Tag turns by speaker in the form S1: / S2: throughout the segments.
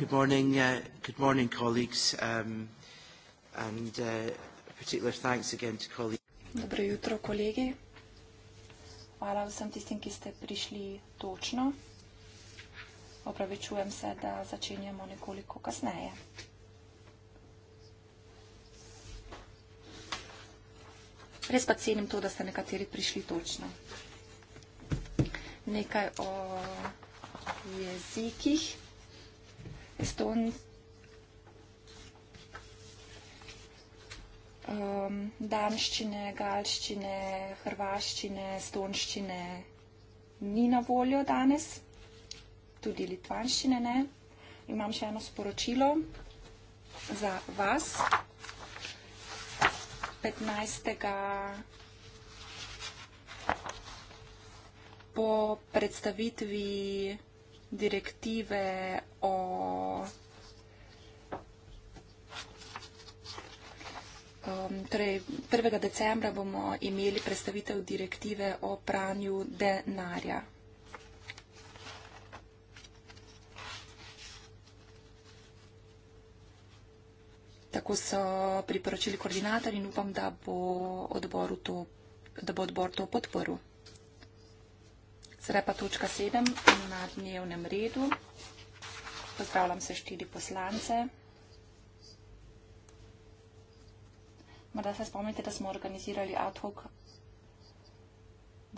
S1: good morning, uh, good morning colleagues, um, and uh, particular thanks again to colleagues.
S2: Dobro jutro, kolegi. Hvala vsem tistim, ki ste prišli točno. Opravičujem se, da začenjamo nekoliko kasneje. Res pa cenim to, da ste nekateri prišli točno. Nekaj o jezikih. Estoni... Um, danščine, galščine, hrvaščine, stonščine ni na voljo danes, tudi litvanščine ne. Imam še eno sporočilo za vas. 15. po predstavitvi direktive o Um, torej, 1. decembra bomo imeli predstavitev direktive o pranju denarja. Tako so priporočili koordinator in upam, da bo, to, da bo odbor to podporil. Sedaj pa točka 7 na dnevnem redu. Pozdravljam se štiri poslance. Morda se spomnite, da smo organizirali ad hoc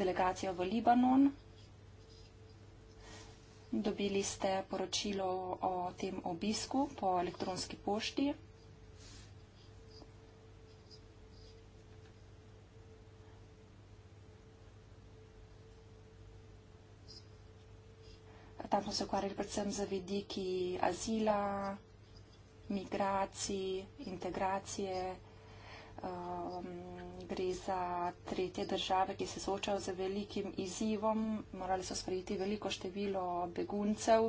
S2: delegacijo v Libanon. Dobili ste poročilo o tem obisku po elektronski pošti. tam smo se ukvarjali predvsem z vidiki azila, migracij, integracije. Um, gre za tretje države, ki se soočajo z velikim izzivom. Morali so sprejeti veliko število beguncev.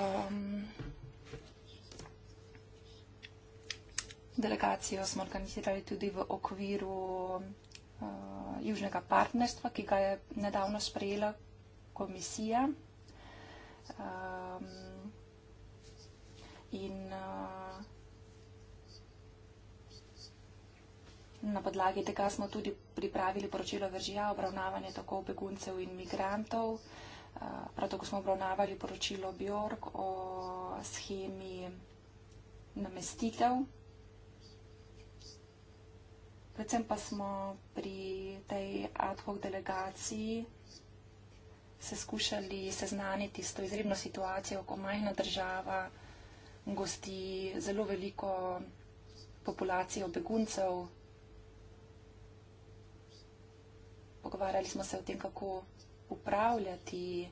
S2: Um, delegacijo smo organizirali tudi v okviru uh, Južnega partnerstva, ki ga je nedavno sprejela komisija. Um, in uh, na podlagi tega smo tudi pripravili poročilo Veržija o obravnavanju tako beguncev in migrantov. Uh, prav tako smo obravnavali poročilo Bjork o schemi namestitev. Predvsem pa smo pri tej ad hoc delegaciji se skušali seznaniti s to izredno situacijo, ko majhna država gosti zelo veliko populacijo beguncev. Pogovarjali smo se o tem, kako upravljati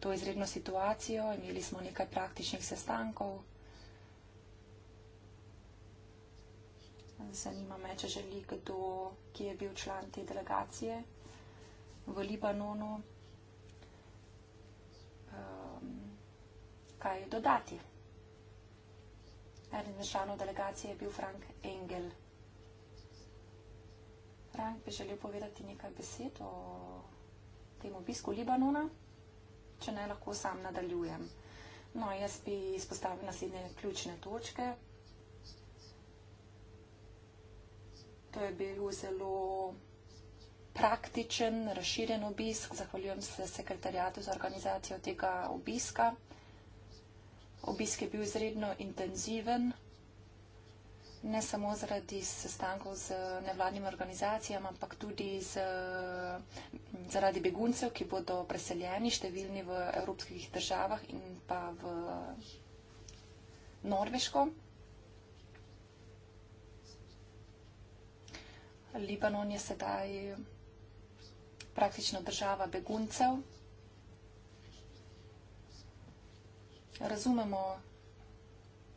S2: to izredno situacijo. Imeli smo nekaj praktičnih sestankov. Zanima me, če želi kdo, ki je bil član te delegacije v Libanonu. kaj dodati. Eden od članov delegacije je bil Frank Engel. Frank bi želel povedati nekaj besed o tem obisku Libanona, če ne lahko sam nadaljujem. No, jaz bi izpostavil naslednje ključne točke. To je bil zelo praktičen, razširjen obisk. Zahvaljujem se sekretarjatu za organizacijo tega obiska. Obisk je bil izredno intenziven, ne samo zaradi sestankov z nevladnimi organizacijami, ampak tudi z, zaradi beguncev, ki bodo preseljeni, številni v evropskih državah in pa v Norveško. Libanon je sedaj praktično država beguncev. razumemo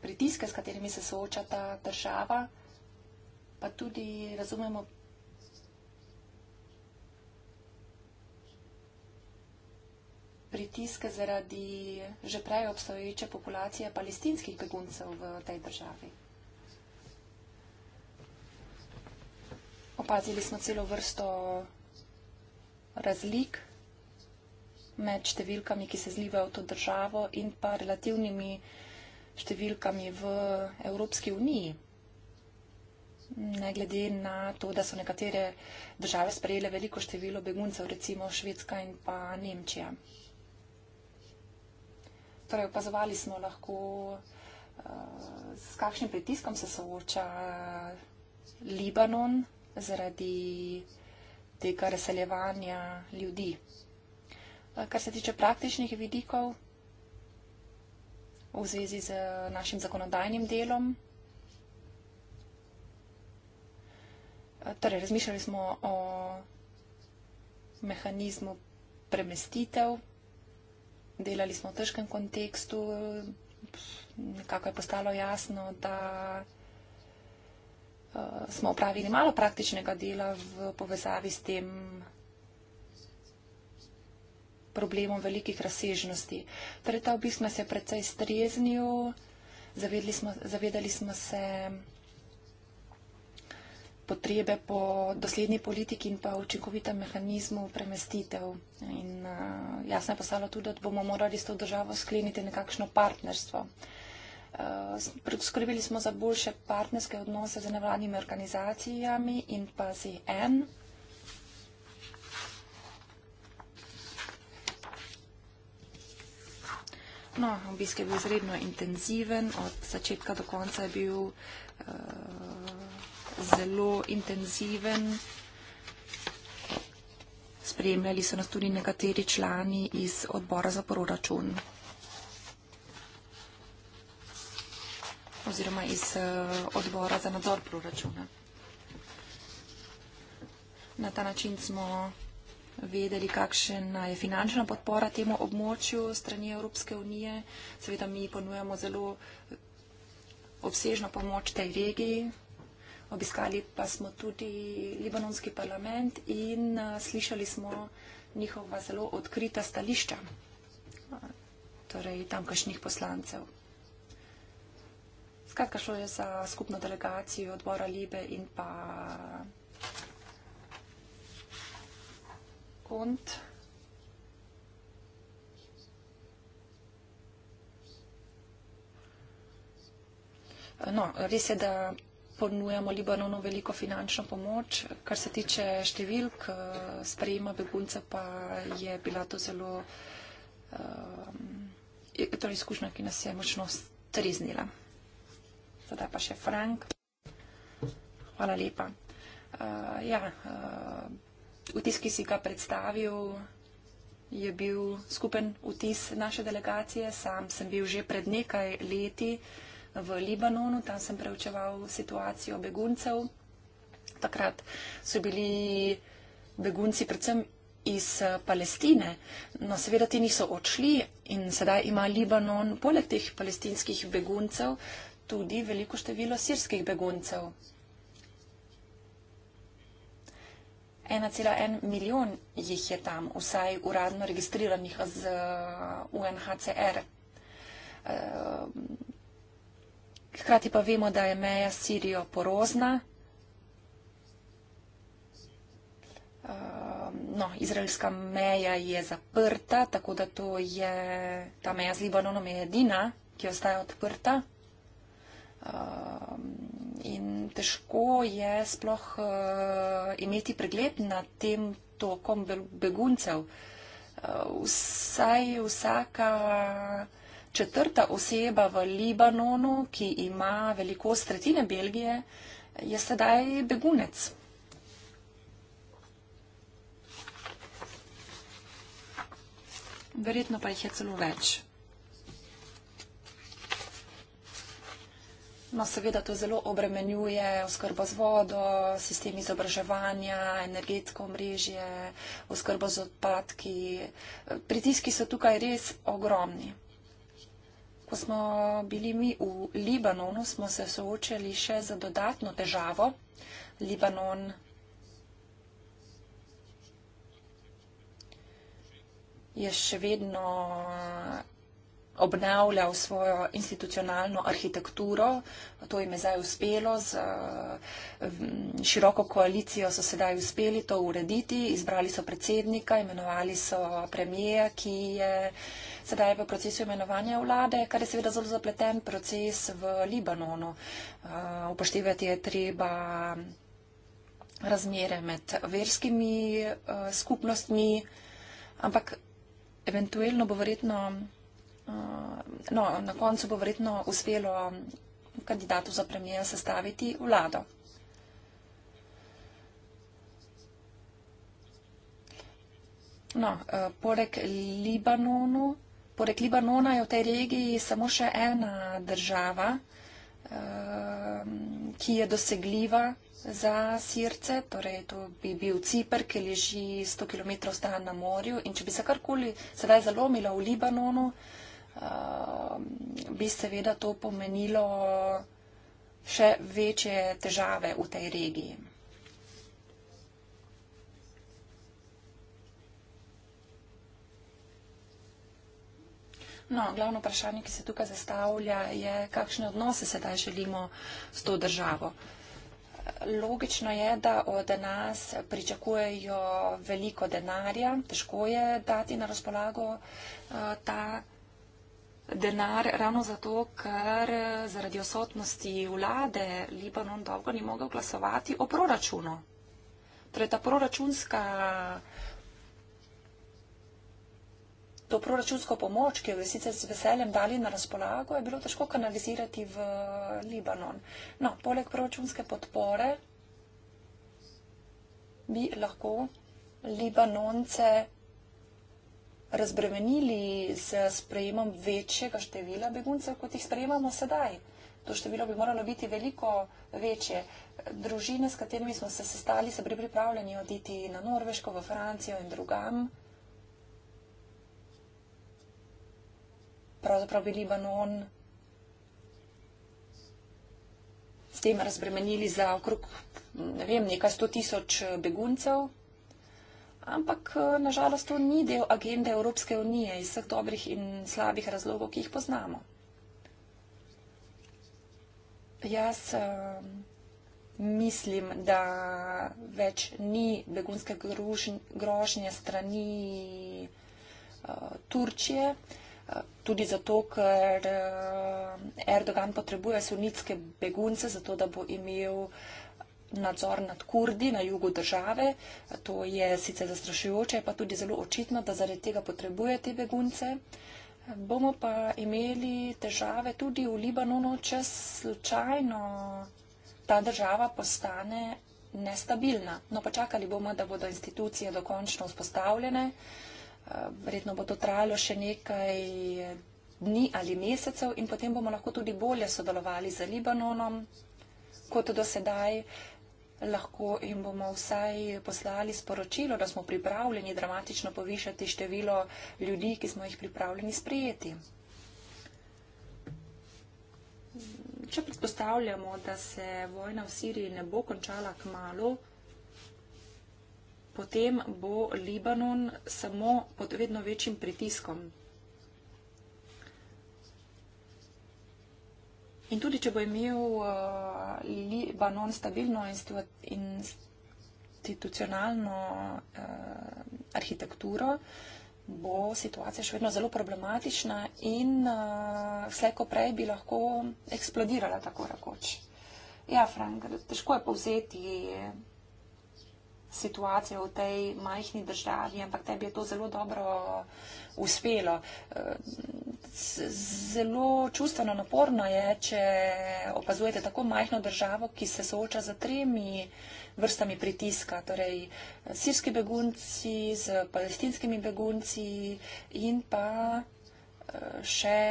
S2: pritiske, s katerimi se sooča ta država, pa tudi razumemo pritiske zaradi že prej obstoječe populacije palestinskih beguncev v tej državi. Opazili smo celo vrsto razlik med številkami, ki se zlivajo v to državo in pa relativnimi številkami v Evropski uniji. Ne glede na to, da so nekatere države sprejele veliko število beguncev, recimo Švedska in pa Nemčija. Torej, opazovali smo lahko, eh, s kakšnim pritiskom se sooča eh, Libanon zaradi tega razseljevanja ljudi. Eh, kar se tiče praktičnih vidikov v zvezi z eh, našim zakonodajnim delom. Eh, torej, razmišljali smo o mehanizmu premestitev, delali smo v težkem kontekstu, nekako je postalo jasno, da smo opravili malo praktičnega dela v povezavi s tem, problemom velikih razsežnosti. Torej, ta obisk nas je precej streznil, smo, zavedali smo se potrebe po dosledni politiki in pa učinkovitem mehanizmu premestitev. In uh, jasno je postalo tudi, da bomo morali s to državo skleniti nekakšno partnerstvo. Uh, skrbeli smo za boljše partnerske odnose z nevladnimi organizacijami in pa z EN. No, obisk je bil izredno intenziven, od začetka do konca je bil uh, zelo intenziven. Spremljali so nas tudi nekateri člani iz odbora za proračun oziroma iz uh, odbora za nadzor proračuna. Na ta način smo vedeli, kakšna je finančna podpora temu območju strani Evropske unije. Seveda mi ponujamo zelo obsežno pomoč tej regiji. Obiskali pa smo tudi libanonski parlament in slišali smo njihova zelo odkrita stališča, torej tamkajšnjih poslancev. Skratka, šlo je za skupno delegacijo odbora Libe in pa und No, res je, da ponujamo Libanonu veliko finančno pomoč, kar se tiče številk, eh, sprejema begunce pa je bila to zelo um, torej izkušnja, ki nas je močno striznila. Zdaj pa še Frank. Hvala lepa. Uh, ja, uh, vtis, ki si ga predstavil, je bil skupen vtis naše delegacije. Sam sem bil že pred nekaj leti v Libanonu, tam sem preučeval situacijo beguncev. Takrat so bili begunci predvsem iz eh, Palestine. No, seveda ti niso odšli in sedaj ima Libanon poleg teh palestinskih beguncev tudi veliko število sirskih beguncev. 1,1 milijon jih je tam, vsaj uradno registriranih z eh, UNHCR. Eh, hkrati pa vemo, da je meja Sirijo porozna. Eh, no, izraelska meja je zaprta, tako da to je, ta meja z Libanonom je edina, ki ostaja odprta. Ehm, in težko je sploh uh, imeti pregled nad tem tokom beguncev. Uh, vsaj vsaka četrta oseba v Libanonu, ki ima velikost tretjine Belgije, je sedaj begunec. Verjetno pa jih je celo več. No, seveda to zelo obremenjuje oskrbo z vodo, sistem izobraževanja, energetsko mrežje, oskrbo z odpadki. Pritiski so tukaj res ogromni. Ko smo bili mi v Libanonu, smo se soočali še za dodatno težavo. Libanon je še vedno obnavljal svojo institucionalno arhitekturo. To jim je zdaj uspelo, z eh, široko koalicijo so sedaj uspeli to urediti. Izbrali so predsednika, imenovali so premijeja, ki je sedaj v procesu imenovanja vlade, kar je seveda zelo zapleten proces v Libanonu. Eh, upoštevati je treba razmere med verskimi eh, skupnostmi, ampak eventualno bo verjetno Eh, no, na koncu bo verjetno uspelo um, kandidatu za premijer sestaviti vlado. No, eh, poleg, Libanonu, poleg Libanona je v tej regiji samo še ena država, eh, ki je dosegljiva za sirce, torej to bi bil Cipr, ki leži 100 km stran na morju in če bi se karkoli sedaj zalomilo v Libanonu, uh, Ehm, bi seveda to pomenilo še večje težave v tej regiji. No, glavno vprašanje, ki se tukaj zastavlja, je, kakšne odnose sedaj želimo s to državo. Logično je, da od nas pričakujejo veliko denarja, težko je dati na razpolago eh, ta denarja denar ravno zato, ker zaradi osotnosti vlade Libanon dolgo ni mogel glasovati o proračunu. Torej ta proračunska To proračunsko pomoč, ki jo je sicer z veseljem dali na razpolago, je bilo težko kanalizirati v Libanon. No, poleg proračunske podpore bi lahko Libanonce razbremenili s sprejemom večjega števila beguncev, kot jih sprejemamo sedaj. To število bi moralo biti veliko večje. Družine, s katerimi smo se sestali, so bili pripravljeni oditi na Norveško, v Francijo in drugam. Pravzaprav bi Libanon s tem razbremenili za okrog ne vem, nekaj sto tisoč beguncev ampak eh, nažalost to ni del agende Evropske unije iz vseh dobrih in slabih razlogov, ki jih poznamo. Jaz uh, mislim, da več ni begunske grožnje strani uh, Turčije, uh, tudi zato, ker uh, Erdogan potrebuje sunitske begunce, zato da bo imel uh, nadzor nad Kurdi na jugu države. To je sicer zastrašujoče, pa tudi zelo očitno, da zaradi tega potrebuje te begunce. Bomo pa imeli težave tudi v Libanonu, če slučajno ta država postane nestabilna. No, pa čakali bomo, da bodo institucije dokončno vzpostavljene. Verjetno bo to trajalo še nekaj dni ali mesecev in potem bomo lahko tudi bolje sodelovali z Libanonom kot do sedaj lahko jim bomo vsaj poslali sporočilo, da smo pripravljeni dramatično povišati število ljudi, ki smo jih pripravljeni sprejeti. Če predpostavljamo, da se vojna v Siriji ne bo končala k malu, potem bo Libanon samo pod vedno večjim pritiskom. In tudi, če bo imel uh, eh, Libanon stabilno institucionalno uh, arhitekturo, bo situacija še vedno zelo problematična in uh, vse, ko prej bi lahko eksplodirala tako rakoč. Ja, Frank, težko je povzeti. Je situacijo v tej majhni državi, ampak tebi je to zelo dobro uh, uspelo. Uh, zelo čustveno naporno je, če opazujete tako majhno državo, ki se sooča z tremi vrstami pritiska, torej uh, sirski begunci, z palestinskimi begunci in pa še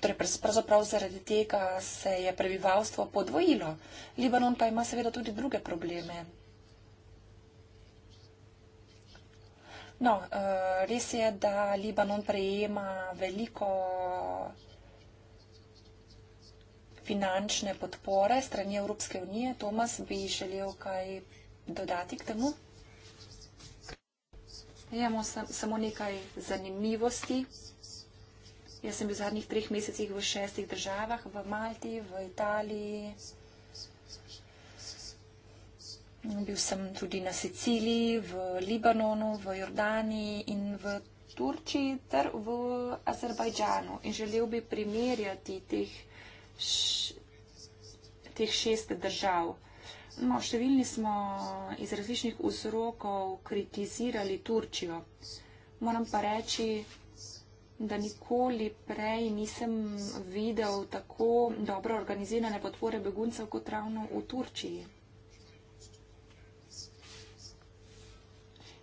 S2: torej pravzaprav zaradi tega se je prebivalstvo podvojilo. Libanon pa ima seveda tudi druge probleme. No, eh, res je, da Libanon prejema veliko finančne podpore strani Evropske unije. Tomas bi želel kaj dodati k temu. Imamo samo nekaj zanimivosti. Jaz sem bil v zadnjih treh mesecih v šestih državah, v Malti, v Italiji. Bil sem tudi na Siciliji, v Libanonu, v Jordaniji in v Turčiji ter v Azerbajdžanu. In želel bi primerjati teh, š, teh šest držav. No, številni smo iz različnih vzrokov kritizirali Turčijo. Moram pa reči, da nikoli prej nisem videl tako dobro organizirane podpore beguncev kot ravno v Turčiji.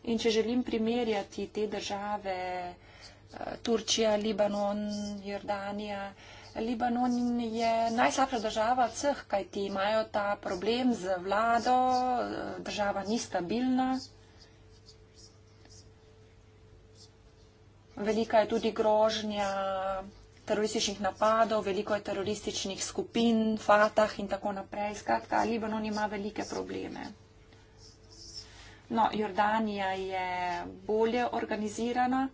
S2: In če želim primerjati te države, eh, Turčija, Libanon, Jordanija, Libanon je najslabša država vseh, kajti imajo ta problem z vlado, eh, država ni stabilna. Velika je tudi grožnja terorističnih napadov, veliko je terorističnih skupin, fatah in tako naprej. Skratka, Libanon ima velike probleme. No, Jordanija je bolje organizirana.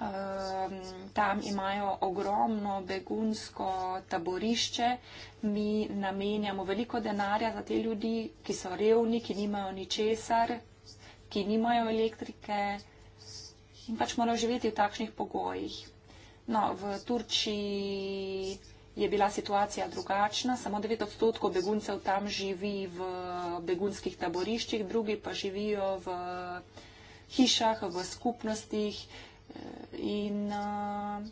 S2: Um, tam imajo ogromno begunsko taborišče. Mi namenjamo veliko denarja za te ljudi, ki so revni, ki nimajo ničesar, ki nimajo elektrike in pač moral živeti v takšnih pogojih. No, v Turčiji je bila situacija drugačna, samo 9 odstotkov beguncev tam živi v begunskih taboriščih, drugi pa živijo v hišah, v skupnostih eh, in uh,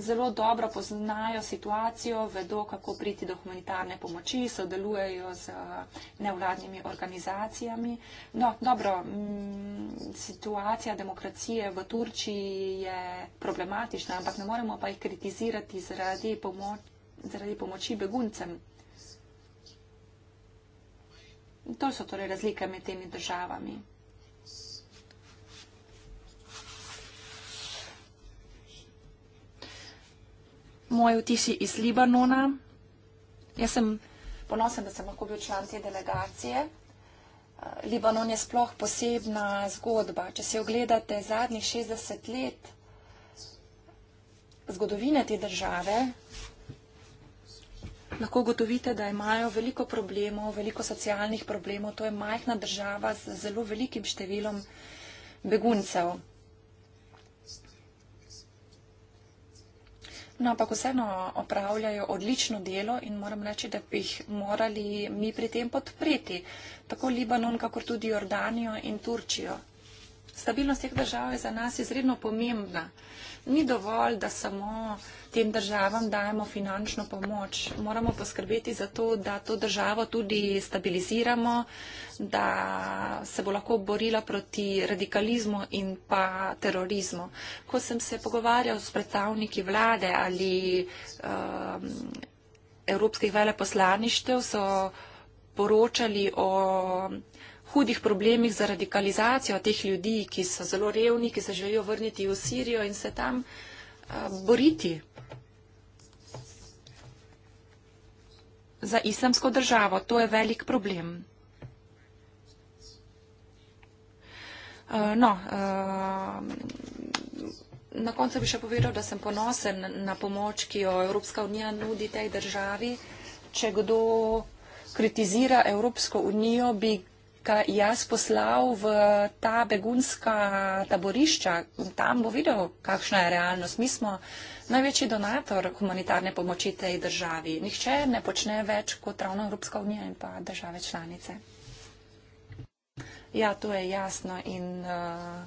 S2: zelo dobro poznajo situacijo, vedo, kako priti do humanitarne pomoči, sodelujejo z eh, nevladnimi organizacijami. No, dobro, mm, situacija demokracije v Turčiji je problematična, ampak ne moremo pa jih kritizirati zaradi, pomoč, zaradi pomoči beguncem. To so torej razlike med temi državami. moj vtis iz Libanona. Jaz sem ponosen, da sem lahko bil član te delegacije. Eh, Libanon je sploh posebna zgodba. Če si ogledate zadnjih 60 let zgodovine te države, lahko gotovite, da imajo veliko problemov, veliko socialnih problemov. To je majhna država z zelo velikim številom beguncev. no, ampak vseeno opravljajo odlično delo in moram reči, da bi jih morali mi pri tem podpreti, tako Libanon, kakor tudi Jordanijo in Turčijo. Stabilnost teh držav je za nas izredno pomembna ni dovolj, da samo tem državam dajemo finančno pomoč. Moramo poskrbeti za to, da to državo tudi stabiliziramo, da se bo lahko borila proti radikalizmu in pa terorizmu. Ko sem se pogovarjal s predstavniki vlade ali um, evropskih veleposlaništev, so poročali o hudih problemih za radikalizacijo teh ljudi, ki so zelo revni, ki se želijo vrniti v Sirijo in se tam boriti za islamsko državo. To je velik problem. No, na koncu bi še povedal, da sem ponosen na pomoč, ki jo Evropska unija nudi tej državi. Če kdo kritizira Evropsko unijo, bi ki je jaz poslal v ta begunska taborišča. Tam bo videl, kakšna je realnost. Mi smo največji donator humanitarne pomoči tej državi. Nihče ne počne več kot ravno Evropska unija in pa države članice. Ja, to je jasno in uh,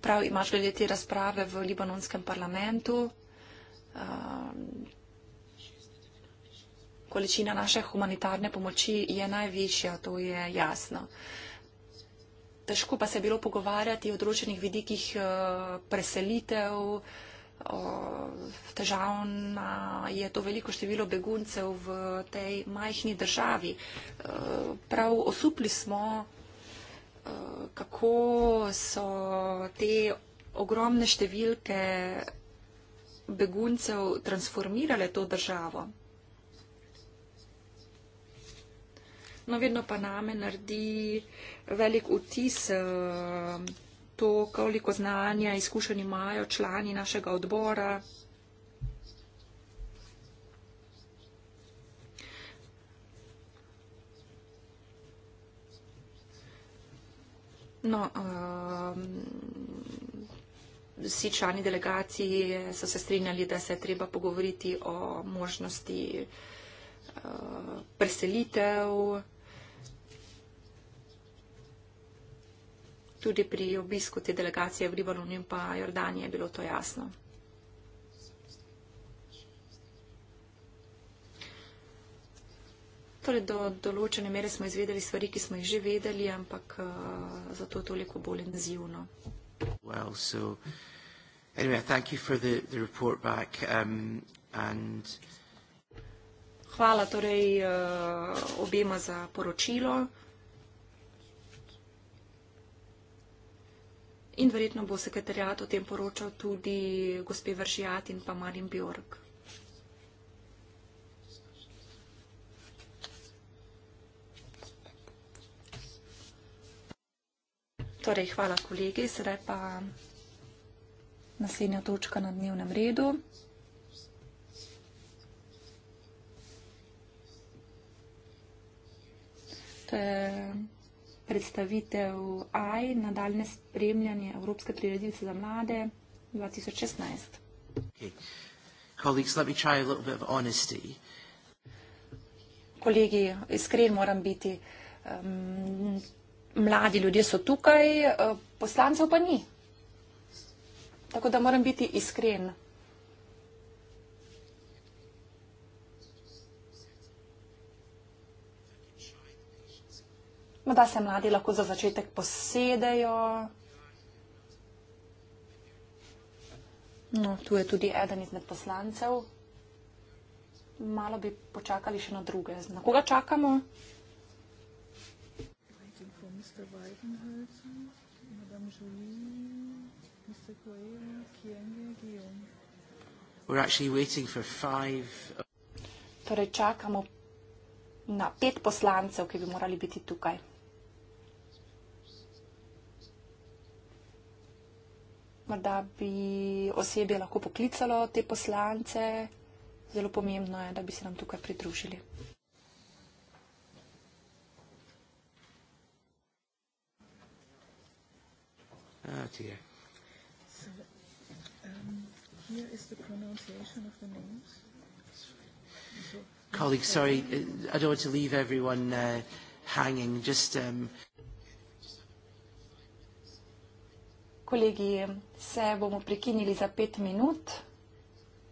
S2: prav imaš glede te razprave v libanonskem parlamentu. Uh, količina naše humanitarne pomoči je najvišja, to je jasno. Težko pa se je bilo pogovarjati o določenih vidikih eh, preselitev, težavna je to veliko število beguncev v tej majhni državi. Eh, prav osupli smo, eh, kako so te ogromne številke beguncev transformirale to državo. no, vedno pa name naredi velik vtis eh, to, koliko znanja in izkušenj imajo člani našega odbora. No, um, vsi člani delegacije so se strinjali, da se je treba pogovoriti o možnosti uh, preselitev. Tudi pri obisku te delegacije v Libanonu in pa Jordanije je bilo to jasno. Torej, do določene mere smo izvedeli stvari, ki smo jih že vedeli, ampak uh, zato toliko bolj nazivno.
S1: Well, so, anyway, the, the back, um, and...
S2: Hvala torej uh, obema za poročilo. in verjetno bo sekretarjat o tem poročal tudi gospe Vršijat in pa Marim Bjork. Torej, hvala kolegi, sedaj pa naslednja točka na dnevnem redu. To je predstavitev AI, nadaljne spremljanje Evropske prireditve za mlade 2016. Okay. Kolegi, iskren moram biti. Mladi ljudje so tukaj, eh, poslancev pa ni. Tako da moram biti iskren. Morda se mladi lahko za začetek posedejo. No, tu je tudi eden izmed poslancev. Malo bi počakali še na druge. Na koga čakamo? Torej čakamo na pet poslancev, ki bi morali biti tukaj. morda bi osebje lahko poklicalo te poslance. Zelo pomembno je, da bi se nam tukaj pridružili.
S1: Ah, um, Colleagues, sorry, uh, I don't want to leave everyone uh, hanging. Just. Um
S2: Kolegi, se bomo prekinili za pet minut,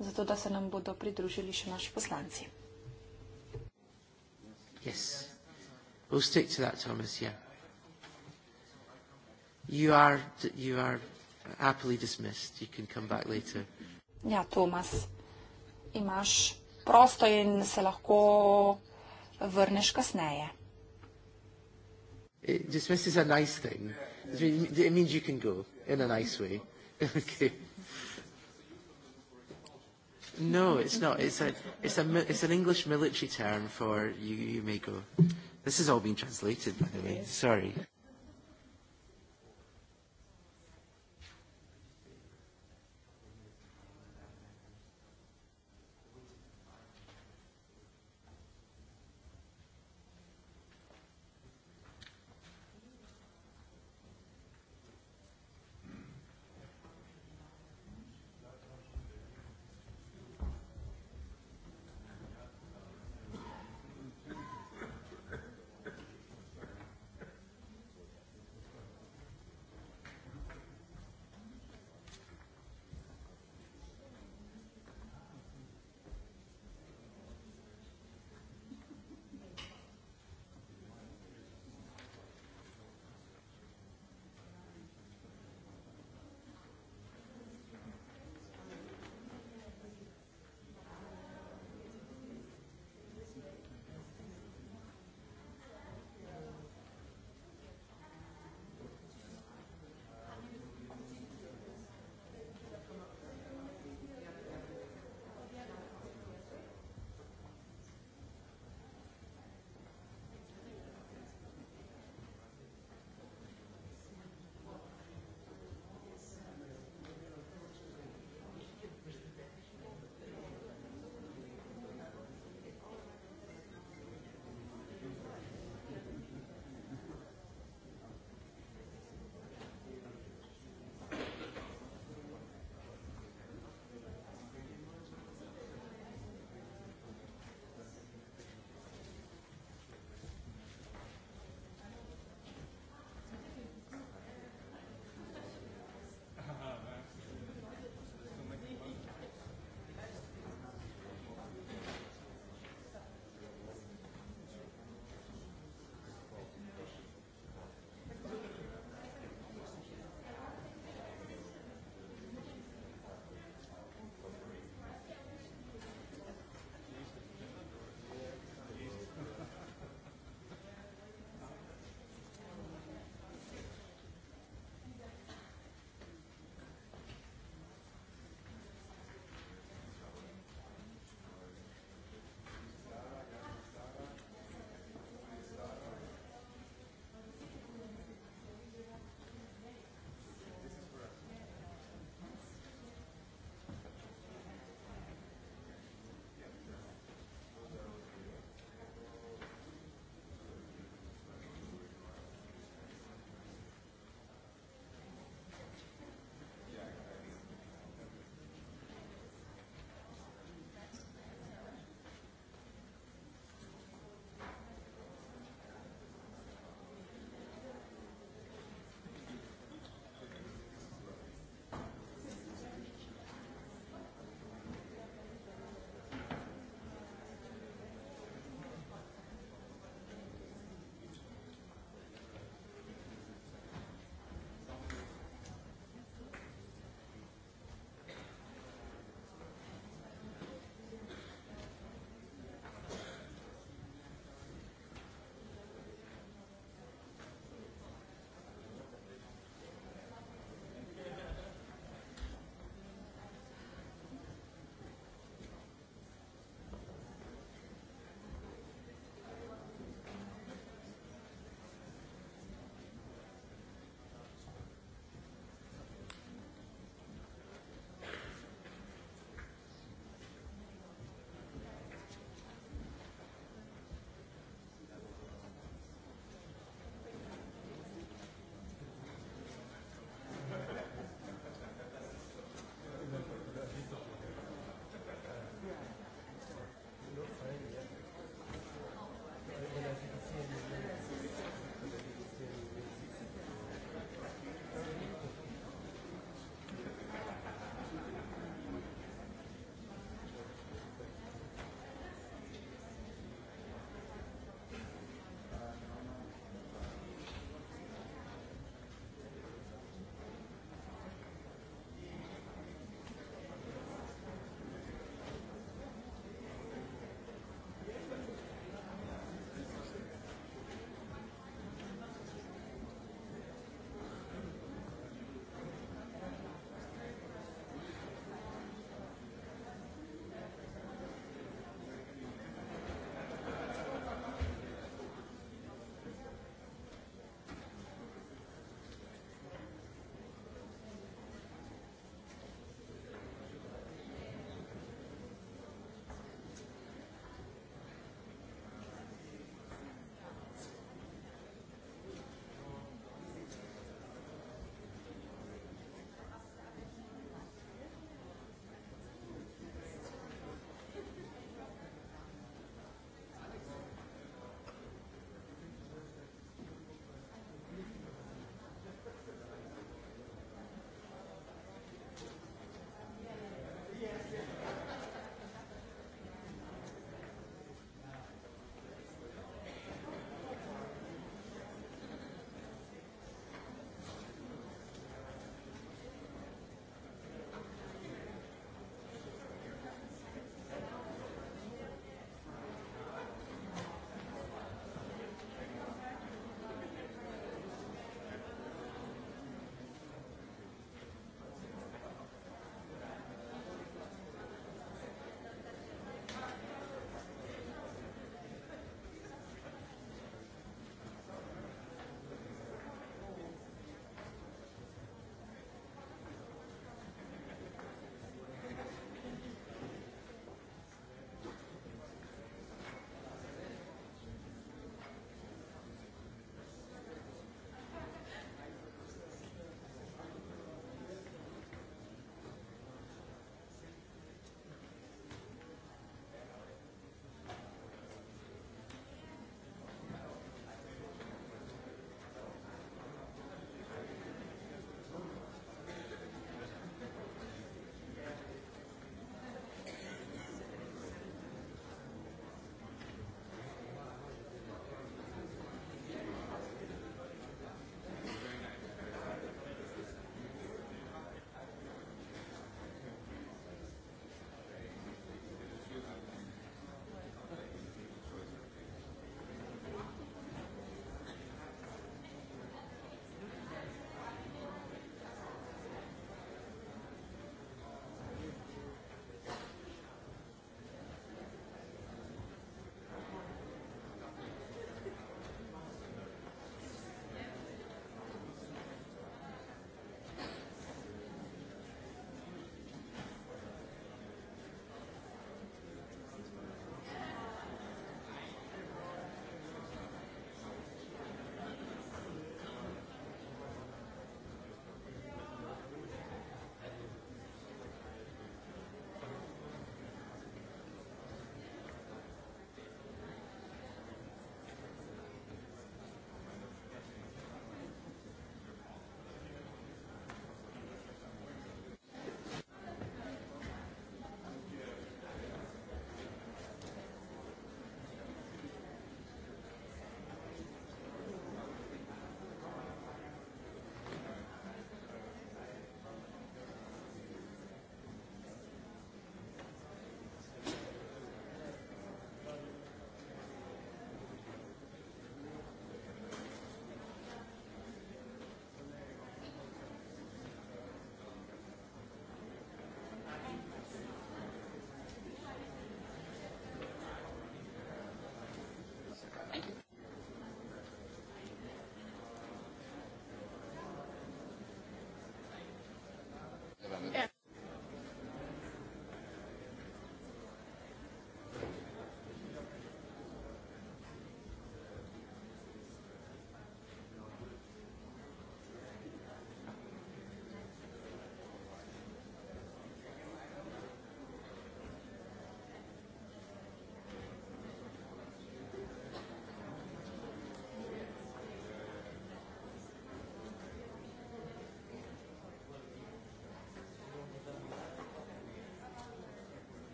S2: zato da se nam bodo pridružili še naši poslanci.
S1: Yes. We'll stick to that, Thomas, yeah. You are, you are happily dismissed. You can come back later.
S2: Ja, Tomas, imaš prosto in se lahko vrneš kasneje.
S1: It dismisses a nice thing. It means you can go in a nice way. okay.
S3: No, it's not. It's a, it's a,
S1: it's an English military term for you. You may go. This has all been translated, by the way. Sorry.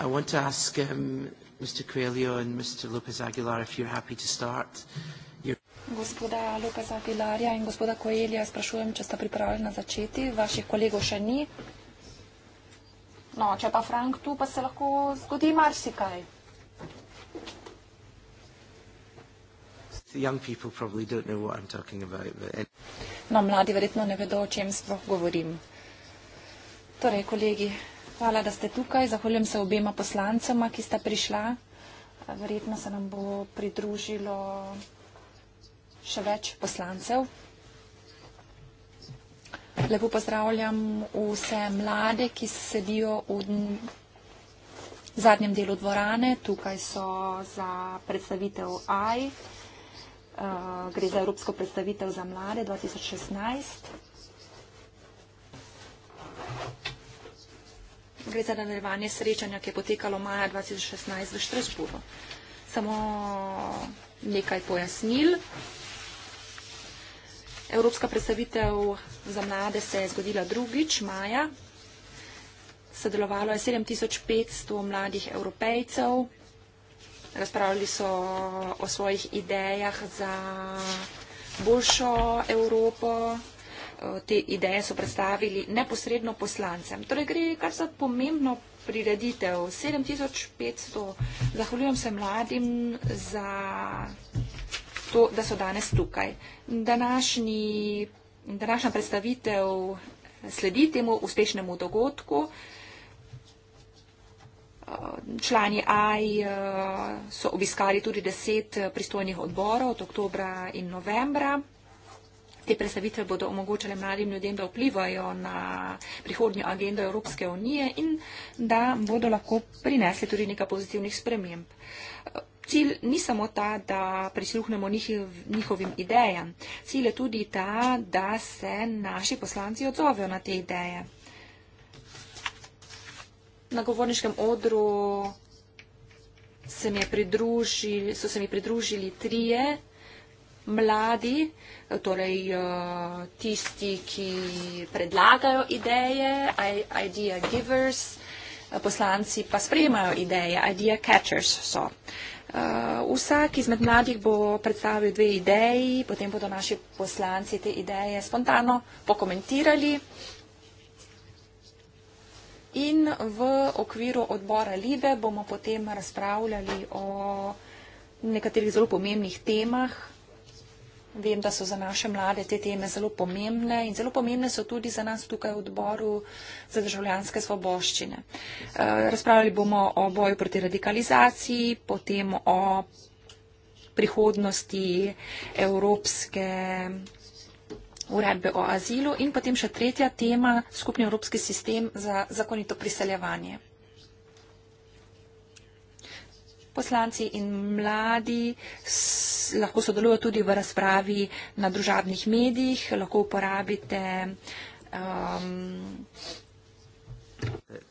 S1: I want to ask um, Mr. Coelho and Mr. Lopez Aguilar if you're happy to start.
S2: Gospoda Lopeza Aguilarja in gospoda Coelja sprašujem, če sta pripravljena začeti. Vaših kolegov še ni. No, če pa Frank tu, pa se lahko zgodi marsikaj. No, mladi verjetno ne vedo, o čem sploh govorim. Torej, kolegi, Hvala, da ste tukaj. Zahvaljujem se obema poslancema, ki sta prišla. Verjetno se nam bo pridružilo še več poslancev. Lepo pozdravljam vse mlade, ki sedijo v zadnjem delu dvorane. Tukaj so za predstavitev AI. Eh, gre za Evropsko predstavitev za mlade 2016. gre za nadaljevanje srečanja, ki je potekalo maja 2016 v Štrasburu. Samo nekaj pojasnil. Evropska predstavitev za mlade se je zgodila drugič, maja. Sodelovalo je 7500 mladih evropejcev. Razpravljali so o svojih idejah za boljšo Evropo te ideje so predstavili neposredno poslancem. Torej gre kar za pomembno prireditev. 7500, zahvaljujem se mladim za to, da so danes tukaj. Današnji, današnja predstavitev sledi temu uspešnemu dogodku. Člani AI so obiskali tudi deset pristojnih odborov od oktobra in novembra. Te predstavitve bodo omogočale mladim ljudem, da vplivajo na prihodnjo agendo Evropske unije in da bodo lahko prinesli tudi nekaj pozitivnih sprememb. Cilj ni samo ta, da prisluhnemo njihovim idejam. Cilj je tudi ta, da se naši poslanci odzovejo na te ideje. Na govorniškem odru se so se mi pridružili trije mladi, torej eh, tisti, ki predlagajo ideje, idea givers, eh, poslanci pa sprejemajo ideje, idea catchers so. Eh, vsak izmed mladih bo predstavil dve ideji, potem bodo naši poslanci te ideje spontano pokomentirali. In v okviru odbora Libe bomo potem razpravljali o nekaterih zelo pomembnih temah, vem, da so za naše mlade te teme zelo pomembne in zelo pomembne so tudi za nas tukaj v odboru za državljanske svoboščine. Eh, razpravljali bomo o boju proti radikalizaciji, potem o prihodnosti evropske uredbe o azilu in potem še tretja tema, skupni evropski sistem za zakonito priseljevanje. poslanci in mladi lahko sodelujo tudi v razpravi na družabnih medijih, lahko uporabite. Um,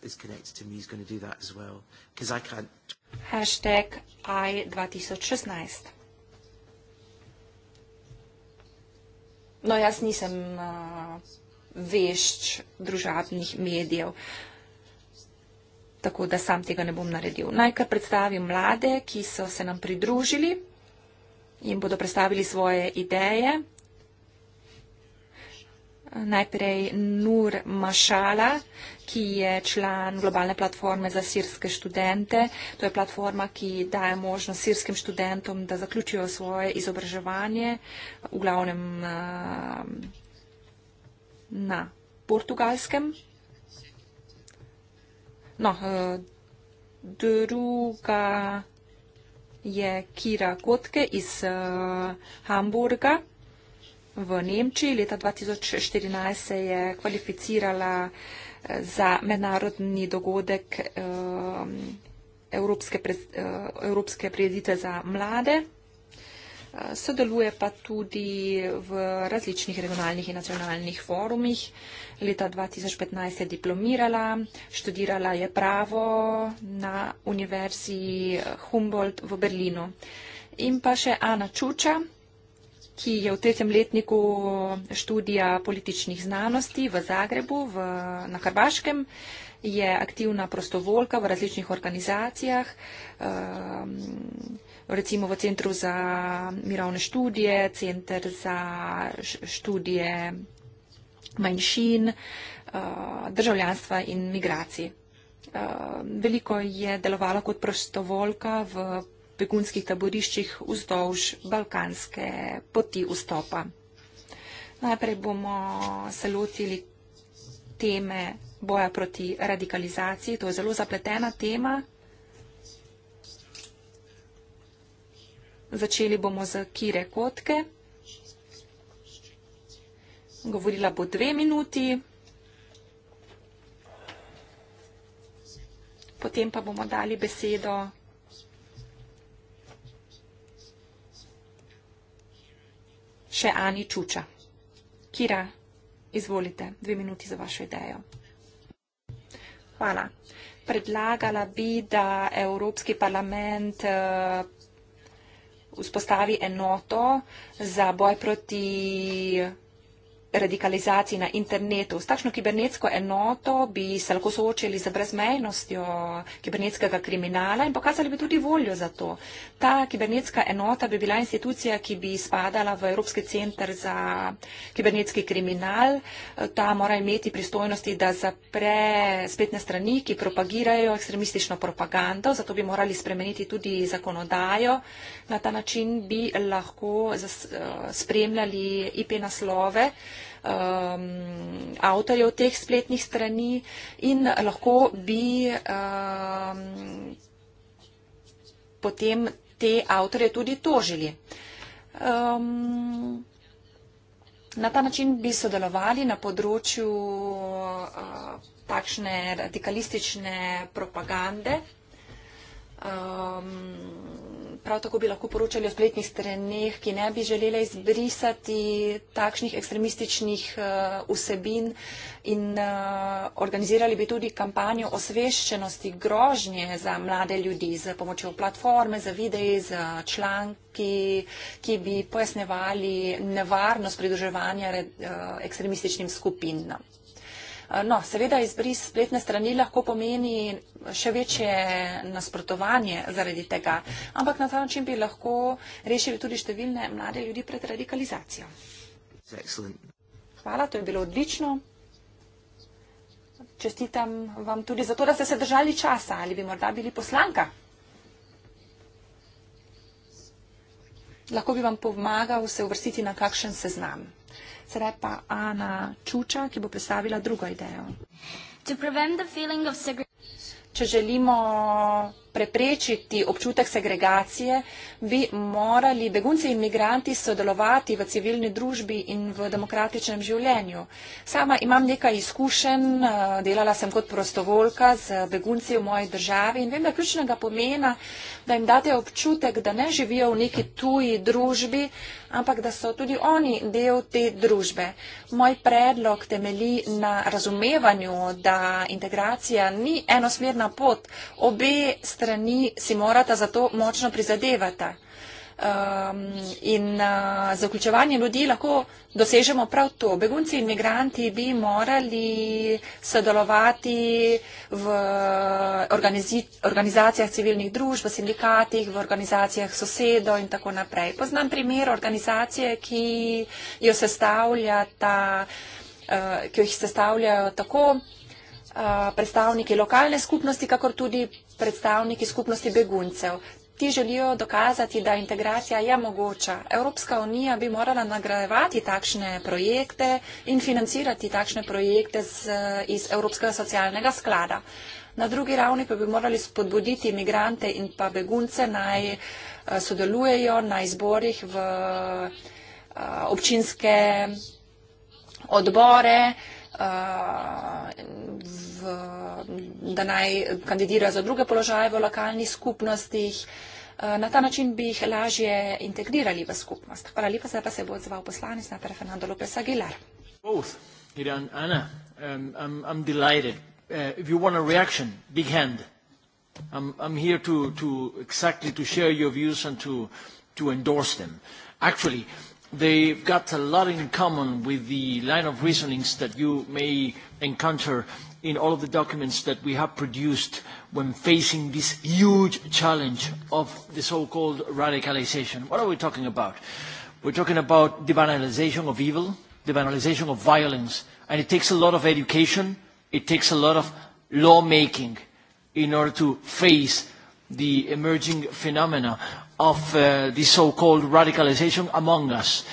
S1: is connected to me is going to do that as well because I can't
S2: hashtag I2016 no jaz nisem uh, vešč družabnih medijev uh, tako da sam tega ne bom naredil. Najkar predstavim mlade, ki so se nam pridružili in bodo predstavili svoje ideje. Najprej Nur Mašala, ki je član globalne platforme za sirske študente. To je platforma, ki daje možnost sirskim študentom, da zaključijo svoje izobraževanje, v glavnem eh, na portugalskem. No, e, druga je Kira Kotke iz e, Hamburga v Nemčiji. Leta 2014 se je kvalificirala e, za mednarodni dogodek Evropske, Evropske predite za mlade sodeluje pa tudi v različnih regionalnih in nacionalnih forumih. Leta 2015 je diplomirala, študirala je pravo na Univerzi eh, Humboldt v Berlinu. In pa še Ana Čuča, ki je v tretjem letniku študija političnih znanosti v Zagrebu v, na Hrvaškem. Je aktivna prostovoljka v različnih organizacijah. Um, recimo v centru za mirovne študije, centr za študije manjšin, uh, državljanstva in migracij. Uh, veliko je delovala kot prostovoljka v begunskih taboriščih vzdolž balkanske poti vstopa. Najprej bomo se lotili teme boja proti radikalizaciji. To je zelo zapletena tema, Začeli bomo z Kire Kotke. Govorila bo dve minuti. Potem pa bomo dali besedo še Ani Čuča. Kira, izvolite, dve minuti za vašo idejo. Hvala. Predlagala bi, da Evropski parlament eh, vzpostavi enoto za boj proti radikalizaciji na internetu. S takšno kibernetsko enoto bi se lahko soočili z brezmejnostjo kibernetskega kriminala in pokazali bi tudi voljo za to ta kibernetska enota bi bila institucija, ki bi spadala v Evropski centr za kibernetski kriminal. Ta mora imeti pristojnosti, da zapre spletne strani, ki propagirajo ekstremistično propagando, zato bi morali spremeniti tudi zakonodajo. Na ta način bi lahko eh, spremljali IP naslove um, avtorjev teh spletnih strani in lahko bi um, potem te avtorje tudi tožili. Um, na ta način bi sodelovali na področju uh, takšne radikalistične propagande. Um, prav tako bi lahko poročali o spletnih straneh, ki ne bi želele izbrisati takšnih ekstremističnih eh, vsebin in eh, organizirali bi tudi kampanjo osveščenosti grožnje za mlade ljudi z pomočjo platforme, za videe, za članki, ki bi pojasnevali nevarnost pridruževanja eh, ekstremističnim skupinam. Eh, no, seveda izbris spletne strani lahko pomeni še večje nasprotovanje zaradi tega, ampak na ta način bi lahko rešili tudi številne mlade ljudi pred radikalizacijo. Hvala, to je bilo odlično. Čestitam vam tudi zato, da ste se držali časa ali bi morda bili poslanka. Lahko bi vam pomagal se uvrstiti na kakšen seznam. Srepa Ana Čuča, ki bo predstavila drugo idejo. Če želimo preprečiti občutek segregacije, bi morali begunci in migranti sodelovati v civilni družbi in v demokratičnem življenju. Sama imam nekaj izkušenj, eh, delala sem kot prostovoljka z begunci v moji državi in vem, da ključnega pomena, da jim date občutek, da ne živijo v neki tuji družbi, ampak da so tudi oni del te družbe. Moj predlog temeli na razumevanju, da integracija ni enosmerna pot. Obe strani strani si morata za to močno prizadevati. Um, ehm, in uh, eh, zaključevanje ljudi lahko dosežemo prav to. Begunci in imigranti bi morali sodelovati v eh, organizacijah civilnih družb, v sindikatih, v organizacijah sosedo in tako naprej. Poznam primer organizacije, ki jo sestavlja ta, uh, eh, ki jih sestavljajo tako Eh, predstavniki lokalne skupnosti, kakor tudi predstavniki skupnosti beguncev. Ti želijo dokazati, da integracija je mogoča. Evropska unija bi morala nagrajevati takšne projekte in financirati takšne projekte z, iz Evropskega socialnega sklada. Na drugi ravni pa bi morali spodbuditi imigrante in pa begunce naj eh, sodelujejo na izborih v eh, občinske odbore, uh, v, da naj kandidirajo za druge položaje v lokalnih skupnostih. Eh, na ta način bi jih lažje integrirali v skupnost. Hvala lepa, zdaj pa se bo odzval poslanec na Fernando Lopez Aguilar.
S4: Both. Iran, Ana, um, I'm, I'm delighted. Uh, if you want a reaction, big hand. I'm, I'm here to, to exactly to share your views and to, to endorse them. Actually, they've got a lot in common with the line of reasonings that you may encounter in all of the documents that we have produced when facing this huge challenge of the so-called radicalization. What are we talking about? We're talking about the banalization of evil, the banalization of violence, and it takes a lot of education, it takes a lot of lawmaking in order to face the emerging phenomena of uh, the so-called radicalization among us.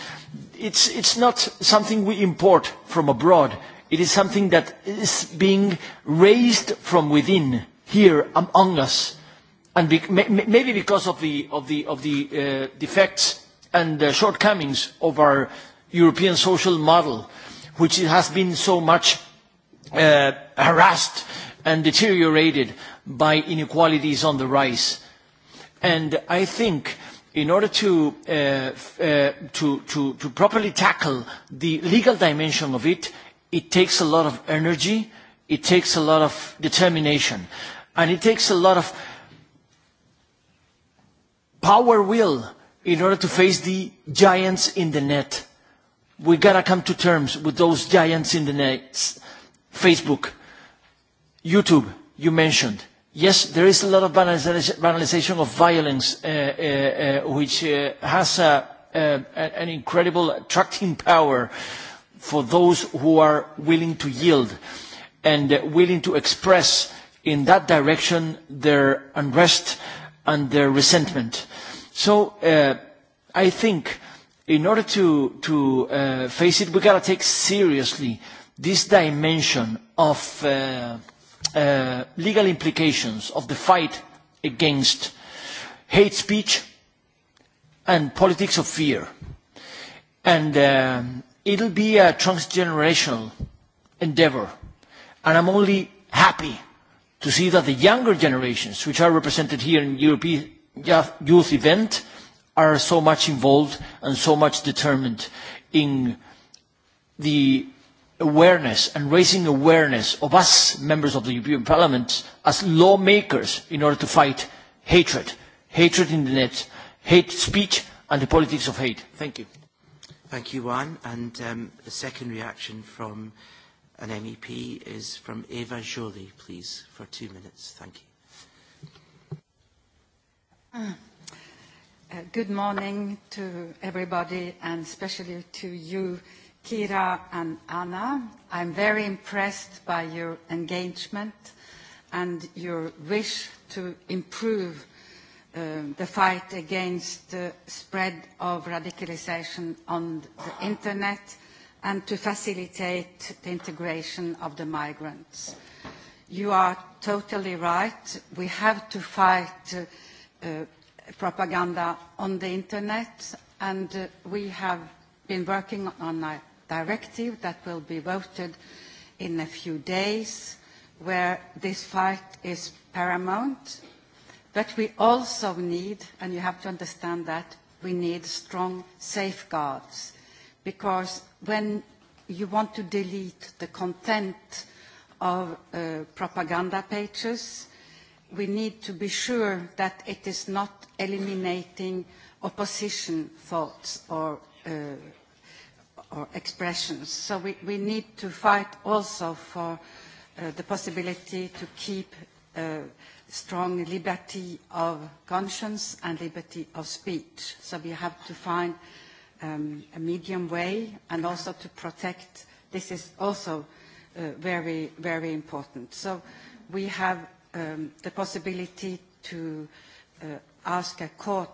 S4: It's, it's not something we import from abroad. It is something that is being raised from within, here, among us. And be, maybe because of the, of the, of the uh, defects and uh, shortcomings of our European social model, which has been so much uh, harassed and deteriorated by inequalities on the rise. Uh, And I think in order to, uh, f uh, to, to, to properly tackle the legal dimension of it, it takes a lot of energy, it takes a lot of determination, and it takes a lot of power will in order to face the giants in the net. We've got to come to terms with those giants in the net. Facebook, YouTube, you mentioned. Yes, there is a lot of banalization of violence, uh, uh, uh, which uh, has a, uh, an incredible attracting power for those who are willing to yield and uh, willing to express in that direction their unrest and their resentment. So uh, I think in order to, to uh, face it, we've got to take seriously this dimension of... Uh, Uh, legal implications of the fight against hate speech and politics of fear. And uh, it'll be a transgenerational endeavor. And I'm only happy to see that the younger generations, which are represented here in European youth event, are so much involved and so much determined in the awareness and raising awareness of us, members of the European Parliament, as lawmakers in order to fight hatred. Hatred in the net, hate speech and the politics of hate. Thank you. Thank you, Juan. And um, the second reaction from an
S1: MEP is from Eva Jolie, please, for two minutes. Thank you.
S5: Uh, good morning to everybody and especially to you, uh, Kira and Anna, I'm very impressed by your engagement and your wish to improve uh, the fight against the spread of radicalization on the internet and to facilitate the integration of the migrants. You are totally right. We have to fight uh, uh, propaganda on the internet, and we have been working on directive that will be voted in a few days where this fight is paramount. But we also need, and you have to understand that, we need strong safeguards because when you want to delete the content of uh, propaganda pages, we need to be sure that it is not eliminating opposition thoughts or uh, or expressions. So we, we need to fight also for uh, the possibility to keep uh, strong liberty of conscience and liberty of speech. So we have to find um, a medium way and also to protect. This is also uh, very, very important. So we have um, the possibility to uh, ask a court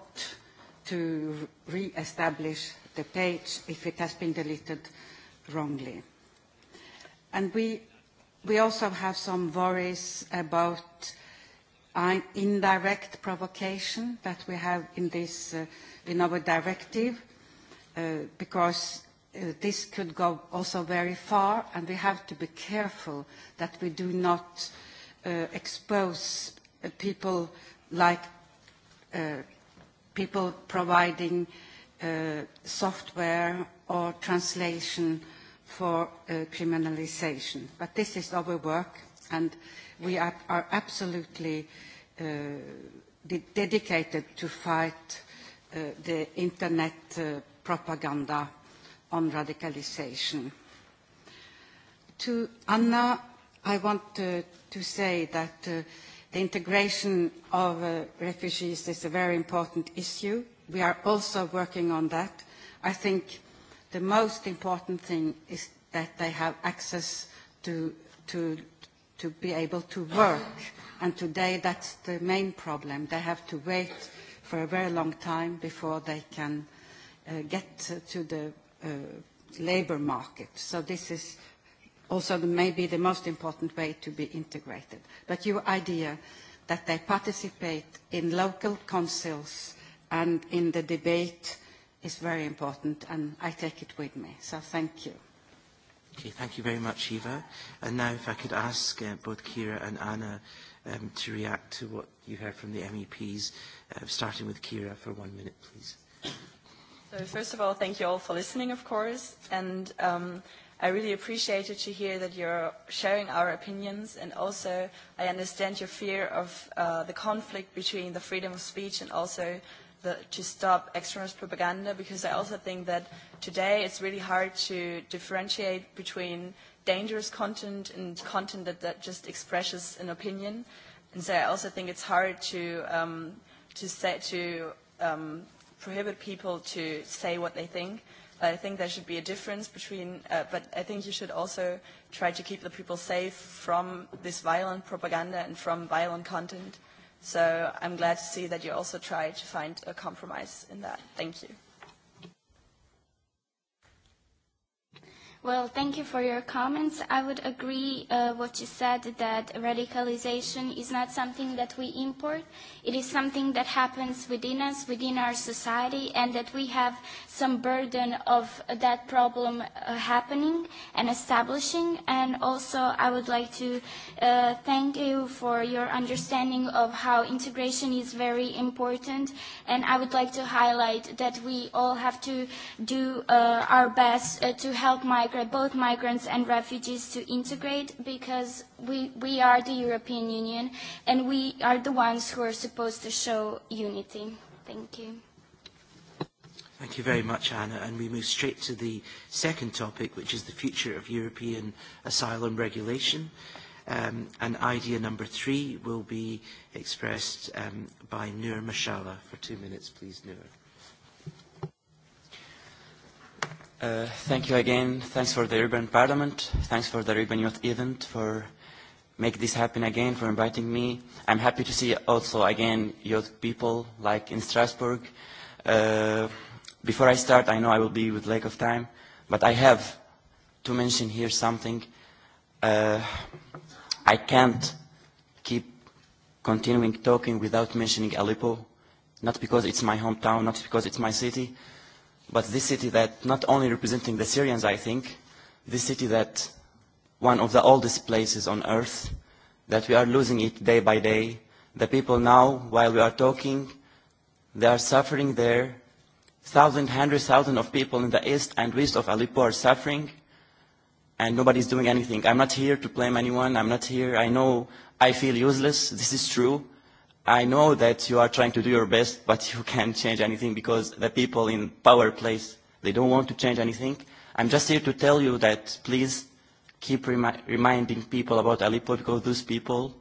S5: to re-establish the page if it has been deleted wrongly. And we, we also have some worries about indirect provocation that we have in, this, uh, in our directive uh, because uh, this could go also very far and we have to be careful that we do not uh, expose uh, people like uh, people providing uh, uh, software or translation for uh, criminalization. But this is our work, and we are, are absolutely uh, de dedicated to fight uh, the internet uh, propaganda on radicalization. To Anna, I want to, to say that uh, the integration of uh, refugees is a very important issue, we are also working on that. I think the most important thing is that they have access to, to, to be able to work. And today that's the main problem. They have to wait for a very long time before they can uh, get to the uh, labor market. So this is also the, maybe the most important way to be integrated. But your idea that they participate in local councils uh, and in the debate is very important and I take it with me. So thank you.
S1: Okay, thank you very much, Eva. And now if I could ask uh, both Kira and Anna um, to react to what you heard from the MEPs, uh, starting with Kira for one minute, please.
S6: So first of all, thank you all for listening, of course. And um, I really appreciate it to hear that you're sharing our opinions. And also, I understand your fear of uh, the conflict between the freedom of speech and also the, to stop extremist propaganda because I also think that today it's really hard to differentiate between dangerous content and content that, that just expresses an opinion. And so I also think it's hard to, um, to, say, to um, prohibit people to say what they think. But I think there should be a difference between, uh, but I think you should also try to keep the people safe from this violent propaganda and from violent content. So I'm glad to see that you also try to find a compromise in that. Thank you.
S5: Well, thank you for your comments. I would agree uh, what you said that radicalization is not something that we import. It is something that happens within us, within our society, and that we have some burden of that problem uh, happening and establishing. And also, I would like to uh, thank you for your understanding of how integration is very important. And I would like to highlight that we all have to do uh, our best uh, to help my migrants, both migrants and refugees, to integrate because we, we are the European Union and we are the ones who are supposed to show unity. Thank you.
S1: Thank you very much, Anna. And we move straight to the second topic, which is the future of European asylum regulation. Um, and idea number three will be expressed
S7: um, by Noor Mashallah for two minutes, please, Noor. Uh, thank you again. Thanks for the Urban Parliament. Thanks for the Urban Youth Event for make this happen again, for inviting me. I'm happy to see also again youth people like in Strasbourg. Uh, before I start, I know I will be with lack of time, but I have to mention here something. Uh, I can't keep continuing talking without mentioning Aleppo, not because it's my hometown, not because it's my city, but this city that not only representing the Syrians, I think, this city that one of the oldest places on earth, that we are losing it day by day. The people now, while we are talking, they are suffering there. Thousands, hundreds, thousands of people in the east and west of Aleppo are suffering, and nobody's doing anything. I'm not here to blame anyone. I'm not here. I know I feel useless. This is true. I know that you are trying to do your best, but you can't change anything because the people in power place, they don't want to change anything. I'm just here to tell you that please keep remi reminding people about Aleppo because those people,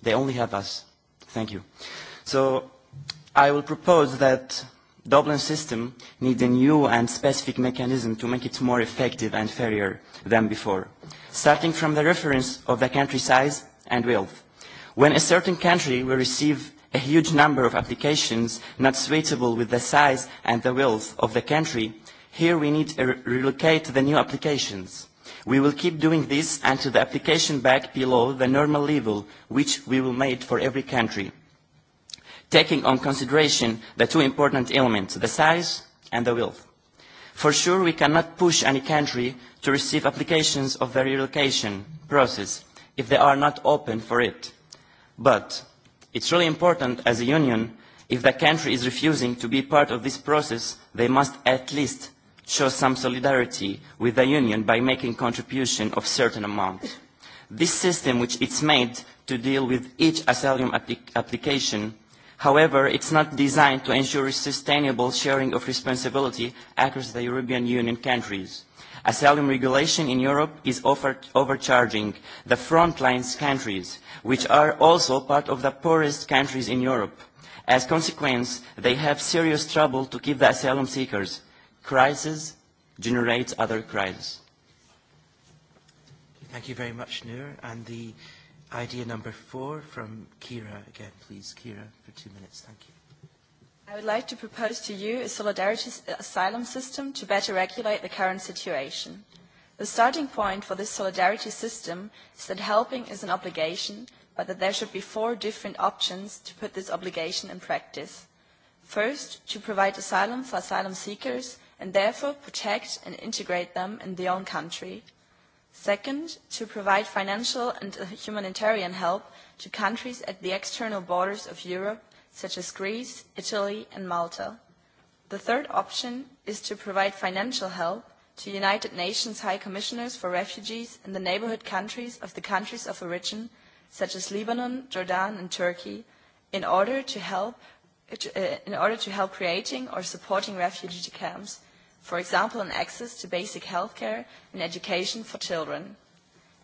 S7: they only have us. Thank you. So I will propose that Dublin system needs a new and specific mechanism to make it more effective and fairer than before, starting from the reference of the country size and wealth. When a certain country will receive a huge number of applications not suitable with the size and the wealth of the country, here we need to relocate the new applications. We will keep doing this until the application back below the normal level, which we will make for every country, taking on consideration the two important elements, the size and the wealth. For sure, we cannot push any country to receive applications of the relocation process if they are not open for it. But it's really important as a union, if the country is refusing to be part of this process, they must at least show some solidarity with the union by making contribution of certain amount. This system, which it's made to deal with each asylum applic application, however, it's not designed to ensure sustainable sharing of responsibility across the European Union countries asylum regulation in Europe is offered overcharging the frontline countries, which are also part of the poorest countries in Europe. As a consequence, they have serious trouble to keep the asylum seekers. Crisis generates other crises.
S1: Thank you very much, Noor. And the idea number four from Kira again, please. Kira, for two minutes. Thank you.
S6: I would like to propose to you a solidarity asylum system to better regulate the current situation. The starting point for this solidarity system is that helping is an obligation, but that there should be four different options to put this obligation in practice. First, to provide asylum for asylum seekers and therefore protect and integrate them in their own country. Second, to provide financial and uh, humanitarian help to countries at the external borders of Europe such as Greece, Italy, and Malta. The third option is to provide financial help to United Nations High Commissioners for Refugees in the neighborhood countries of the countries of origin, such as Lebanon, Jordan, and Turkey, in order to help, uh, in order to help creating or supporting refugee camps, for example, in access to basic health care and education for children.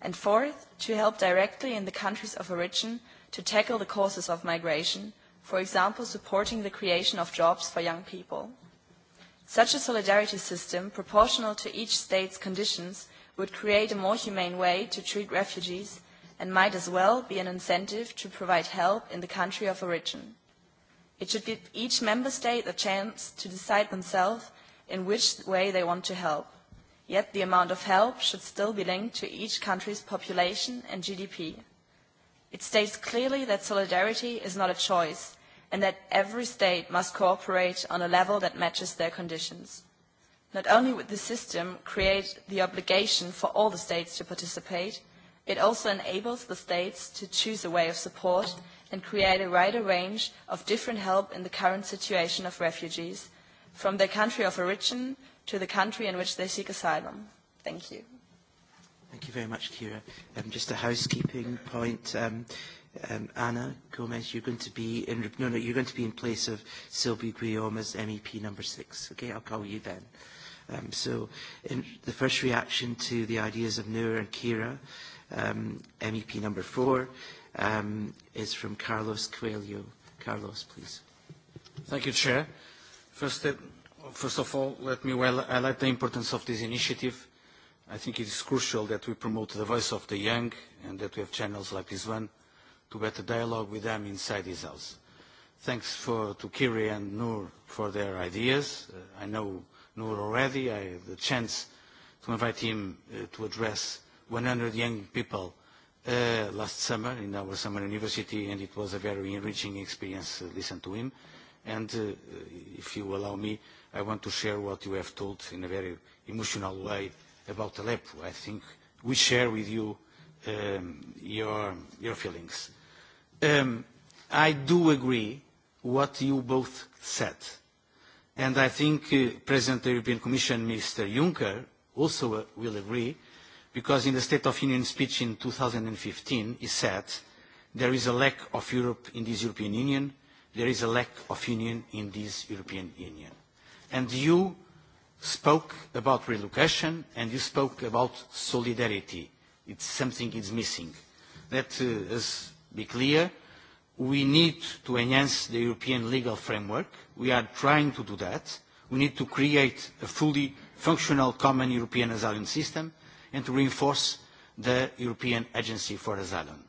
S6: And fourth, to help directly in the countries of origin to tackle the causes of migration, for example, supporting the creation of jobs for young people. Such a solidarity system, proportional to each state's conditions, would create a more humane way to treat refugees and might as well be an incentive to provide help in the country of origin. It should give each member state the chance to decide themselves in which way they want to help. Yet the amount of help should still be linked to each country's population and GDP. It states clearly that solidarity is not a choice and that every state must cooperate on a level that matches their conditions. Not only would the system create the obligation for all the states to participate, it also enables the states to choose a way of support and create a wider range of different help in the current situation of refugees, from their country of origin to the country in which they seek asylum. Thank you.
S1: Thank you very much, Kira. Um, just a housekeeping point. Um, um, Anna Gomez, you're going to be in no, no, you're going to be in place of Sylvie Guillaume's MEP number six. Okay, I'll call you then. Um, so, in the first reaction to the ideas of Noor and Kira, um, MEP number four, um, is from Carlos Coelho.
S8: Carlos, please. Thank you, Chair. First, uh, first of all, let me well highlight the importance of this initiative. I think it is crucial that we promote the voice of the young and that we have channels like this one to better dialogue with them inside this house. Thanks for, to Kiri and Noor for their ideas. Uh, I know Noor already. I had the chance to invite him uh, to address 100 young people uh, last summer in our summer university, and it was a very enriching experience to uh, listen to him. And uh, if you allow me, I want to share what you have told in a very emotional way about Aleppo. I think we share with you um, your, your feelings. Um, I do agree what you both said. And I think uh, President of the European Commission, Mr. Juncker, also uh, will agree, because in the State of Union speech in 2015, he said, there is a lack of Europe in this European Union, there is a lack of union in this European Union. And you spoke about relocation and you spoke about solidarity. It's something is missing. Let us uh, be clear. We need to enhance the European legal framework. We are trying to do that. We need to create a fully functional common European asylum system and to reinforce the European Agency for Asylum.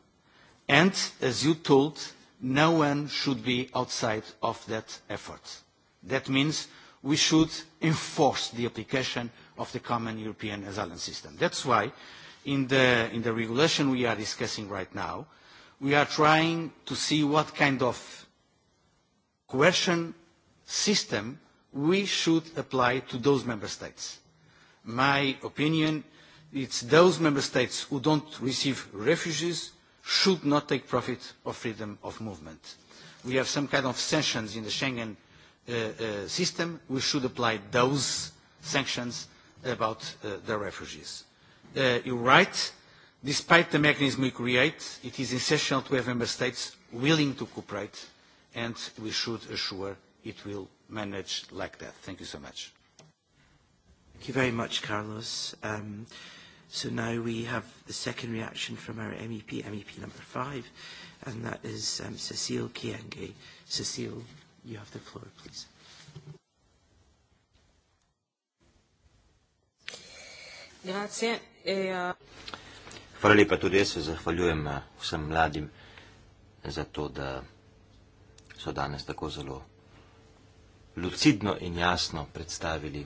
S8: And, as you told, no one should be outside of that effort. That means we should enforce the application of the common European asylum system. That's why in the, in the regulation we are discussing right now, we are trying to see what kind of coercion system we should apply to those member states. My opinion, it's those member states who don't receive refugees should not take profit of freedom of movement. We have some kind of sanctions in the Schengen uh, Uh, uh, system, we should apply those sanctions about uh, the refugees. Uh, you write, despite the mechanism we create, it is essential to have member states willing to cooperate, and we should assure it will manage like that. Thank you so much.
S1: Thank you very much, Carlos. Um, so now we have the second reaction from our MEP, MEP number five, and that is um, Cecile Kienge. Cecile, You have the floor, please.
S3: E,
S9: Hvala lepa, tudi jaz se zahvaljujem eh, vsem mladim za to, da so danes tako zelo lucidno in jasno predstavili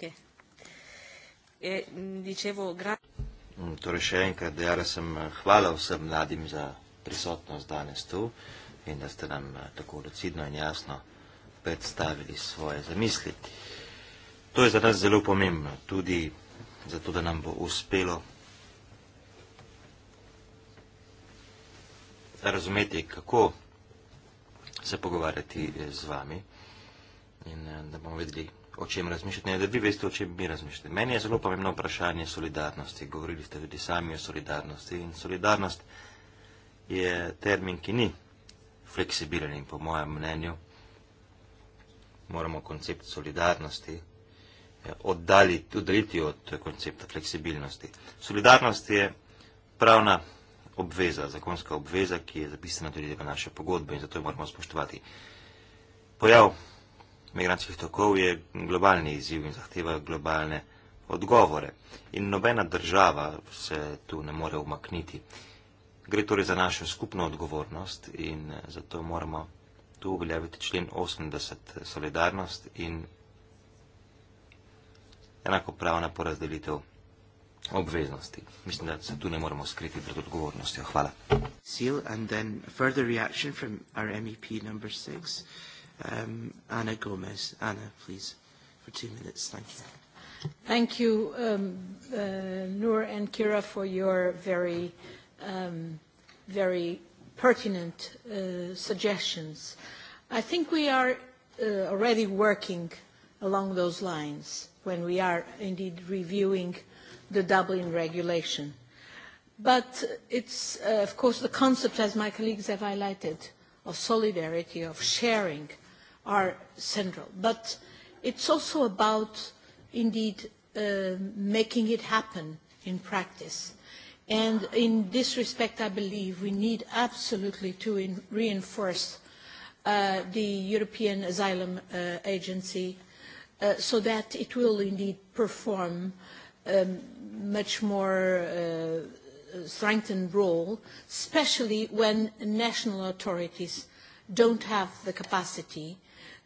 S3: Ok. E, dicevo, gra...
S9: Mm, torej še enkrat, da jaz sem eh, hvala vsem mladim za prisotnost danes tu in da ste nam eh, tako lucidno in jasno predstavili svoje zamisli. To je za nas zelo pomembno, tudi zato, da nam bo uspelo razumeti, kako se pogovarjati eh, z vami in da bomo vedeli, o čem razmišljate, da vi veste, o čem mi razmišljate. Meni je zelo pomembno vprašanje solidarnosti. Govorili ste tudi sami o solidarnosti. In solidarnost je termin, ki ni fleksibilen in po mojem mnenju moramo koncept solidarnosti oddaliti, eh, oddaliti od koncepta fleksibilnosti. Solidarnost je pravna obveza, zakonska obveza, ki je zapisana tudi v naše pogodbe in zato jo moramo spoštovati. Pojav Migrantskih tokov je globalni izziv in zahteva globalne odgovore. In nobena država se tu ne more umakniti. Gre torej za našo skupno odgovornost in eh, zato moramo tu uveljaviti člen 80, eh, solidarnost in enako pravna porazdelitev obveznosti. Mislim, da se tu ne moremo skriti pred odgovornostjo. Hvala. Seal and then further reaction from our MEP number six
S1: um, Anna Gomez. Anna, please, for two minutes. Thank you.
S3: Thank you, um, uh, Noor and Kira, for your very, um, very pertinent uh, suggestions. I think we are uh, already working along those lines when we are indeed reviewing the Dublin regulation. But it's, uh, of course, the concept, as my colleagues have highlighted, of solidarity, of sharing, uh, are central. But it's also about, indeed, uh, making it happen in practice. And in this respect, I believe we need absolutely to in reinforce uh, the European Asylum uh, Agency uh, so that it will indeed perform um, much more uh, strengthened role, especially when national authorities don't have the capacity uh,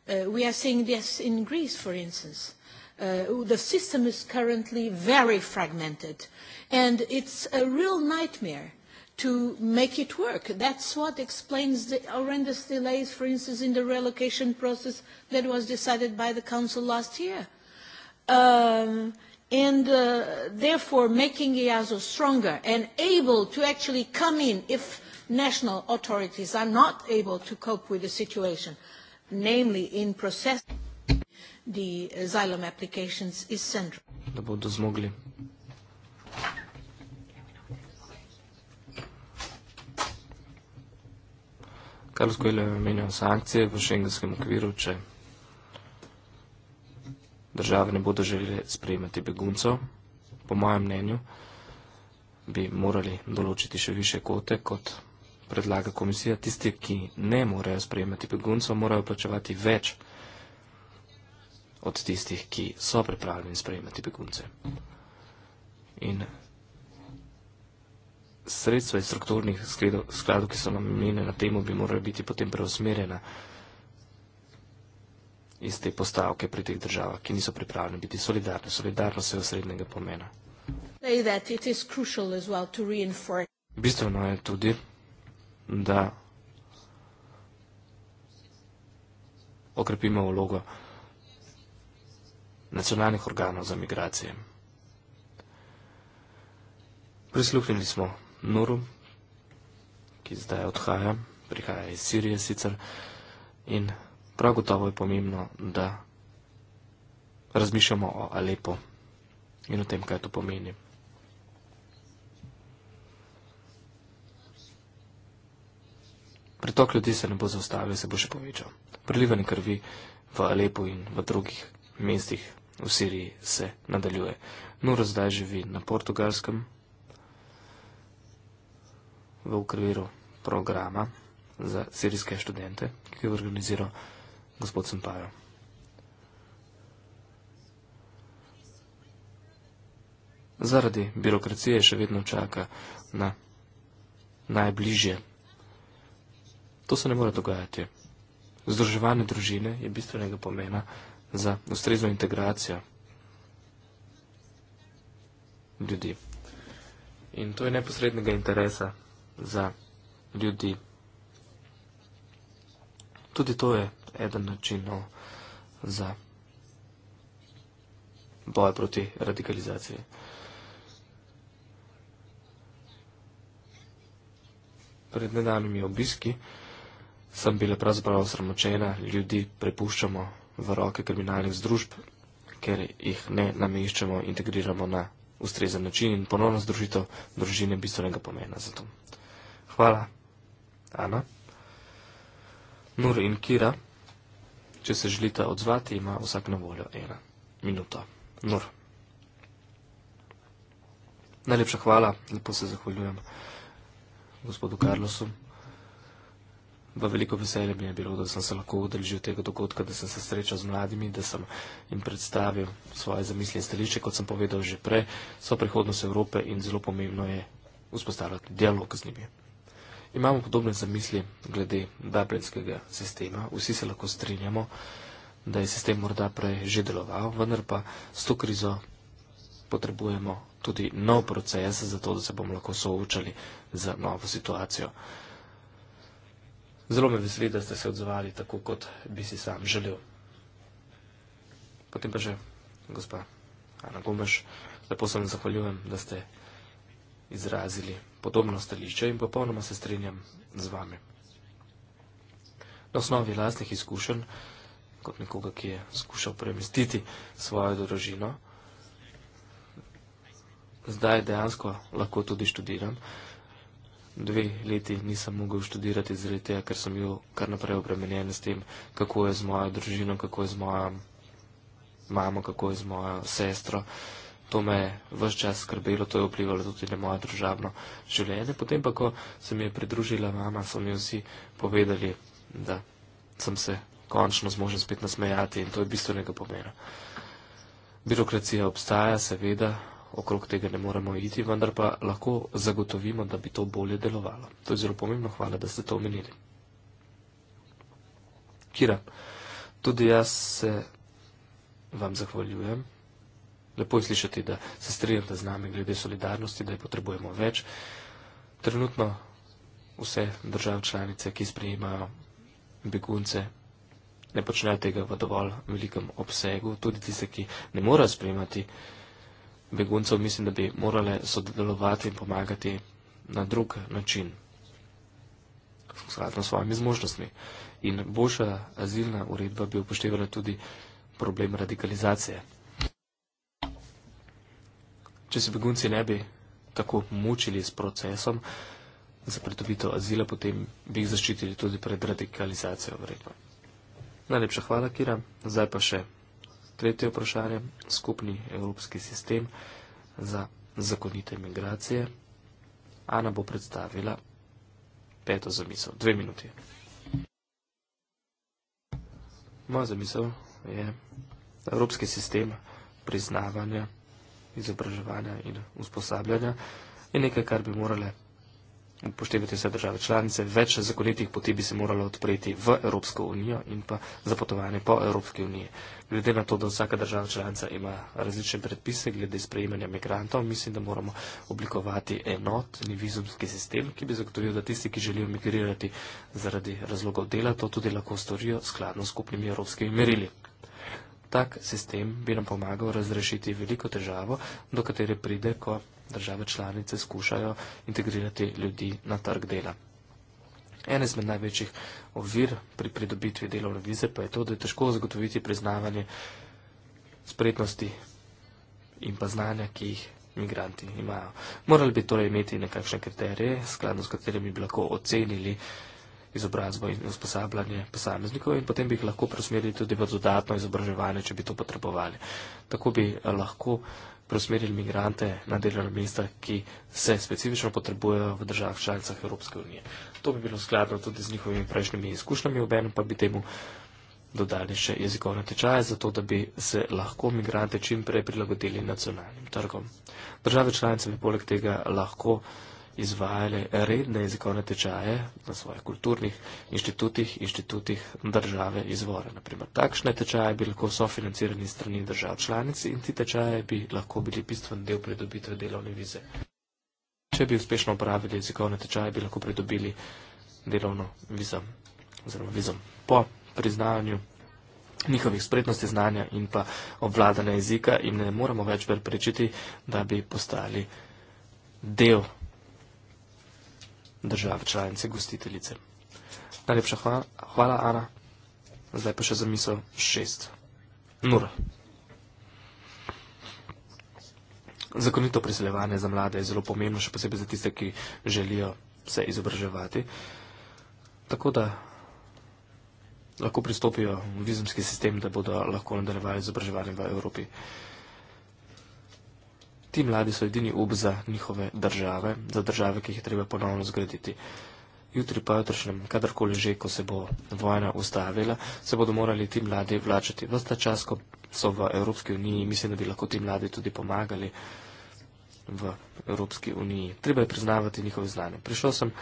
S3: Uh, we are seeing this in Greece, for instance. Uh, the system is currently very fragmented, and it's a real nightmare to make it work. That's what explains the horrendous delays, for instance, in the relocation process that was decided by the Council last year. Um, and uh, therefore, making EASO stronger and able to actually come in if national authorities are not able to cope with the situation namely in process the asylum applications is central.
S10: Da bodo zmogli. Kar zgojile menijo sankcije v šengenskem okviru, če države ne bodo želeli sprejemati beguncov, po mojem mnenju, bi morali določiti še više kote kot predlaga komisija, tisti, ki ne morejo sprejemati beguncev, morajo plačevati več od tistih, ki so pripravljeni sprejemati begunce. In sredstva iz strukturnih skladov, ki so namenjene na temu, bi morali biti potem preusmerjena iz te postavke pri teh državah, ki niso pripravljeni biti solidarni. Solidarnost je osrednjega pomena. Bistveno je tudi, da okrepimo vlogo nacionalnih organov za migracije. Prisluhnili smo Nuru, ki zdaj odhaja, prihaja iz Sirije sicer, in prav gotovo je pomembno, da razmišljamo o Alepo in o tem, kaj to pomeni. Pritok ljudi se ne bo zaustavil, se bo še povečal. Prilivanje krvi v Alepu in v drugih mestih v Siriji se nadaljuje. Nuro zdaj živi na portugalskem v okviru programa za sirijske študente, ki je organiziral gospod Sampajo. Zaradi birokracije še vedno čaka na najbližje To se ne more dogajati. Združevanje družine je bistvenega pomena za ustrezno integracijo ljudi. In to je neposrednega interesa za ljudi. Tudi to je eden način za boj proti radikalizaciji. Pred nedavnimi obiski sem bila pravzaprav sramočena, ljudi prepuščamo v roke kriminalnih združb, ker jih ne nameščamo, integriramo na ustrezen način in ponovno združitev družine bistvenega pomena za to. Hvala, Ana. Nur in Kira, če se želite odzvati, ima vsak na voljo ena minuta. Nur. Najlepša hvala, lepo se zahvaljujem gospodu Karlosu. Mm. V veliko veselje mi je bilo, da sem se lahko udeležil tega dogodka, da sem se srečal z mladimi, da sem jim predstavil svoje zamisli in stališče, kot sem povedal že prej, so prihodnost Evrope in zelo pomembno je vzpostavljati dialog z njimi. Imamo podobne zamisli glede dublinskega sistema. Vsi se lahko strinjamo, da je sistem morda prej že deloval, vendar pa s to krizo potrebujemo tudi nov proces, zato da se bomo lahko soočali z novo situacijo. Zelo me veseli, da ste se odzvali tako, kot bi si sam želel. Potem pa že, gospa Ana Gomeš, lepo se vam zahvaljujem, da ste izrazili podobno stališče in popolnoma se strinjam z vami. Na osnovi lastnih izkušenj, kot nekoga, ki je skušal premestiti svojo družino, zdaj dejansko lahko tudi študiram dve leti nisem mogel študirati zaradi tega, ker sem bil kar naprej obremenjen s tem, kako je z mojo družino, kako je z mojo mamo, kako je z mojo sestro. To me je vse čas skrbelo, to je vplivalo tudi na moje družabno življenje. Potem pa, ko se mi je pridružila mama, so mi vsi povedali, da sem se končno zmožen spet nasmejati in to je bistvenega pomena. Birokracija obstaja, seveda, okrog tega ne moremo iti, vendar pa lahko zagotovimo, da bi to bolje delovalo. To je zelo pomembno, hvala, da ste to omenili. Kira, tudi jaz se vam zahvaljujem. Lepo je slišati, da se strinjate z nami glede solidarnosti, da je potrebujemo več. Trenutno vse države članice, ki sprejemajo begunce, ne počnejo tega v dovolj velikem obsegu, tudi tiste, ki ne morejo sprejemati begunce beguncev mislim, da bi morale sodelovati in pomagati na drug način, skladno s svojimi zmožnostmi. In boljša azilna uredba bi upoštevala tudi problem radikalizacije. Če se begunci ne bi tako mučili s procesom za pridobitev azila, potem bi jih zaščitili tudi pred radikalizacijo, verjetno. Najlepša hvala, Kira. Zdaj pa še Tretje vprašanje, skupni evropski sistem za zakonite migracije. Ana bo predstavila peto zamisel. Dve minuti. Moja zamisel je evropski sistem priznavanja, izobraževanja in usposabljanja. Je nekaj, kar bi morale upoštevati vse države članice, več zakonitih poti bi se moralo odpreti v Evropsko unijo in pa za potovanje po Evropski uniji. Glede na to, da vsaka država članica ima različne predpise glede sprejemanja migrantov, mislim, da moramo oblikovati enotni vizumski sistem, ki bi zagotovil, da tisti, ki želijo migrirati zaradi razlogov dela, to tudi lahko storijo skladno s skupnimi evropskimi merili. Tak sistem bi nam pomagal razrešiti veliko težavo, do katere pride, ko države članice skušajo integrirati ljudi na trg dela. Ene izmed največjih ovir pri pridobitvi delovne vize pa je to, da je težko zagotoviti priznavanje spretnosti in pa znanja, ki jih migranti imajo. Morali bi torej imeti nekakšne kriterije, skladno s katerimi bi lahko ocenili izobrazbo in usposabljanje posameznikov in potem bi jih lahko presmerili tudi v dodatno izobraževanje, če bi to potrebovali. Tako bi eh, lahko uh, prosmerili migrante na delovna mesta, ki se specifično potrebujejo v državah članicah Evropske unije. To bi bilo skladno tudi z njihovimi prejšnjimi izkušnjami, obenem pa bi temu dodali še jezikovne tečaje, zato da bi se lahko migrante čim prej prilagodili nacionalnim trgom. Države članice bi poleg tega lahko izvajali redne jezikovne tečaje na svojih kulturnih inštitutih, inštitutih države izvora. Naprimer, takšne tečaje bi lahko sofinancirani strani držav članic in ti tečaje bi lahko bili bistven del pridobitve delovne vize. Če bi uspešno upravili jezikovne tečaje, bi lahko pridobili delovno vizo oziroma vizom po priznavanju njihovih spretnosti znanja in pa obvladanja jezika in ne moramo več preprečiti, da bi postali del države članice gostiteljice. Najlepša hvala, hvala Ana. Zdaj pa še za misel šest. Nura. Zakonito priseljevanje za mlade je zelo pomembno, še posebej za tiste, ki želijo se izobraževati. Tako da lahko pristopijo v vizumski sistem, da bodo lahko nadaljevali izobraževanje v Evropi. Ti mladi so edini up za njihove države, za države, ki jih je treba ponovno zgraditi. Jutri pa jutrišnjem, kadarkoli že, ko se bo vojna ustavila, se bodo morali ti mladi vlačati. Vse ta čas, ko so v Evropski uniji, mislim, da bi lahko ti mladi tudi pomagali v Evropski uniji. Treba je priznavati njihove znanje. Prišel sem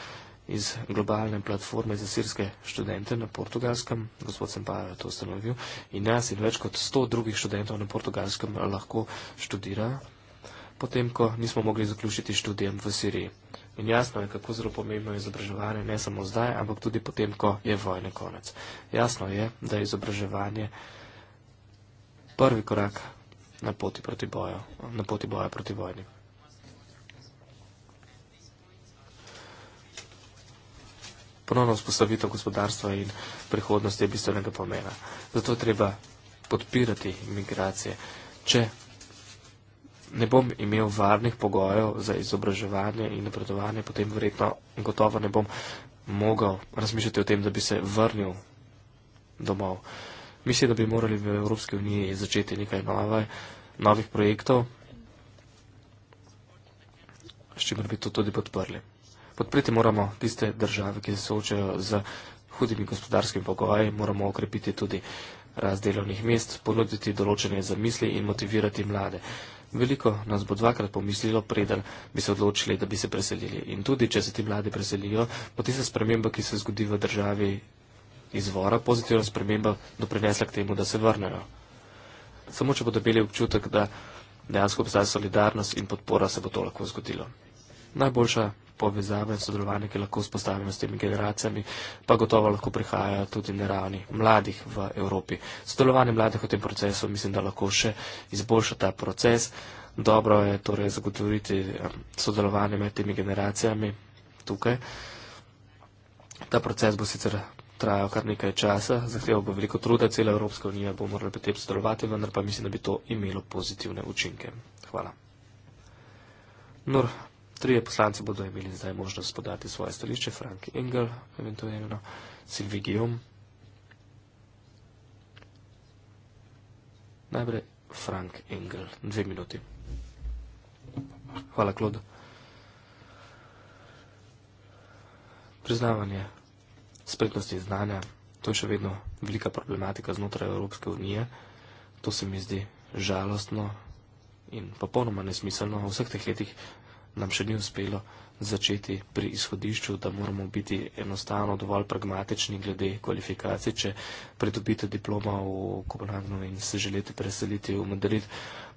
S10: iz globalne platforme za sirske študente na portugalskem, gospod sem pa to ustanovil, in nas in več kot sto drugih študentov na portugalskem lahko študirajo potem ko nismo mogli zaključiti študijem v Siriji. In jasno je, kako zelo pomembno je izobraževanje, ne samo zdaj, ampak tudi potem, ko je vojne konec. Jasno je, da je izobraževanje prvi korak na poti, proti boju, na poti boja proti vojni. Ponovno vzpostavitev gospodarstva in prihodnosti je bistvenega pomena. Zato treba podpirati imigracije. Če ne bom imel varnih pogojev za izobraževanje in napredovanje, potem verjetno gotovo ne bom mogel razmišljati o tem, da bi se vrnil domov. Mislim, da bi morali v Evropski uniji začeti nekaj nove, novih projektov, s čimer bi to tudi podprli. Podpreti moramo tiste države, ki se soočajo z hudimi gospodarskimi pogoji, moramo okrepiti tudi razdelovnih mest, ponuditi določene zamisli in motivirati mlade. Veliko nas bo dvakrat pomislilo, preden bi se odločili, da bi se preselili. In tudi, če se ti mladi preselijo, bo tista sprememba, ki se zgodi v državi izvora, pozitivna sprememba, doprinesla k temu, da se vrnejo. Samo, če bodo imeli občutek, da dejansko obstaja solidarnost in podpora, se bo to lahko zgodilo. Najboljša povezave in sodelovanje, ki lahko vzpostavimo s temi generacijami, pa gotovo lahko prihaja tudi na ravni mladih v Evropi. Sodelovanje mladih v tem procesu mislim, da lahko še izboljša ta proces. Dobro je torej zagotoviti sodelovanje med temi generacijami tukaj. Ta proces bo sicer trajal kar nekaj časa, zahteval bo veliko truda, cela Evropska unija bo morala pri tem sodelovati, vendar pa mislim, da bi to imelo pozitivne učinke. Hvala. Nur, Trije poslanci bodo imeli zdaj možnost podati svoje stališče, Frank Engel, eventualno Silvi Gijom. Najprej Frank Engel, dve minuti. Hvala, Klod. Priznavanje spretnosti znanja, to je še vedno velika problematika znotraj Evropske unije. To se mi zdi žalostno in popolnoma nesmiselno. V vseh teh letih nam še ni uspelo začeti pri izhodišču, da moramo biti enostavno dovolj pragmatični glede kvalifikacij. Če pridobite diploma v Kopenhagnu in se želite preseliti v Madrid,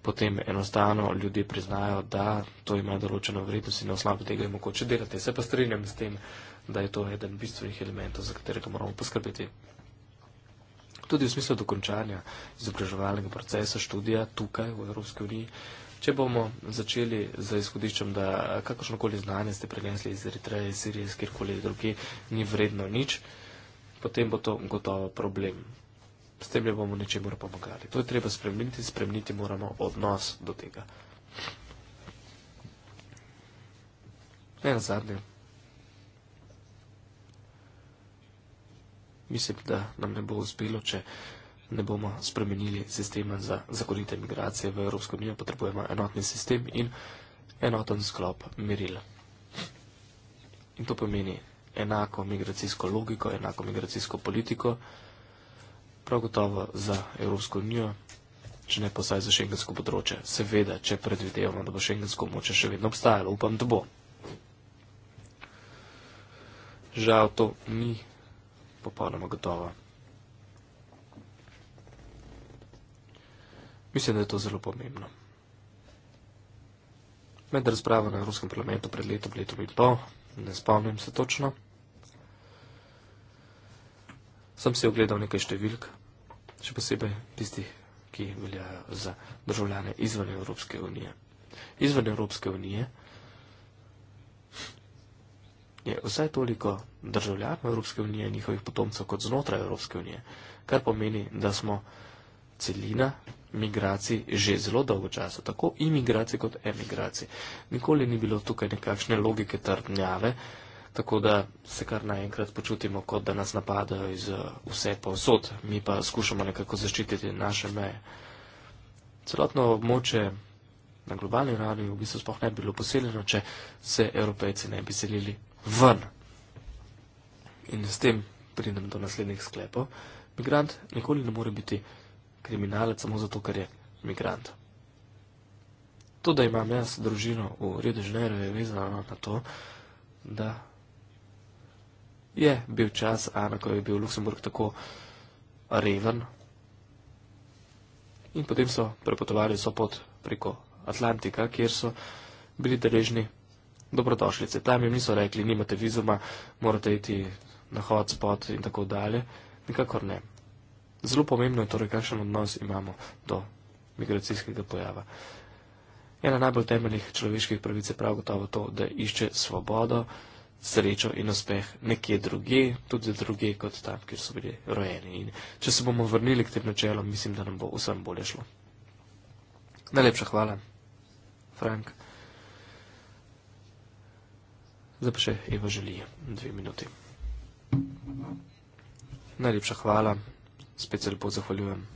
S10: potem enostavno ljudje priznajo, da to ima določeno vrednost in oslab tega je mogoče delati. Se pa strinjam s tem, da je to eden bistvenih elementov, za katerega moramo poskrbeti. Tudi v smislu dokončanja izobraževalnega procesa študija tukaj v Evropski uniji. Če bomo začeli z izhodiščem, da kakršnokoli znanje ste prenesli iz Eritreje, iz Sirije, iz kjerkoli druge, ni vredno nič, potem bo to gotovo problem. S tem ne bomo ničemur pomagali. To je treba spremeniti, spremeniti moramo odnos do tega. Ne na zadnje. Mislim, da nam ne bo uspelo, če ne bomo spremenili sistema za zakonite migracije v Evropsko unijo, potrebujemo enotni sistem in enoten sklop meril. In to pomeni enako migracijsko logiko, enako migracijsko politiko, prav gotovo za Evropsko unijo, če ne posaj za šengensko področje. Seveda, če predvidevamo, da bo šengensko moče še vedno obstajalo, upam, da bo. Žal to ni popolnoma gotovo. Mislim, da je to zelo pomembno. Med razpravo na Evropskem parlamentu pred letom, letom in pol, ne spomnim se točno, sem si ogledal nekaj številk, še posebej tistih, ki veljajo za državljane izven Evropske unije. Izven Evropske unije je vsaj toliko državljanov Evropske unije in njihovih potomcev kot znotraj Evropske unije, kar pomeni, da smo celina migracij že zelo dolgo časa, tako imigracij kot emigracij. Nikoli ni bilo tukaj nekakšne logike trdnjave, tako da se kar naenkrat počutimo, kot da nas napadajo iz eh, vse povsod, mi pa skušamo nekako zaščititi naše meje. Celotno območje na globalni ravni v bistvu sploh ne bi bilo poseljeno, če se evropejci ne bi selili ven. In s tem pridem do naslednjih sklepov. Migrant nikoli ne more biti kriminalec samo zato, ker je imigrant. To, da imam jaz družino v Rio de Janeiro, je vezano na to, da je bil čas, Ana, ko je bil Luksemburg tako reven. In potem so prepotovali so pot preko Atlantika, kjer so bili deležni dobrodošlice. Tam jim niso rekli, nimate vizuma, morate iti na hotspot in tako dalje. Nikakor ne. Zelo pomembno je torej, kakšen odnos imamo do migracijskega pojava. Ena najbolj temeljnih človeških pravic je prav gotovo to, da išče svobodo, srečo in uspeh nekje druge, tudi druge kot tam, kjer so bili rojeni. In če se bomo vrnili k tem načelom, mislim, da nam bo vsem bolje šlo. Najlepša hvala, Frank. Zdaj pa še Eva želi dve minuti. Najlepša hvala spet se lepo zahvaljujem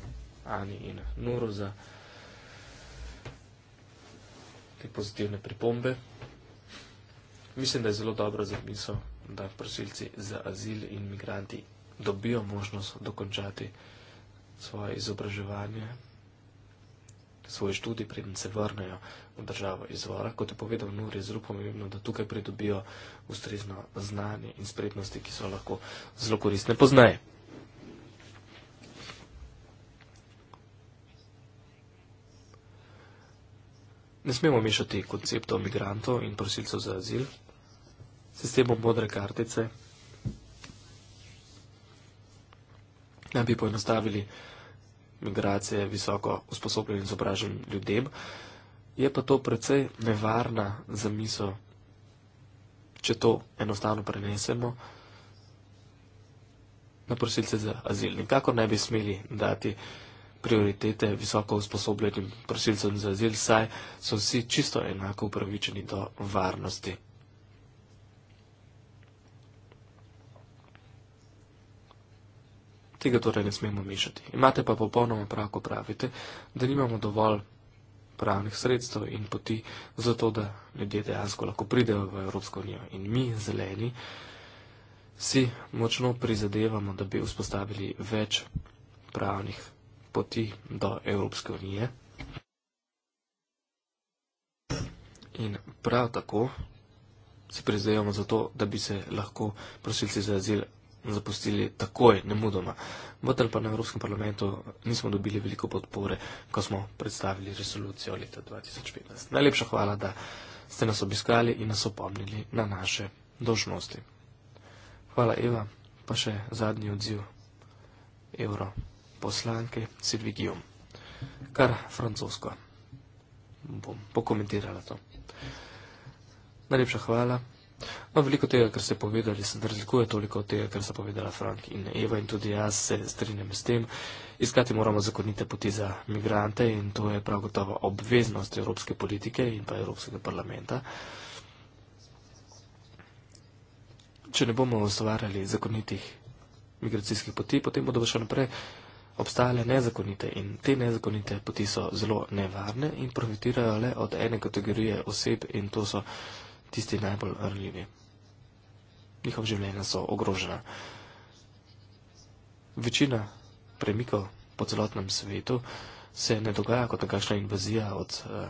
S10: Ani in Nuru za te pozitivne pripombe. Mislim, da je zelo dobro za misel, da prosilci za azil in migranti dobijo možnost dokončati svoje izobraževanje, svoje študij, preden se vrnejo v državo izvora. Kot je povedal Nur, je zelo pomembno, da tukaj pridobijo ustrezno znanje in spretnosti, ki so lahko zelo koristne poznaje. Ne smemo mešati konceptov migrantov in prosilcev za azil, sistemov modre kartice, da bi poenostavili migracije visoko usposobljenim in izobraženim ljudem. Je pa to precej nevarna zamisel, če to enostavno prenesemo na prosilce za azil. Nikakor ne bi smeli dati prioritete visoko usposobljenim prosilcem za azil, saj so vsi čisto enako upravičeni do varnosti. Tega torej ne smemo mešati. Imate pa popolnoma prav, ko pravite, da nimamo dovolj pravnih sredstev in poti za to, da ljudje dejansko lahko pridejo v Evropsko unijo. In mi, zeleni, si močno prizadevamo, da bi vzpostavili več pravnih sredstev poti do Evropske unije. In prav tako si prizadevamo za to, da bi se lahko prosilci za azil zapustili takoj, ne mudoma. Vendar pa na Evropskem parlamentu nismo dobili veliko podpore, ko smo predstavili resolucijo leta 2015. Najlepša hvala, da ste nas obiskali in nas opomnili na naše dožnosti. Hvala, Eva, pa še zadnji odziv. Euro poslanke Sidvigium. Kar francosko bom pokomentirala to. Najlepša hvala. No, veliko tega, kar ste povedali, se razlikuje toliko od tega, kar so povedala Frank in Eva in tudi jaz se strinjam s tem. Iskati moramo zakonite poti za migrante in to je prav gotovo obveznost evropske politike in pa evropskega parlamenta. Če ne bomo ustvarjali zakonitih migracijskih poti, potem bodo še naprej obstajale nezakonite in te nezakonite poti so zelo nevarne in profitirajo le od ene kategorije oseb in to so tisti najbolj rljivi. Njihov življenja so ogrožena. Večina premikov po celotnem svetu se ne dogaja kot nekakšna invazija od uh,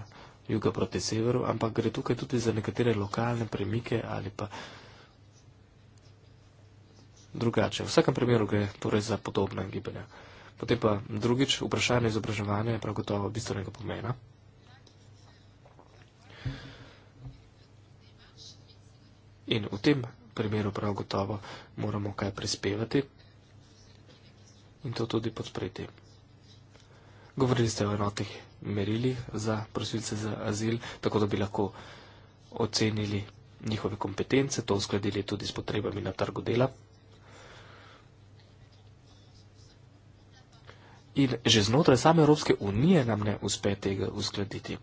S10: juga proti severu, ampak gre tukaj tudi za nekatere lokalne premike ali pa drugače. V vsakem primeru gre torej za podobna gibanja. Potem pa drugič, vprašanje izobraževanja je prav gotovo bistvenega pomena. In v tem primeru prav gotovo moramo kaj prispevati in to tudi podpreti. Govorili ste o enotih merilih za prosilce za azil, tako da bi lahko ocenili njihove kompetence, to uskladili tudi s potrebami na trgu dela. in že znotraj same Evropske unije nam ne uspe tega uskladiti.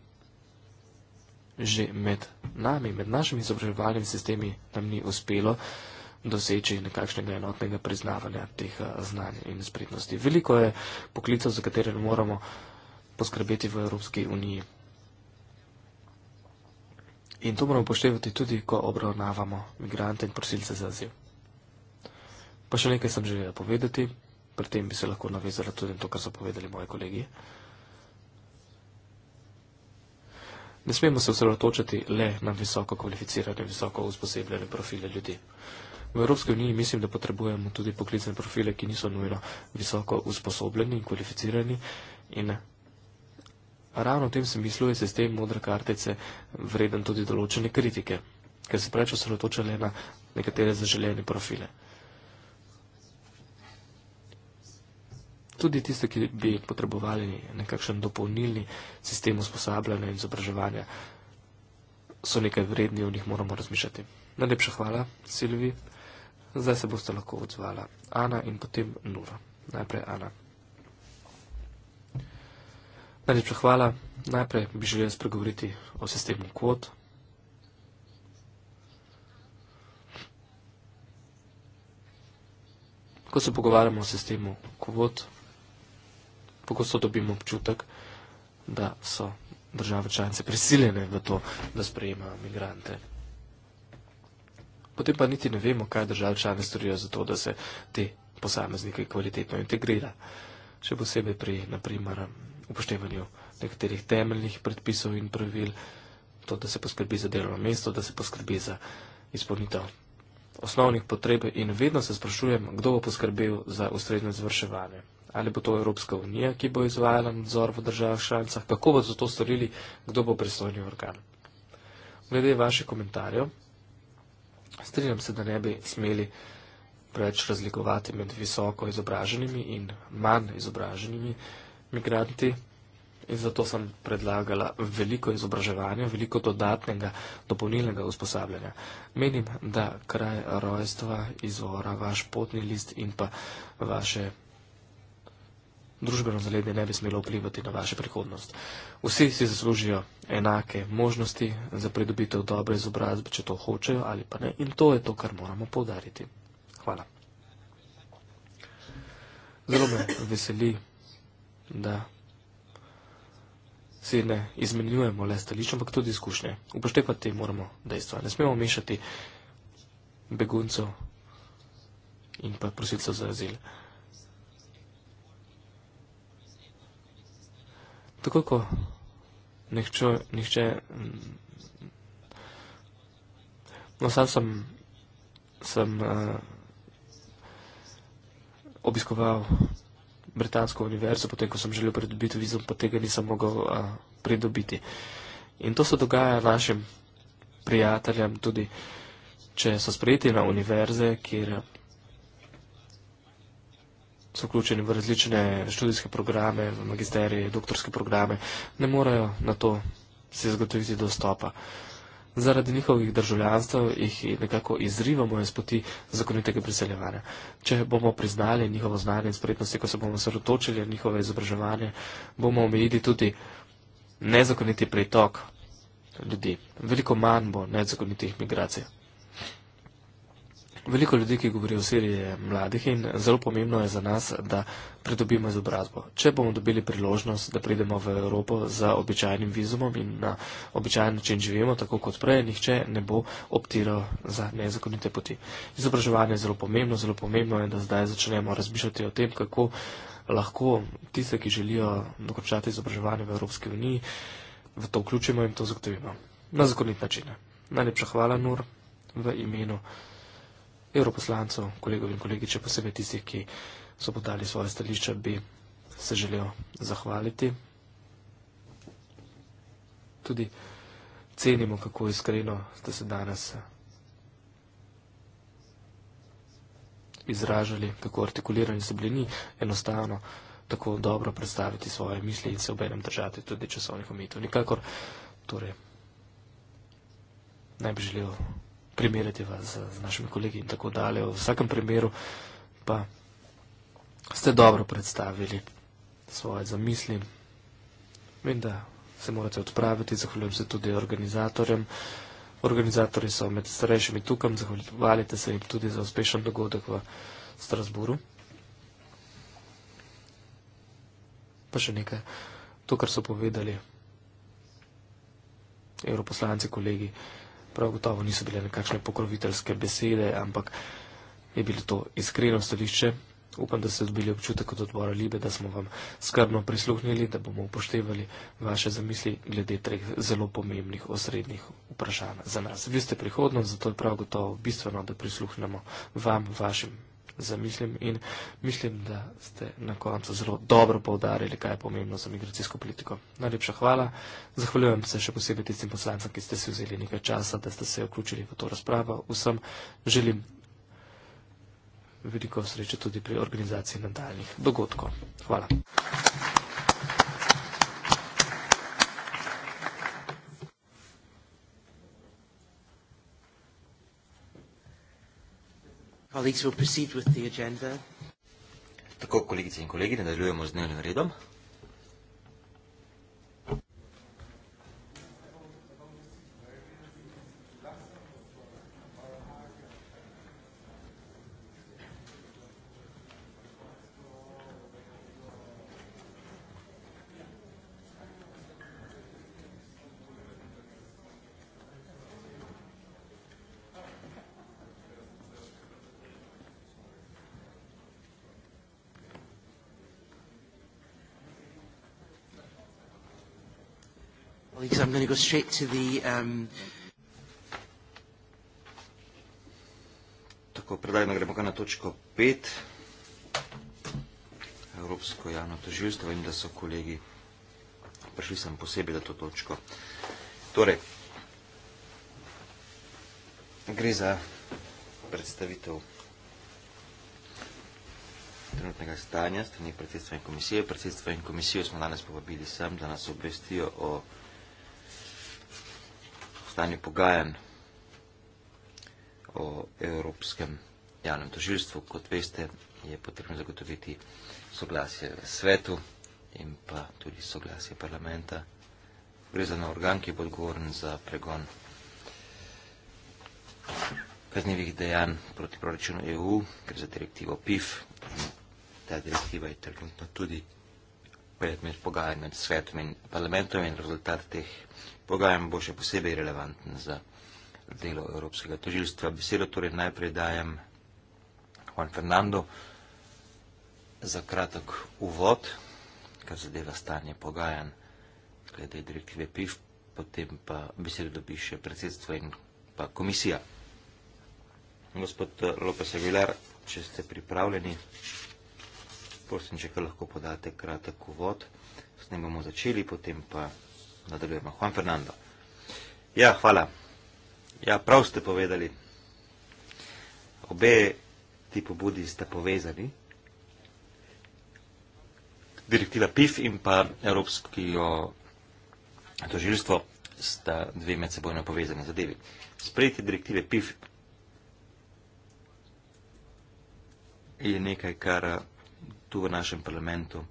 S10: Že med nami, med našimi izobraževalnimi sistemi nam ni uspelo doseči nekakšnega enotnega priznavanja teh eh, znanj in spretnosti. Veliko je poklicov, za katere moramo poskrbeti v Evropski uniji. In to moramo poštevati tudi, ko obravnavamo migrante in prosilce za azil. Pa še nekaj sem želela povedati pri tem bi se lahko navezala tudi na to, kar so povedali moji kolegi. Ne smemo se osredotočiti le na visoko kvalificirane, visoko usposebljene profile ljudi. V Evropski uniji mislim, da potrebujemo tudi poklicne profile, ki niso nujno visoko usposobljeni in kvalificirani. In ravno v tem se mislu je sistem modre kartice vreden tudi določene kritike, ker se preveč osredotoča le na nekatere zaželene profile. tudi tiste, ki bi potrebovali nekakšen dopolnilni sistem usposabljanja in izobraževanja, so nekaj vredni, o njih moramo razmišljati. Najlepša hvala, Silvi. Zdaj se boste lahko odzvala Ana in potem Nura. Najprej Ana. Najlepša hvala. Najprej bi želel spregovoriti o sistemu kvot. Ko se pogovarjamo o sistemu kvot, pogosto dobimo občutek, da so države članice prisiljene v to, da sprejemajo migrante. Potem pa niti ne vemo, kaj države članice storijo za to, da se te posameznike kvalitetno integrira. Še posebej pri, naprimer, upoštevanju nekaterih temeljnih predpisov in pravil, to, da se poskrbi za delovno mesto, da se poskrbi za izpolnitev osnovnih potreb in vedno se sprašujem, kdo bo poskrbel za ustrezno izvrševanje ali bo to Evropska unija, ki bo izvajala nadzor v državah članicah, kako bo za to storili, kdo bo pristojni organ. Glede vaše komentarje, strinjam se, da ne bi smeli preveč razlikovati med visoko izobraženimi in manj izobraženimi migranti. In zato sem predlagala veliko izobraževanja, veliko dodatnega, dopolnilnega usposabljanja. Menim, da kraj rojstva, izvora, vaš potni list in pa vaše družbeno zaledje ne bi smelo vplivati na vašo prihodnost. Vsi si zaslužijo enake možnosti za pridobitev dobre izobrazbe, če to hočejo ali pa ne. In to je to, kar moramo povdariti. Hvala. Zelo me veseli, da se ne izmenjujemo le stališče, ampak tudi izkušnje. Upoštevati moramo dejstva. Ne smemo mešati beguncev in pa prosilcev za azil. tako ko nihče, nihče mm, no sam sem, sem uh, obiskoval Britansko univerzo, potem ko sem želel pridobiti vizum, pa tega nisem mogel uh, pridobiti. In to se dogaja našim prijateljem tudi, če so sprejeti na univerze, kjer uh, so vključeni v različne študijske programe, v magisterije, doktorske programe, ne morejo na to se zagotoviti dostopa. Zaradi njihovih državljanstv jih nekako izrivamo iz poti zakonitega priseljevanja. Če bomo priznali njihovo znanje in spretnosti, ko se bomo sredotočili na njihove izobraževanje, bomo omejili tudi nezakoniti pritok ljudi. Veliko manj bo nezakonitih migracij. Veliko ljudi, ki govorijo o Siriji, je mladih in zelo pomembno je za nas, da pridobimo izobrazbo. Če bomo dobili priložnost, da pridemo v Evropo z običajnim vizumom in na običajen način živimo, tako kot prej, nihče ne bo optiral za nezakonite poti. Izobraževanje je zelo pomembno, zelo pomembno je, da zdaj začnemo razmišljati o tem, kako lahko tiste, ki želijo dokončati izobraževanje v Evropski uniji, v to vključimo in to zagotovimo. Na zakonit način. Najlepša hvala, Nur, v imenu evroposlancev, kolegov in kolegi, če posebej tistih, ki so podali svoje stališče, bi se želel zahvaliti. Tudi cenimo, kako iskreno ste se danes izražali, kako artikulirani so bili ni enostavno tako dobro predstaviti svoje misli in se obenem držati tudi časovnih omitev. Nikakor torej ne bi želel primerjati z, z našimi kolegi in tako dalje. V vsakem primeru pa ste dobro predstavili svoje zamisli. Vem, da se morate odpraviti, zahvaljujem se tudi organizatorjem. Organizatori so med starejšimi tukam, zahvaljujte se jim tudi za uspešen dogodek v Strasburu. Pa še nekaj, to, kar so povedali evroposlanci, kolegi prav gotovo niso bile nekakšne pokroviteljske besede, ampak je bilo to iskreno stališče. Upam, da ste dobili občutek od odbora Libe, da smo vam skrbno prisluhnili, da bomo upoštevali vaše zamisli glede treh zelo pomembnih osrednjih vprašanj za nas. Vi ste prihodnost, zato je prav gotovo bistveno, da prisluhnemo vam, vašim zamislim in mislim, da ste na koncu zelo dobro povdarili, kaj je pomembno za migracijsko politiko. Najlepša hvala. Zahvaljujem se še posebej tistim poslancem, ki ste si vzeli nekaj časa, da ste se vključili v to razpravo. Vsem želim veliko sreče tudi pri organizaciji nadaljnih dogodkov. Hvala.
S1: Colleagues will proceed with the agenda.
S9: Tako, kolegice in kolegi, nadaljujemo z dnevnim redom. going to go straight to
S1: the... Um,
S9: Tako, predajno gremo kar na točko 5. Evropsko javno toživstvo. Vem, da so kolegi prišli sem posebej na to točko. Torej, gre za predstavitev trenutnega stanja strani predsedstva in komisije. Predsedstva in komisijo smo danes povabili sem, da nas obvestijo o stanju pogajanj o Evropskem javnem tožilstvu. Kot veste, je potrebno zagotoviti soglasje v svetu in pa tudi soglasje parlamenta. Gre za na organ, ki bo odgovoren za pregon kaznjivih dejanj proti proračunu EU, gre za direktivo PIF. Ta direktiva je trenutno tudi predmet pogajanj med svetom in parlamentom in rezultat teh pogajanj bo še posebej relevanten za delo Evropskega tožilstva. Besedo torej najprej dajem Juan Fernando za kratek uvod, kar zadeva stanje pogajanj glede direktive PIF, potem pa besedo dobi še predsedstvo in pa komisija. Gospod Lopez Aguilar, če ste pripravljeni prosim, če lahko podate kratek uvod, s tem bomo začeli, potem pa nadaljujemo. Juan Fernando. Ja, hvala. Ja, prav ste povedali. Obe ti pobudi sta povezani. Direktiva PIF in pa Evropsko tožilstvo sta dve medsebojno povezani zadevi. Sprejeti direktive PIF je nekaj, kar tu v našem parlamentu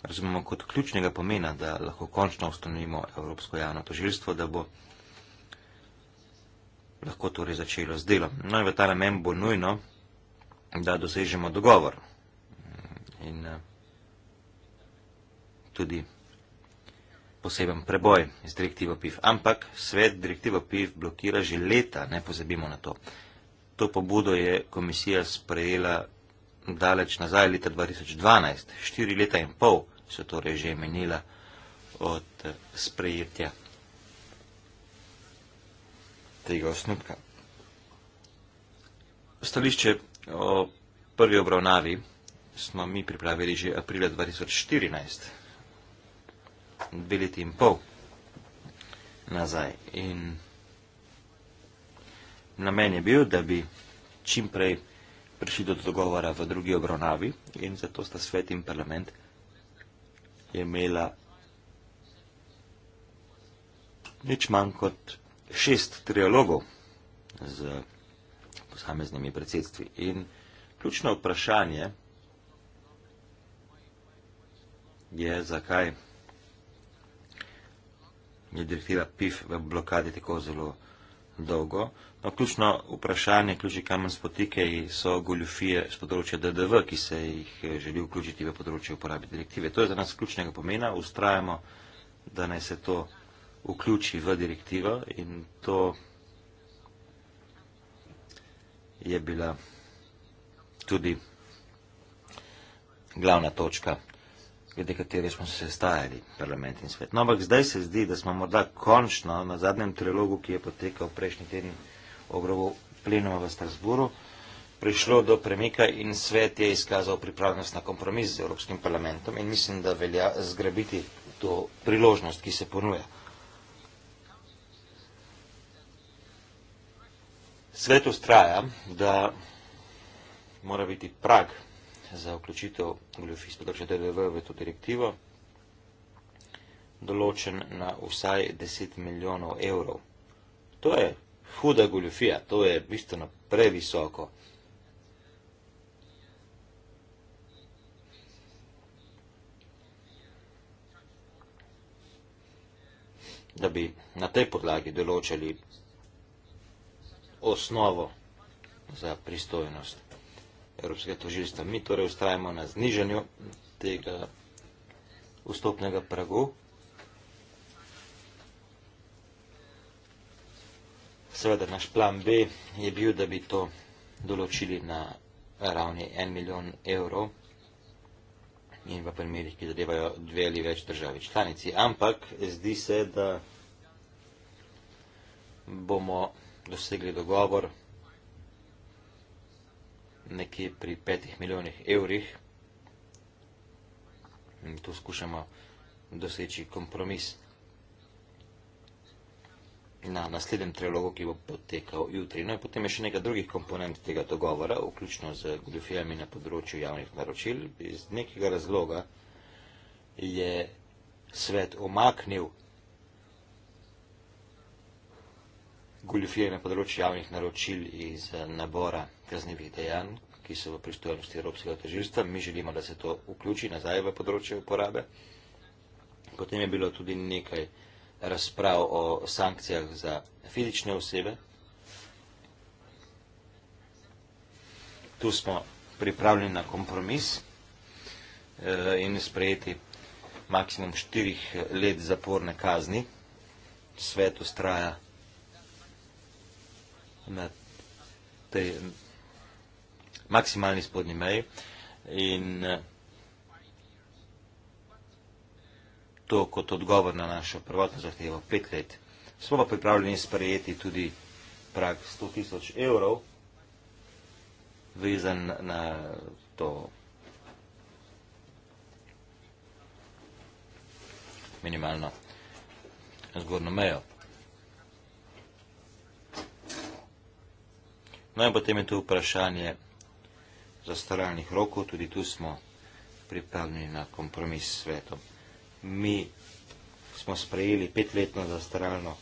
S9: razumemo kot ključnega pomena, da lahko končno ustanovimo Evropsko javno toživstvo, da bo lahko torej začelo z delom. No in v ta namen bo nujno, da dosežemo dogovor in eh, tudi poseben preboj z direktivo PIF. Ampak svet direktivo PIF blokira že leta, ne pozabimo na to. To pobudo je komisija sprejela daleč nazaj, leta 2012, štiri leta in pol so torej že menila od eh, sprejetja tega osnutka. Stališče o prvi obravnavi smo mi pripravili že aprila 2014, dve leti in pol nazaj. In namen je bil, da bi čim prej prišli do dogovora v drugi obravnavi in zato sta svet in parlament imela nič manj kot šest trialogov z posameznimi predsedstvi. In ključno vprašanje je, zakaj je direktiva PIF v blokadi tako zelo vprašanje dolgo. No, ključno vprašanje, ključni kamen spotike so goljufije z področja DDV, ki se jih eh, želi vključiti v področje uporabe direktive. To je za nas ključnega pomena. Ustrajamo, da naj se to vključi v direktivo in to je bila tudi glavna točka glede katere smo se stajali, parlament in svet. No, ampak zdaj se zdi, da smo morda končno na zadnjem trilogu, ki je potekal prejšnji teden ogrovo plenoma v Strasburu, prišlo do premika in svet je izkazal pripravljenost na kompromis z Evropskim parlamentom in mislim, da velja zgrabiti to priložnost, ki se ponuja. Svet ustraja, da mora biti prag za vključitev goljofij z področja DDV v to direktivo določen na vsaj 10 milijonov evrov. To je huda goljofija, to je bistveno previsoko. da bi na tej podlagi določili osnovo za pristojnost. Evropskega tožilstva. Mi torej ustrajamo na znižanju tega vstopnega pragu. Seveda, naš plan B je bil, da bi to določili na ravni 1 milijon evrov in v primerih, ki zadevajo dve ali več državi članici. Ampak zdi se, da bomo dosegli dogovor nekje pri petih milijonih evrih. In tu skušamo doseči kompromis na naslednjem trilogu, ki bo potekal jutri. No in potem je še nekaj drugih komponent tega dogovora, vključno z glifijami na področju javnih naročil. Iz nekega razloga je svet omaknil goljufije na področju javnih naročil iz eh, nabora kaznevih dejanj, ki so v pristojnosti Evropskega težilstva. Mi želimo, da se to vključi nazaj v področje uporabe. Potem je bilo tudi nekaj razprav o sankcijah za fizične osebe. Tu smo pripravljeni na kompromis eh, in sprejeti maksimum štirih eh, let zaporne kazni. Svet ustraja na tej maksimalni spodnji meji in eh, to kot odgovor na našo prvotno zahtevo pet let. Smo pa pripravljeni sprejeti tudi prag 100 tisoč evrov, vezan na to minimalno zgornjo mejo. No in potem je tu vprašanje zastaralnih rokov, tudi tu smo pripravljeni na kompromis s svetom. Mi smo sprejeli petletno zastaralno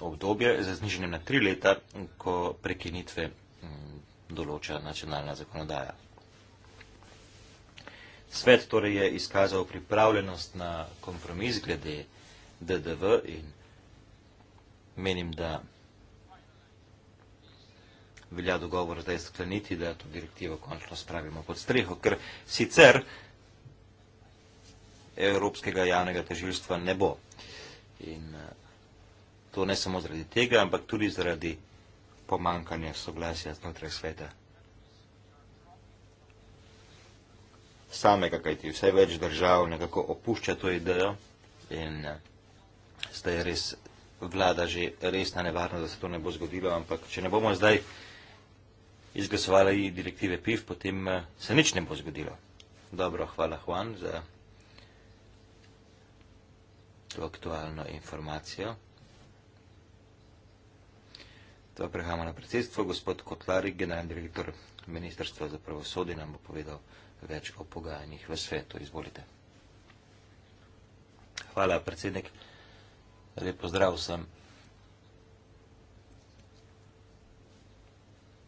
S9: obdobje za zniženje na tri leta, ko prekinitve mm, določa nacionalna zakonodaja. Svet torej je izkazal pripravljenost na kompromis glede DDV in menim, da velja dogovor zdaj skleniti, da to direktivo končno spravimo pod streho, ker sicer Evropskega javnega težilstva ne bo. In eh, to ne samo zaradi tega, ampak tudi zaradi pomankanja soglasja znotraj sveta. Samega, kajti vse več držav nekako opušča to idejo in eh, zdaj res vlada že resna nevarnost, da se to ne bo zgodilo, ampak če ne bomo zdaj izglasovali direktive PIF, potem eh, se nič ne bo zgodilo. Dobro, hvala Juan za to aktualno informacijo. To prehajamo na predsedstvo. Gospod Kotlarik, generalni direktor Ministrstva za pravosodje, nam bo povedal več o pogajanjih v svetu. Izvolite. Hvala, predsednik. Lep pozdrav vsem.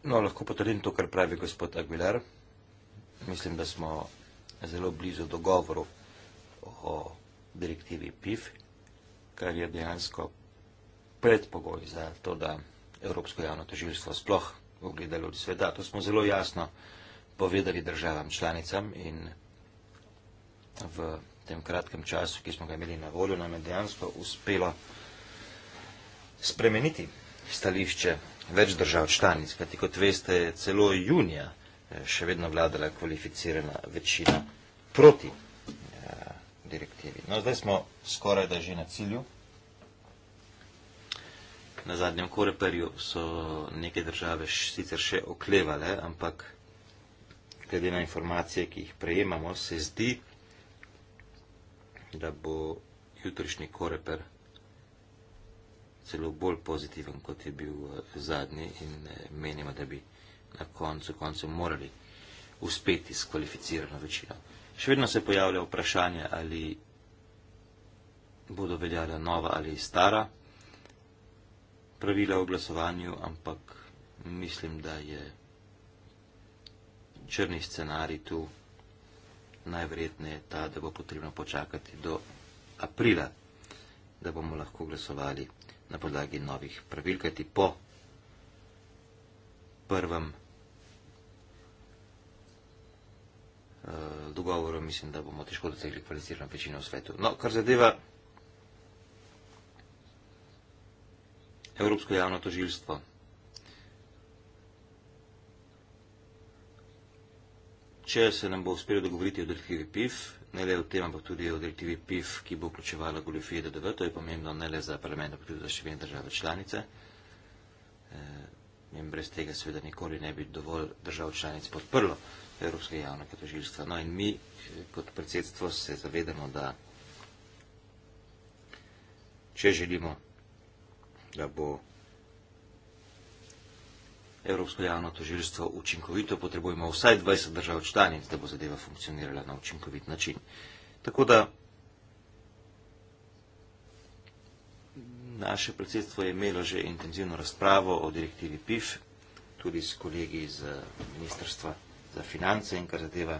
S9: No, lahko potrdim to, kar pravi gospod Aguilar. Mislim, da smo zelo blizu dogovoru o direktivi PIF, kar je dejansko predpogoj za to, da Evropsko javno toživstvo sploh ugledalo od sveta. To smo zelo jasno povedali državam članicam in v tem kratkem času, ki smo ga imeli na voljo, nam je dejansko uspelo spremeniti stališče več držav članic. Kajti, kot veste, je celo junija eh, še vedno vladala kvalificirana večina proti eh, direktivi. No, zdaj smo skoraj da že na cilju. Na zadnjem koreperju so neke države sicer še oklevale, ampak glede na informacije, ki jih prejemamo, se zdi, da bo jutrišnji koreper celo bolj pozitiven, kot je bil eh, zadnji in eh, menimo, da bi na koncu, koncu morali uspeti s kvalificirano večino. Še vedno se pojavlja vprašanje, ali bodo veljala nova ali stara pravila o glasovanju, ampak mislim, da je črni scenarij tu najverjetneje ta, da bo potrebno počakati do aprila, da bomo lahko glasovali na podlagi novih pravil, kajti po prvem eh, dogovoru mislim, da bomo težko dosegli kvalificirano večino v svetu. No, kar zadeva Evropsko javno tožilstvo. Če se nam bo uspelo dogovoriti o direktivi PIF, ne le o tem, ampak tudi o direktivi PIF, ki bo vključevala goljofije DDV, to je pomembno ne le za parlament, ampak tudi za še vedne države članice. Eh, in brez tega seveda nikoli ne bi dovolj držav članic podprlo Evropske javnega tožilstva. No in mi eh, kot predsedstvo se zavedamo, da če želimo, da bo Evropsko javno tožilstvo učinkovito, potrebujemo vsaj 20 držav članic, da bo zadeva funkcionirala na učinkovit način. Tako da naše predsedstvo je imelo že intenzivno razpravo o direktivi PIF, tudi s kolegi iz Ministrstva za finance in kar zadeva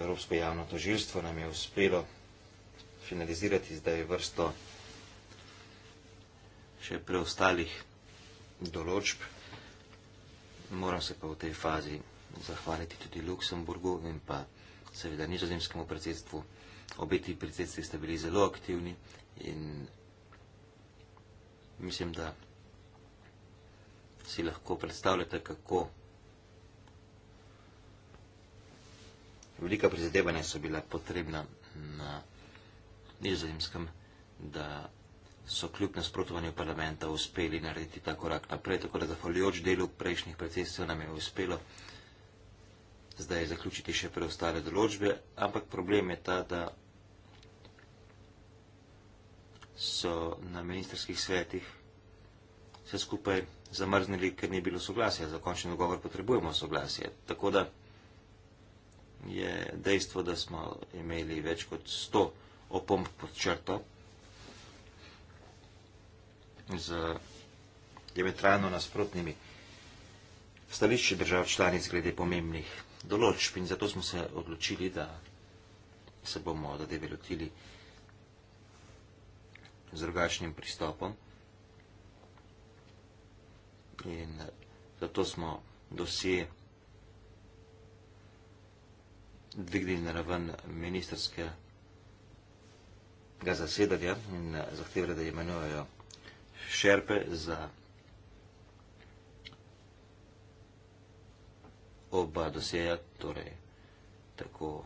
S9: Evropsko javno tožilstvo nam je uspelo finalizirati zdaj vrsto še preostalih določb. Moram se pa v tej fazi zahvaliti tudi Luksemburgu in pa seveda nizozemskemu predsedstvu. Obe ti predsedstvi sta bili zelo aktivni in mislim, da si lahko predstavljate, kako velika prizadevanja so bila potrebna na nizozemskem, da so kljub nasprotovanju parlamenta uspeli narediti ta korak naprej, tako da zahvaljujoč delu prejšnjih predsedstv nam je uspelo zdaj zaključiti še preostale določbe, ampak problem je ta, da so na ministerskih svetih vse skupaj zamrznili, ker ni bilo soglasja. Za končni dogovor potrebujemo soglasje. Tako da je dejstvo, da smo imeli več kot 100 opomb pod črto, z diametralno nasprotnimi stališči držav članic glede pomembnih določb in zato smo se odločili, da se bomo zadeve lotili z drugačnim pristopom. In zato smo dosje dvignili na raven ministerskega zasedanja in zahtevali, da imenujejo šerpe za oba doseja, torej tako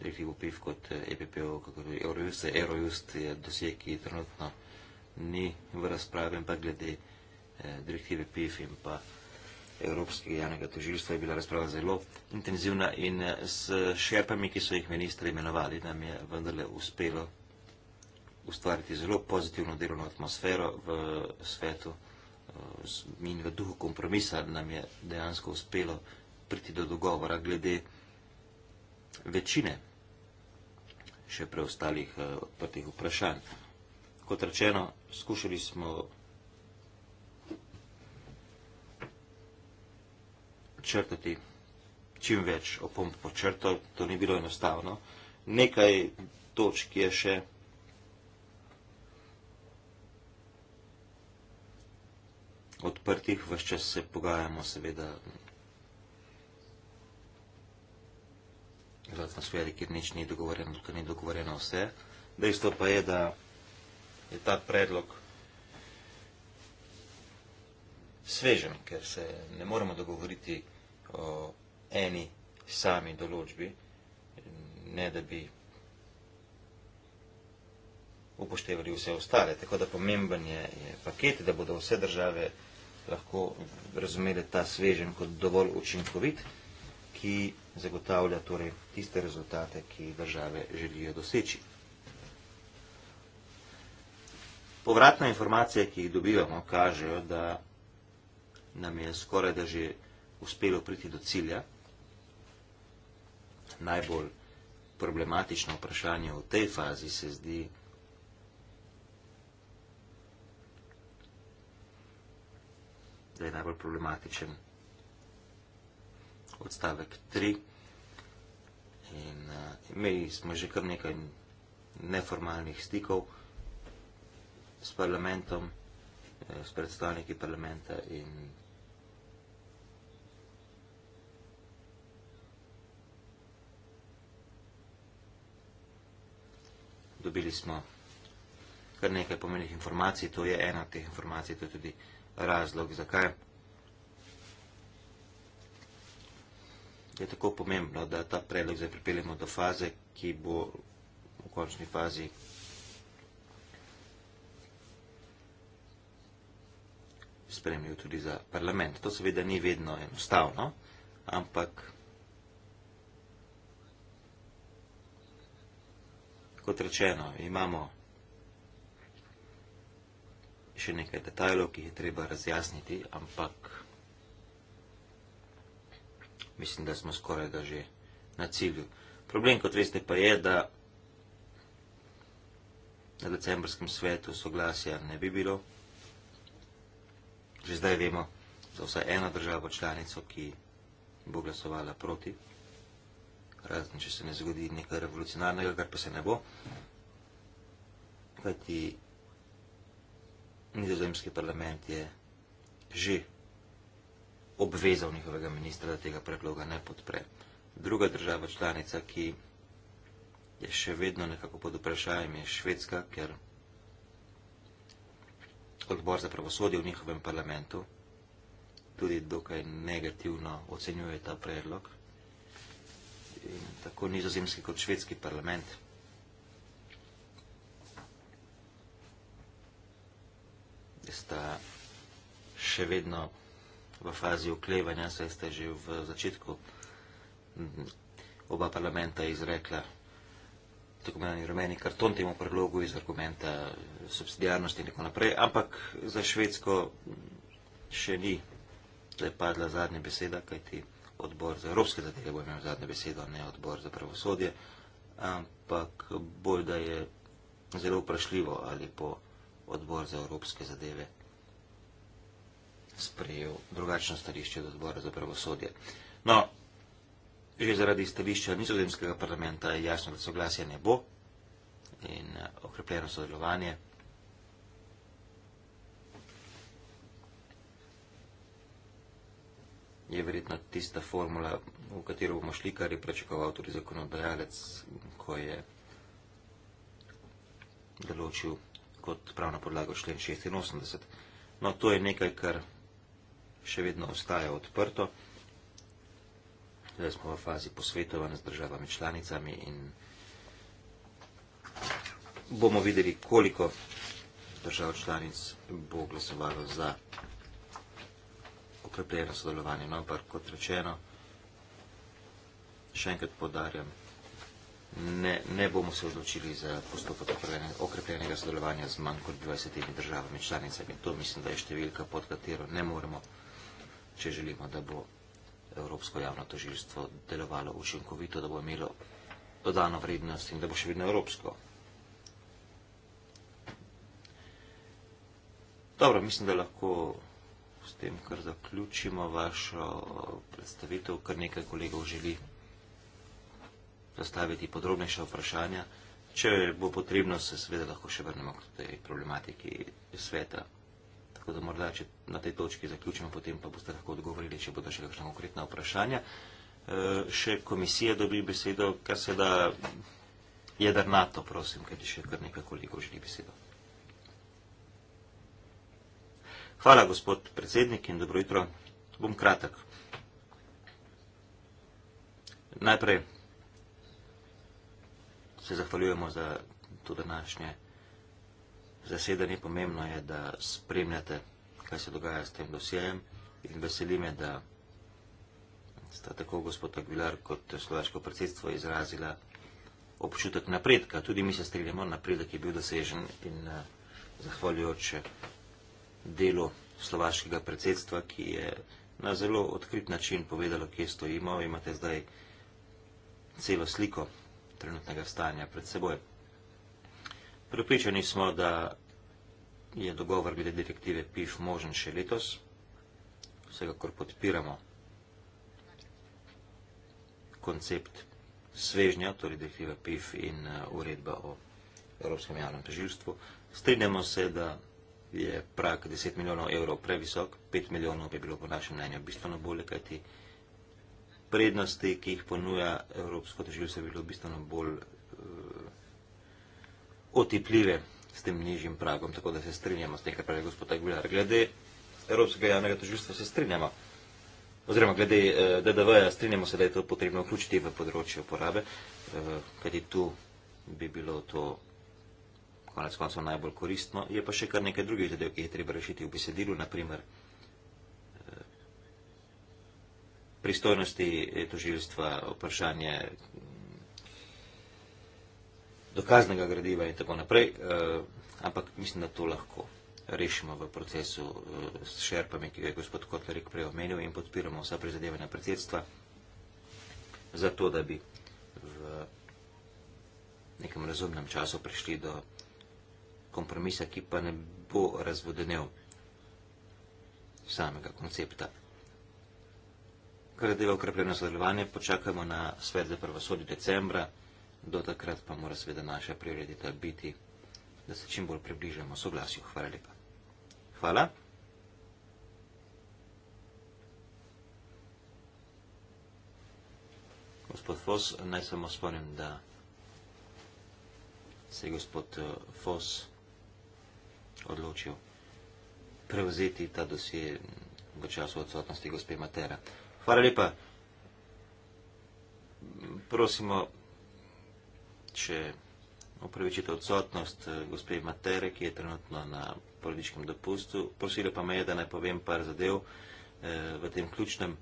S9: direktivo PIF kot EPPO, eh, e kako je Eurojust. Eurojust je dosej, ki trenutno ni v razpravi, ampak glede eh, direktive PIF in pa Evropskega javnega tožilstva je bila razprava zelo intenzivna in eh, s šerpami, ki so jih ministri imenovali, nam je vendarle uspelo ustvariti zelo pozitivno delovno atmosfero v svetu eh, in v duhu kompromisa nam je dejansko uspelo priti do dogovora glede večine še preostalih eh, odprtih vprašanj. Kot rečeno, skušali smo črtati čim več opomb po črto, to ni bilo enostavno. Nekaj točk je še vprašanje, odprtih, vse čas se pogajamo, seveda, v atmosferi, kjer nič ni dogovorjeno, tukaj ni dogovorjeno vse. Dejstvo pa je, da je ta predlog svežen, ker se ne moremo dogovoriti o eni sami določbi, ne da bi upoštevali vse ostale. Tako da pomemben je, je paket, da bodo vse države lahko razumeli ta svežen kot dovolj učinkovit, ki zagotavlja torej tiste rezultate, ki države želijo doseči. Povratne informacije, ki jih dobivamo, kažejo, da nam je skoraj da že uspelo priti do cilja. Najbolj problematično vprašanje v tej fazi se zdi, da da je najbolj problematičen. Odstavek 3. In uh, imeli smo že kar nekaj neformalnih stikov s parlamentom, eh, s predstavniki parlamenta in dobili smo kar nekaj pomenih informacij, to je ena od teh informacij, to je tudi eh, razlog, zakaj je tako pomembno, da ta predlog zdaj pripeljemo do faze, ki bo v končni fazi spremljiv tudi za parlament. To seveda ni vedno enostavno, ampak kot rečeno, imamo vsega, še nekaj detajlov, ki je treba razjasniti, ampak mislim, da smo skoraj da že na cilju. Problem, kot veste, pa je, da na decembrskem svetu soglasja ne bi bilo. Že zdaj vemo za vsaj eno državo članico, ki bo glasovala proti, razen če se ne zgodi nekaj revolucionarnega, kar pa se ne bo. Kajti nizozemski parlament je že obvezal njihovega ministra, da tega predloga ne podpre. Druga država članica, ki je še vedno nekako pod vprašajem, je Švedska, ker odbor za pravosodje v njihovem parlamentu tudi dokaj negativno ocenjuje ta predlog. In tako nizozemski kot švedski parlament. sta še vedno v fazi oklevanja, saj sta že v začetku oba parlamenta izrekla tako imenovani rumeni karton temu predlogu iz argumenta subsidijarnosti in tako naprej, ampak za Švedsko še ni padla zadnja beseda, kajti odbor za evropske zadeve bo imel zadnjo besedo, ne odbor za pravosodje, ampak bolj da je zelo vprašljivo ali po odbor za evropske zadeve sprejel drugačno stališče od odbora za pravosodje. No, že zaradi stališča nizozemskega parlamenta je jasno, da soglasja ne bo in eh, okrepljeno sodelovanje. Je verjetno tista formula, v katero bomo šli, kar je prečakoval tudi zakonodajalec, ko je določil kot pravno podlago člen 86. No, to je nekaj, kar še vedno ostaja odprto. Zdaj smo v fazi posvetovanja z državami članicami in bomo videli, koliko držav članic bo glasovalo za okrepljeno sodelovanje. No, ampak kot rečeno, še enkrat podarjam, ne, ne bomo se odločili za postopek okrepljenega sodelovanja z manj kot 20 državami članicami. To mislim, da je številka, pod katero ne moremo, če želimo, da bo Evropsko javno tožilstvo delovalo učinkovito, da bo imelo dodano vrednost in da bo še vedno evropsko. Dobro, mislim, da lahko s tem, kar zaključimo vašo predstavitev, kar nekaj kolegov želi zastaviti podrobnejša vprašanja. Če bo potrebno, se seveda lahko še vrnemo k tej problematiki sveta. Tako da morda, če na tej točki zaključimo, potem pa boste lahko odgovorili, če bodo še kakšna konkretna vprašanja. E, še komisija dobi besedo, kar se da jedr NATO, prosim, kajti še kar nekaj koliko želi besedo. Hvala, gospod predsednik in dobro jutro. Bom kratek. Najprej se zahvaljujemo za to današnje zasedanje. Pomembno je, da spremljate, kaj se dogaja s tem dosjejem in veseli me, da sta tako gospod Aguilar kot slovaško predsedstvo izrazila občutek napredka. Tudi mi se strinjamo, napredek je bil dosežen in eh, zahvaljujoč delu slovaškega predsedstva, ki je na zelo odkrit način povedalo, kje stojimo. Imate zdaj celo sliko trenutnega stanja pred seboj. Pripričani smo, da je dogovor glede direktive PIF možen še letos, vsekakor podpiramo koncept svežnja, torej direktiva PIF in uh, uredba o Evropskem javnem tožilstvu. Strinjamo se, da je prak 10 milijonov evrov previsok, 5 milijonov bi bilo po našem mnenju bistveno bolje, kajti prednosti, ki jih ponuja Evropsko tožilstvo, bilo bistveno bolj uh, otipljive s tem nižjim pragom. Tako da se strinjamo s tem, kar pravi gospod Aguilar. Glede Evropskega javnega tožilstva se strinjamo, oziroma glede uh, eh, DDV-ja strinjamo se, da je to potrebno vključiti v področje uporabe, uh, kajti tu bi bilo to konec koncev najbolj koristno. Je pa še kar nekaj drugih zadev, ki je treba rešiti v besedilu, naprimer. pristojnosti eh, toživstva, vprašanje mm, dokaznega gradiva in tako naprej, eh, ampak mislim, da to lahko rešimo v procesu eh, s šerpami, ki ga je gospod Kotlerik prej omenil in podpiramo vsa prizadevanja predsedstva za to, da bi v nekem razumnem času prišli do kompromisa, ki pa ne bo razvodenev samega koncepta zadeva ukrepljeno sodelovanje, počakamo na svet za pravosodje decembra. Do takrat pa mora seveda naša prioriteta biti, da se čim bolj približamo soglasju. Hvala lepa. Hvala. Gospod Fos, naj samo spomnim, da se je gospod eh, Fos odločil prevzeti ta dosje v času odsotnosti gospe Matera. Hvala lepa. Prosimo, če upravičite odsotnost eh, gospe Matere, ki je trenutno na političkem dopustu. Prosila pa me je, da naj povem par zadev eh, v tem ključnem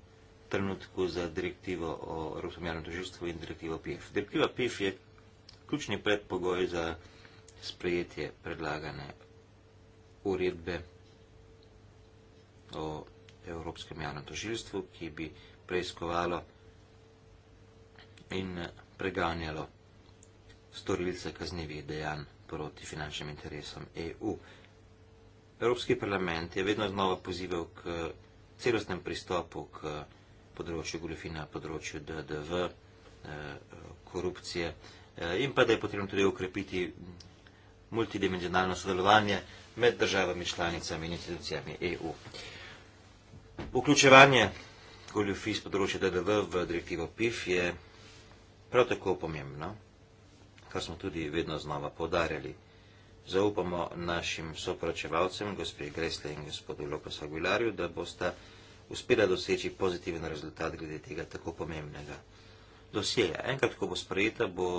S9: trenutku za direktivo o Evropskem javnem tožilstvu in direktivo PIF. Direktiva PIF je ključni predpogoj za sprejetje predlagane uredbe o Evropskem javnem tožilstvu, ki bi preiskovalo in preganjalo storilce kaznjivih dejanj proti finančnim interesom EU. Evropski parlament je vedno znova pozival k celostnem pristopu k področju Gulefina, področju DDV, eh, korupcije eh, in pa da je potrebno tudi ukrepiti multidimenzionalno sodelovanje med državami, članicami in institucijami EU. Vključevanje goljufij z področja DDV v direktivo PIF je prav tako pomembno, kar smo tudi vedno znova podarjali. Zaupamo našim sopračevalcem, gospe Gresle in gospodu Lopesa Aguilarju, da boste uspela doseči pozitiven rezultat glede tega tako pomembnega dosjeja. Enkrat, ko bo sprejeta, bo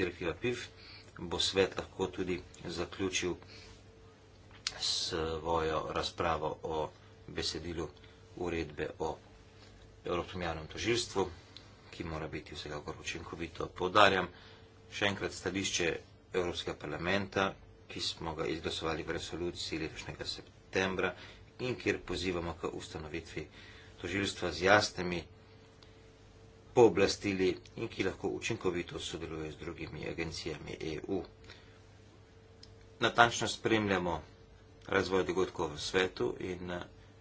S9: direktiva PIF, bo svet lahko tudi zaključil svojo razpravo o besedilu uredbe o Evropskem javnem tožilstvu, ki mora biti vsekakor učinkovito. Podarjam še enkrat stališče Evropskega parlamenta, ki smo ga izglasovali v resoluciji letošnjega septembra in kjer pozivamo k ustanovitvi tožilstva z jasnimi pooblastili in ki lahko učinkovito sodeluje z drugimi agencijami EU. Natančno spremljamo razvoj dogodkov v svetu in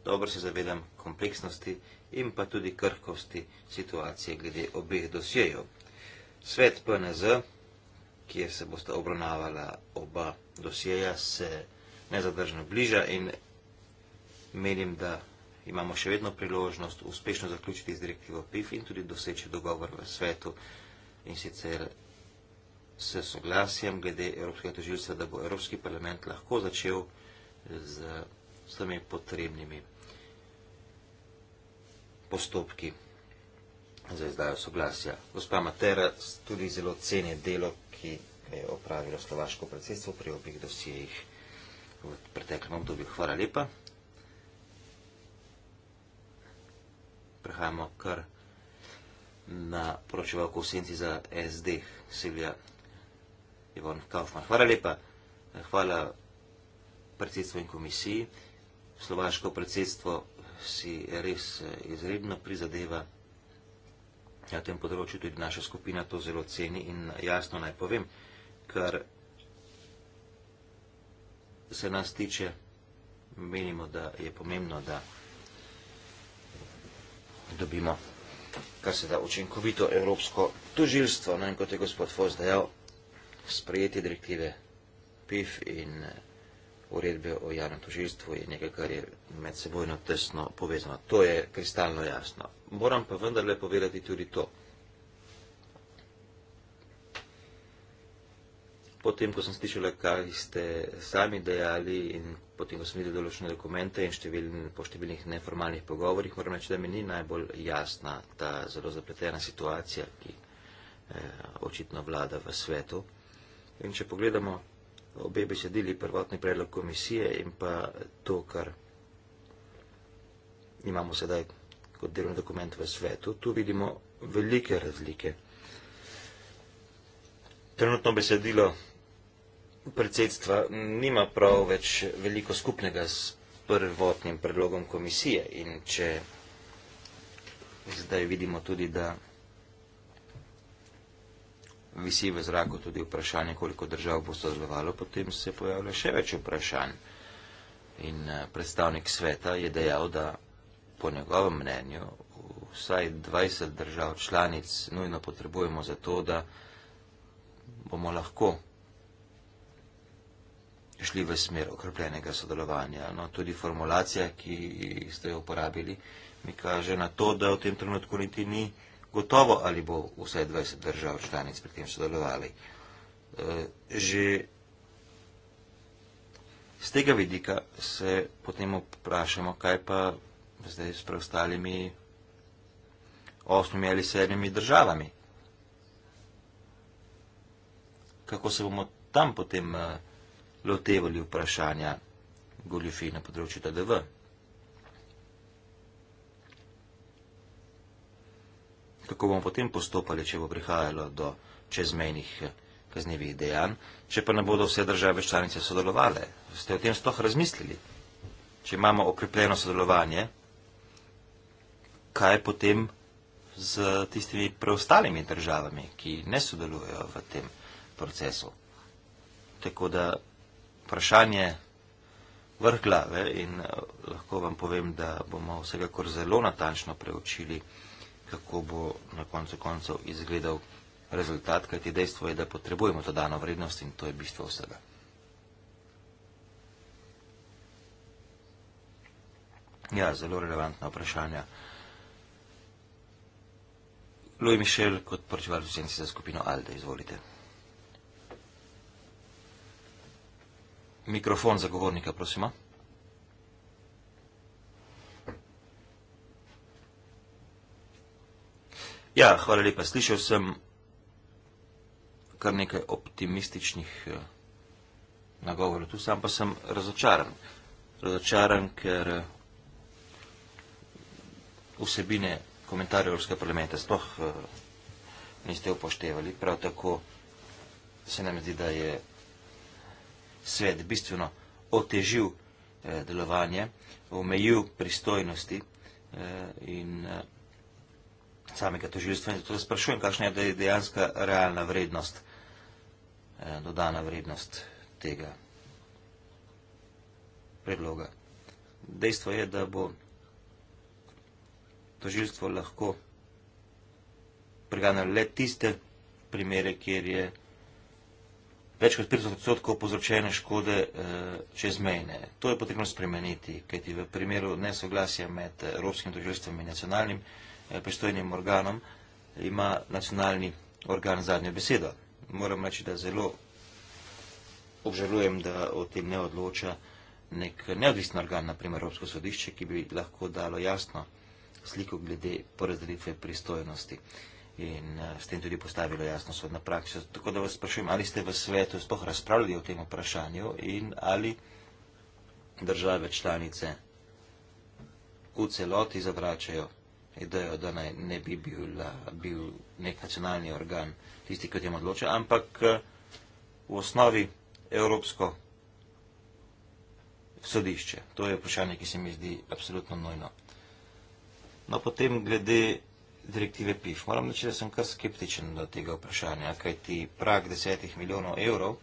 S9: dobro se zavedam kompleksnosti in pa tudi krhkosti situacije glede obeh dosjejev. Svet PNZ, kjer se boste obravnavala oba dosjeja, se nezadržno bliža in menim, da imamo še vedno priložnost uspešno zaključiti z direktivo PIF in tudi doseči dogovor v svetu in sicer s soglasjem glede Evropskega tožilstva, da bo Evropski parlament lahko začel z vsemi potrebnimi postopki za izdajo soglasja. Gospa Matera tudi zelo cene delo, ki je opravilo slovaško predsedstvo pri obih dosijejih v preteklem obdobju. Hvala lepa. Prehajamo kar na poročevalko v senci za SD, Silvija Ivon Kaufman. Hvala lepa. Hvala predsedstvo in komisiji. Slovaško predsedstvo si res eh, izredno prizadeva na tem področju, tudi naša skupina to zelo ceni in jasno naj povem, kar se nas tiče, menimo, da je pomembno, da dobimo kar se da učinkovito evropsko tužilstvo, no in kot je gospod Fos dejal, sprejeti direktive PIF in eh, uredbe o javnem tožilstvu je nekaj, kar je med sebojno tesno povezano. To je kristalno jasno. Moram pa vendarle povedati tudi to. Potem, ko sem slišala, kaj ste sami dejali in potem, ko sem videla določene dokumente in številn, po številnih neformalnih pogovorjih, moram reči, da mi ni najbolj jasna ta zelo zapletena situacija, ki eh, očitno vlada v svetu. In če pogledamo obe besedili, prvotni predlog komisije in pa to, kar imamo sedaj kot delovni dokument v svetu. Tu vidimo velike razlike. Trenutno besedilo predsedstva nima prav več veliko skupnega s prvotnim predlogom komisije in če zdaj vidimo tudi, da visi v zraku tudi vprašanje, koliko držav bo sodelovalo, potem se pojavlja še več vprašanj. In eh, predstavnik sveta je dejal, da po njegovem mnenju vsaj 20 držav članic nujno potrebujemo za to, da bomo lahko šli v smer okrepljenega sodelovanja. No, tudi formulacija, ki ste jo uporabili, mi kaže na to, da v tem trenutku niti ni gotovo ali bo vse 20 držav članic pri tem sodelovali. E, že z tega vidika se potem vprašamo, kaj pa zdaj s preostalimi osmimi ali sedmimi državami. Kako se bomo tam potem e, lotevali vprašanja goljofij na področju TDV? kako bomo potem postopali, če bo prihajalo do čezmejnih kaznevih dejanj, če pa ne bodo vse države članice sodelovale. Ste o tem sploh razmislili? Če imamo okrepljeno sodelovanje, kaj potem z tistimi preostalimi državami, ki ne sodelujejo v tem procesu? Tako da vprašanje vrh glave in eh, lahko vam povem, da bomo vsekakor zelo natančno preučili kako bo na koncu koncev izgledal rezultat, kajti dejstvo je, da potrebujemo to dano vrednost in to je bistvo vsega. Ja, zelo relevantna vprašanja. Louis Michel kot poročevalc v senci za skupino Alde, izvolite. Mikrofon zagovornika, prosimo. Ja, hvala lepa. Slišal sem kar nekaj optimističnih eh, nagovorov tu, sam pa sem razočaran. Razočaran, ker eh, vsebine komentarjev Evropske parlamente sploh eh, niste upoštevali. Prav tako se nam zdi, da je svet bistveno otežil delovanje, omejil pristojnosti in vsebine samega toživstva in zato se sprašujem, kakšna je dejanska realna vrednost, eh, dodana vrednost tega predloga. Dejstvo je, da bo toživstvo lahko preganjalo le tiste primere, kjer je več kot 500% povzročene škode eh, čezmejne. To je potrebno spremeniti, kajti v primeru nesoglasja med eh, Evropskim toživstvom in nacionalnim toživstvom, Eh, pristojnim organom, ima nacionalni organ zadnjo besedo. Moram reči, da zelo obžalujem, da o tem ne odloča nek neodvisni organ, naprimer Evropsko sodišče, ki bi lahko dalo jasno sliko glede porazdelitve pristojnosti in eh, s tem tudi postavilo jasno sodno prakso. Tako da vas sprašujem, ali ste v svetu sploh razpravljali o tem vprašanju in ali države članice v celoti zavračajo idejo, da naj ne bi bila, bil nek nacionalni organ tisti, ki o tem odloča, ampak eh, v osnovi Evropsko sodišče. To je vprašanje, ki se mi zdi absolutno nojno. No, potem glede direktive PIF. Moram reči, da sem kar skeptičen do tega vprašanja, kaj ti prag desetih milijonov evrov,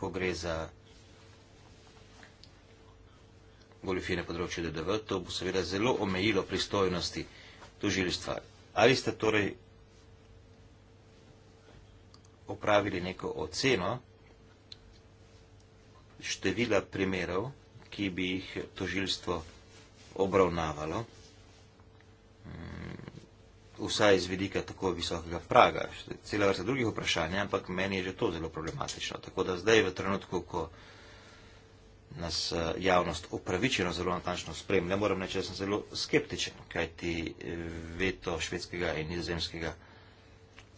S9: ko gre za goljofije na področju DDV, to bo seveda zelo omejilo pristojnosti tožilstva. Ali ste torej opravili neko oceno števila primerov, ki bi jih tožilstvo obravnavalo, mm, vsaj iz vidika tako visokega praga, cela vrsta drugih vprašanja, ampak meni je že to zelo problematično. Tako da zdaj v trenutku, ko vprašanje, nas eh, javnost upravičeno zelo natančno spremlja. Moram reči, da sem zelo skeptičen, kaj ti eh, veto švedskega in nizozemskega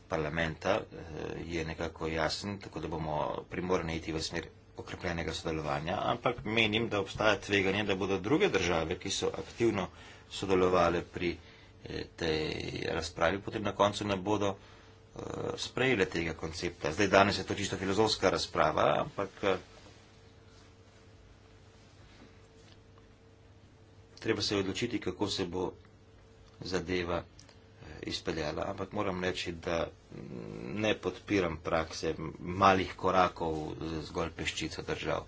S9: parlamenta eh, je nekako jasen, tako da bomo primorni iti v smer okrepljenega sodelovanja, ampak menim, da obstaja tveganje, da bodo druge države, ki so aktivno sodelovali pri tej razpravi, potem na koncu ne bodo sprejeli tega koncepta. Zdaj danes je to čisto filozofska razprava, ampak treba se odločiti, kako se bo zadeva eh, izpeljala. Ampak moram reči, da mm, ne podpiram prakse malih korakov z eh, zgolj peščico držav.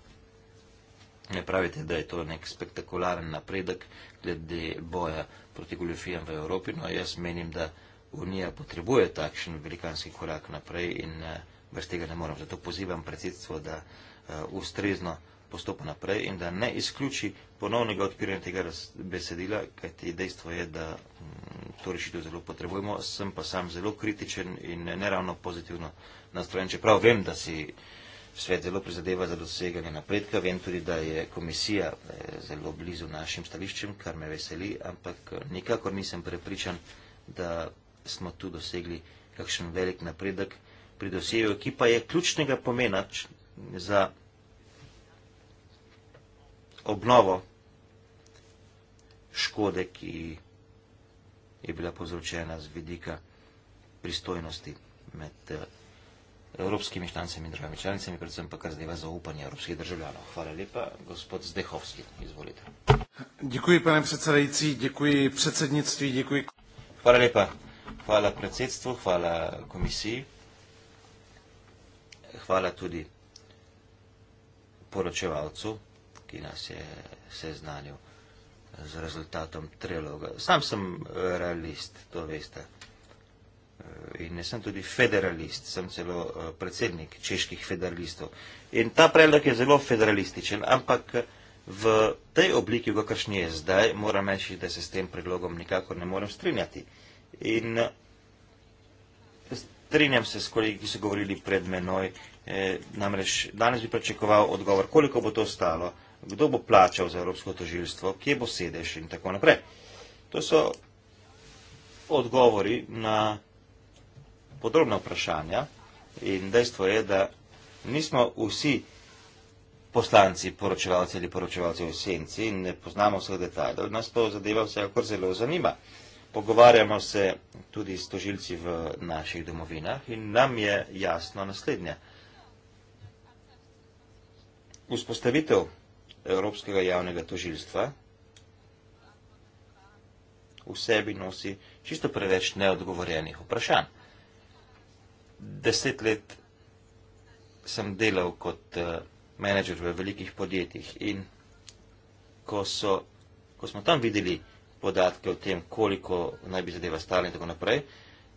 S9: Ne pravite, da je to nek spektakularen napredek glede boja proti goljofijam v Evropi, no jaz menim, da Unija potrebuje takšen velikanski korak naprej in eh, brez tega ne morem. Zato pozivam predsedstvo, da ustrezno. Uh, postopa naprej in da ne izključi ponovnega odpiranja tega besedila, kajti dejstvo je, da mm, to rešitev zelo potrebujemo. Sem pa sam zelo kritičen in neravno pozitivno nastrojen, čeprav vem, da si svet zelo prizadeva za doseganje napredka, vem tudi, da je komisija eh, zelo blizu našim stališčem, kar me veseli, ampak eh, nikakor nisem prepričan, da smo tu dosegli kakšen velik napredek pri dosegu, ki pa je ključnega pomena za obnovo škode, ki je bila povzročena z vidika pristojnosti med eh, evropskimi članicami in državami članicami, predvsem pa kar zdaj zaupanje evropskih državljanov. Hvala lepa, gospod Zdehovski, izvolite.
S8: Děkuji, pane predsedající, děkuji předsednictví, děkuji.
S9: Hvala lepa, hvala predsedstvu, hvala komisiji, hvala tudi poročevalcu ki nas je seznanil z rezultatom triloga. Sam sem eh, realist, to veste. Eh, in ne sem tudi federalist, sem celo eh, predsednik čeških federalistov. In ta predlog je zelo federalističen, ampak v tej obliki, v kakršni je zdaj, moram reči, da se s tem predlogom nikakor ne morem strinjati. In strinjam se s kolegi, ki so govorili pred menoj, namreč danes bi pričakoval odgovor, koliko bo to stalo kdo bo plačal za evropsko toživstvo, kje bo sedež in tako naprej. To so odgovori na podrobne vprašanja in dejstvo je, da nismo vsi poslanci, poročevalci ali poročevalci v senci in ne poznamo vseh detaljev, nas to zadeva vsekakor zelo zanima. Pogovarjamo se tudi s tožilci v naših domovinah in nam je jasno naslednje. Vzpostavitev Evropskega javnega tožilstva v sebi nosi čisto preveč neodgovorjenih vprašanj. Deset let sem delal kot eh, menedžer v velikih podjetjih in ko, so, ko smo tam videli podatke o tem, koliko naj bi zadeva stala in tako naprej,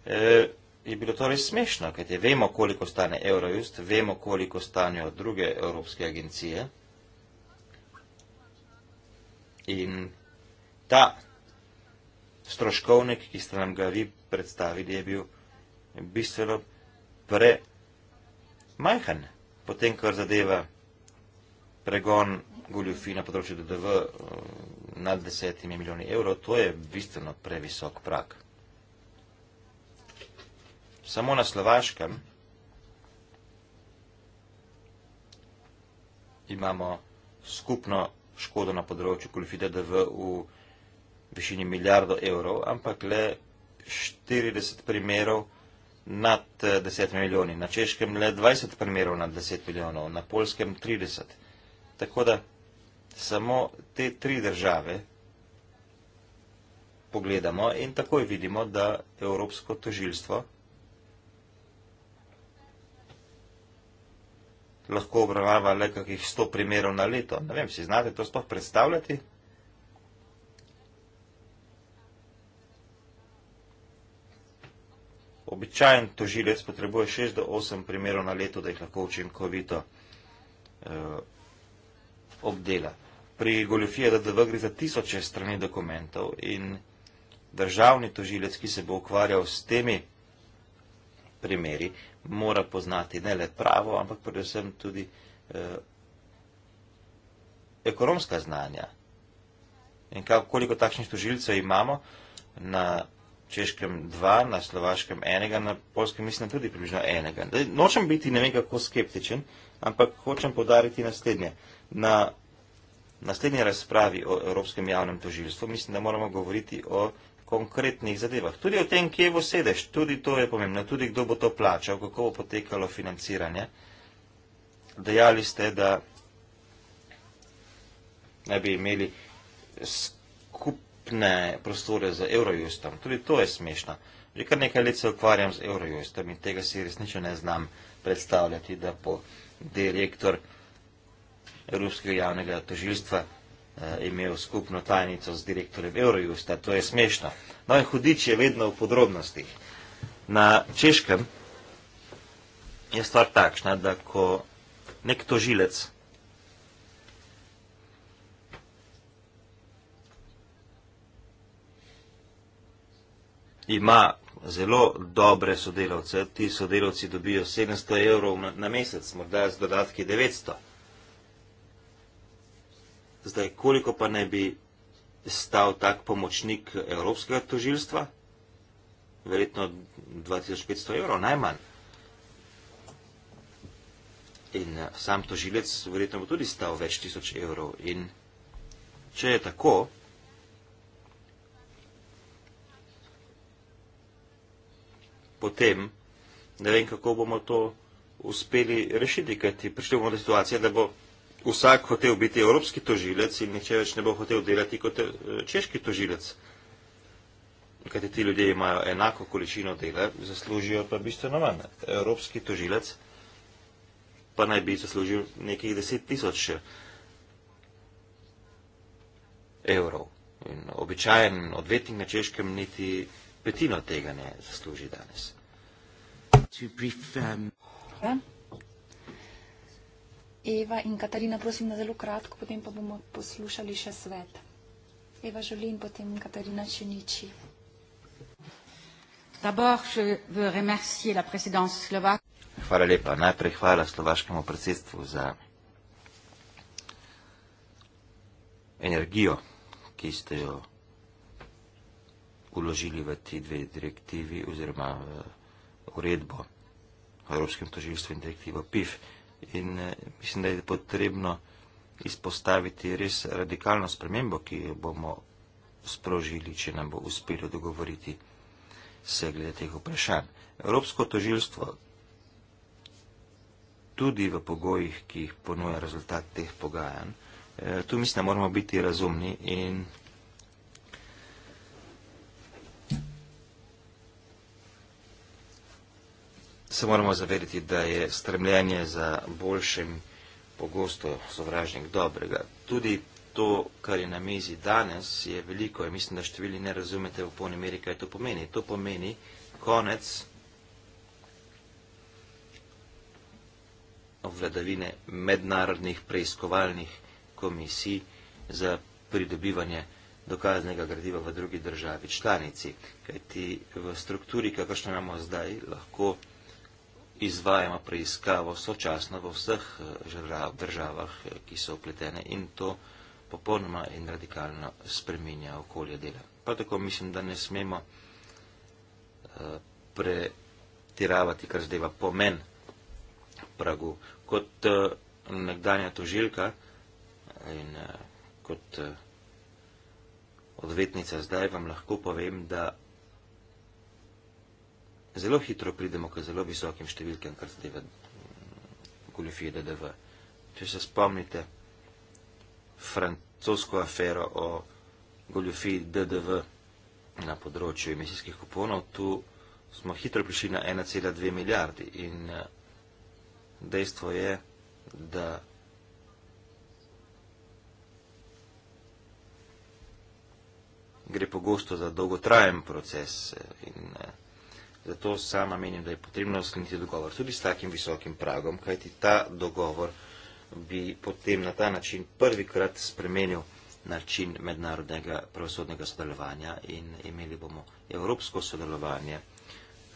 S9: eh, je bilo to res smešno, kajte vemo, koliko stane Eurojust, vemo, koliko stanejo druge evropske agencije. In ta stroškovnik, ki ste nam ga vi predstavili, je bil bistveno premajhen, potem, kar zadeva pregon goljufi na področju DDV eh, nad desetimi milijoni evrov, to je bistveno previsok prak. Samo na Slovaškem imamo skupno škodo na področju kolifite DV v višini milijardo evrov, ampak le 40 primerov nad 10 eh, milijoni, na češkem le 20 primerov nad 10 milijonov, na polskem 30. Tako da samo te tri države pogledamo in takoj vidimo, da Evropsko tožilstvo lahko obravnava le kakih 100 primerov na leto. Ne vem, si znate to sploh predstavljati? Običajen tožilec potrebuje 6 do 8 primerov na leto, da jih lahko učinkovito eh, obdela. Pri goljofiji DDV gre za tisoče strani dokumentov in državni tožilec, ki se bo ukvarjal s temi primeri, mora poznati ne le pravo, ampak predvsem tudi eh, ekonomska znanja. In kako, koliko takšnih tožilcev imamo na češkem dva, na slovaškem enega, na polskem mislim tudi približno enega. Nočem biti ne vem kako skeptičen, ampak hočem podariti naslednje. Na naslednji razpravi o Evropskem javnem tožilstvu mislim, da moramo govoriti o konkretnih zadevah. Tudi o tem, kje bo sedež, tudi to je pomembno, tudi kdo bo to plačal, kako bo potekalo financiranje. Dejali ste, da ne bi imeli skupne prostore z Eurojustom. Tudi to je smešno. Že kar nekaj let se ukvarjam z Eurojustom in tega si resnično ne znam predstavljati, da bo direktor Evropskega javnega tožilstva. Mm. Eh, imel skupno tajnico z direktorjem Eurojusta. To je smešno. No in hudič je vedno v podrobnostih. Na češkem je stvar takšna, da ko nek tožilec ima zelo dobre sodelavce, ti sodelavci dobijo 700 evrov na mesec, morda z dodatki 900. Zdaj, koliko pa ne bi stal tak pomočnik evropskega tožilstva? Verjetno 2500 evrov, najmanj. In eh, sam tožilec verjetno bo tudi stal več tisoč evrov. In če je tako, potem ne vem, kako bomo to uspeli rešiti, kajti prišli bomo do situacije, da bo vsak hotel biti evropski tožilec in nihče več ne bo hotel delati kot eh, češki tožilec. Ker ti ljudje imajo enako količino dela, zaslužijo pa bistveno manj. Evropski tožilec pa naj bi zaslužil nekih deset tisoč eh, evrov. In običajen odvetnik na češkem niti petino tega ne zasluži danes. To brief, um...
S2: yeah. Ja. Eva in Katarina, prosim, da zelo kratko, potem pa bomo poslušali še svet. Eva želi in potem Katarina še niči.
S9: Hvala lepa. Najprej hvala slovaškemu predsedstvu za energijo, ki ste jo uložili v ti dve direktivi oziroma v eh, uredbo o Evropskem toživstvu in direktivo PIF in eh, mislim, da je potrebno izpostaviti res radikalno spremembo, ki jo bomo sprožili, če nam bo uspelo dogovoriti se glede teh vprašanj. Evropsko tožilstvo tudi v pogojih, ki jih ponuja rezultat teh pogajanj, eh, tu mislim, da moramo biti razumni in se moramo zavediti, da je stremljenje za boljšim pogosto sovražnik dobrega. Tudi to, kar je na mizi danes, je veliko in mislim, da številni ne razumete v polni meri, kaj to pomeni. To pomeni konec vladavine mednarodnih preiskovalnih komisij za pridobivanje dokaznega gradiva v drugi državi članici. Kajti v strukturi, kakršno imamo zdaj, lahko izvajamo preiskavo sočasno v vseh eh, državah, eh, ki so vpletene in to popolnoma in radikalno spreminja okolje dela. Prav tako mislim, da ne smemo eh, pretiravati, kar zdajva pomen pragu. Kot nekdanja tožilka in kot odvetnica zdaj vam lahko povem, da zelo hitro pridemo k zelo visokim številkam, kar zadeva goljofije DDV. Če se spomnite francosko afero o goljofiji DDV na področju emisijskih kuponov, tu smo hitro prišli na 1,2 milijardi in eh, dejstvo je, da gre pogosto za dolgotrajen proces eh, in eh, zato sama menim, da je potrebno skliniti dogovor tudi s takim visokim pragom, kajti ta dogovor bi potem na ta način prvikrat spremenil način mednarodnega pravosodnega sodelovanja in imeli bomo evropsko sodelovanje,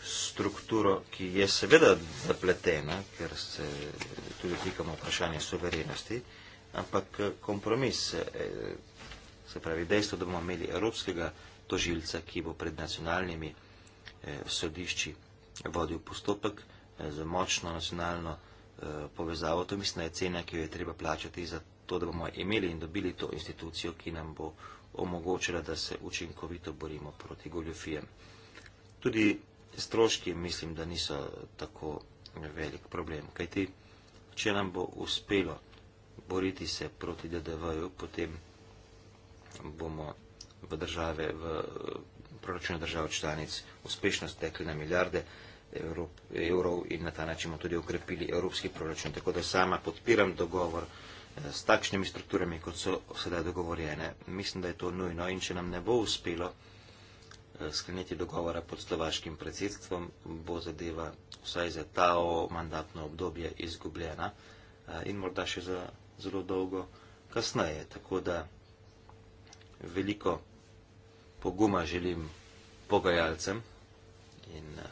S9: strukturo, ki je seveda zapletena, ker se tudi tikamo vprašanje soverenosti, ampak kompromis, eh, se pravi dejstvo, da bomo imeli evropskega tožilca, ki bo pred nacionalnimi Eh, sodišči vodil postopek eh, z močno nacionalno eh, povezavo. To mislim, da je cena, ki jo je treba plačati za to, da bomo imeli in dobili to institucijo, ki nam bo omogočila, da se učinkovito borimo proti goljofijem. Tudi stroški mislim, da niso tako velik problem. Kajti, če nam bo uspelo boriti se proti DDV-ju, potem bomo v države v proračuna držav članic uspešno stekli na milijarde evrov in na ta način bomo tudi ukrepili evropski proračun. Tako da sama podpiram dogovor eh, s takšnimi strukturami, kot so sedaj dogovorjene. Mislim, da je to nujno in če nam ne bo uspelo eh, skleniti dogovora pod slovaškim predsedstvom, bo zadeva vsaj za ta mandatno obdobje izgubljena eh, in morda še za zelo dolgo kasneje. Tako da veliko poguma želim pogajalcem in eh,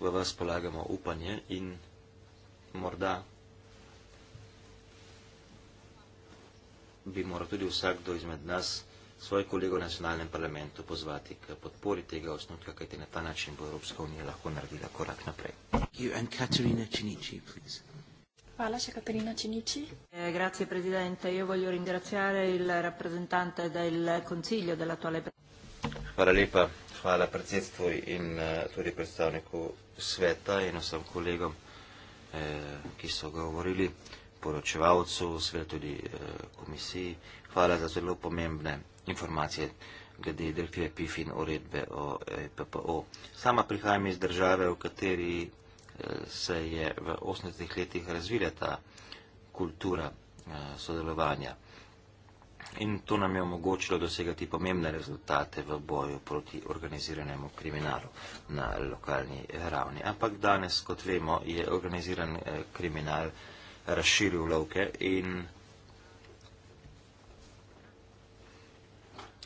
S9: v vas polagamo upanje in morda bi moral tudi vsakdo izmed nas svoj kolego v nacionalnem parlamentu pozvati k podpori tega osnutka, kajti na ta način bo Evropska unija lahko naredila korak naprej.
S1: You and Katerina Cinici, please.
S2: Hvala še Katarina Cinici. Eh, grazie Presidente, io voglio ringraziare il
S3: rappresentante del Consiglio dell'attuale
S9: Hvala lepa, hvala predsedstvu in eh, tudi predstavniku sveta in vsem kolegom, eh, ki so govorili, poročevalcu, svet tudi eh, komisiji. Hvala za zelo pomembne informacije glede delfije PIFIN uredbe o eh, PPO. Sama prihajam iz države, v kateri se je v 80 letih razvila ta kultura eh, sodelovanja. In to nam je omogočilo dosegati pomembne rezultate v boju proti organiziranemu kriminalu na lokalni ravni. Ampak danes, kot vemo, je organiziran eh, kriminal razširil lovke in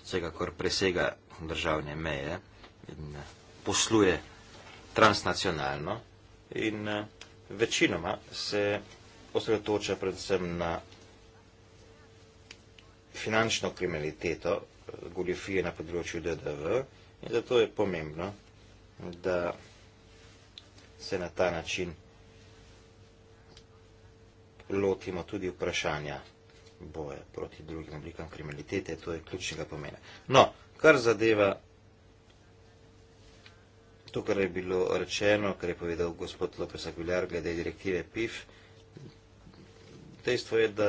S9: vsekakor presega državne meje in eh, posluje transnacionalno in eh, večinoma se osredotoča predvsem na finančno kriminaliteto, eh, goljofije na področju DDV in zato je pomembno, da se na ta način lotimo tudi vprašanja boje proti drugim oblikam kriminalitete, to je ključnega pomena. No, kar zadeva to, kar je bilo rečeno, kar je povedal gospod Lopes Aguilar glede direktive PIF, dejstvo je, da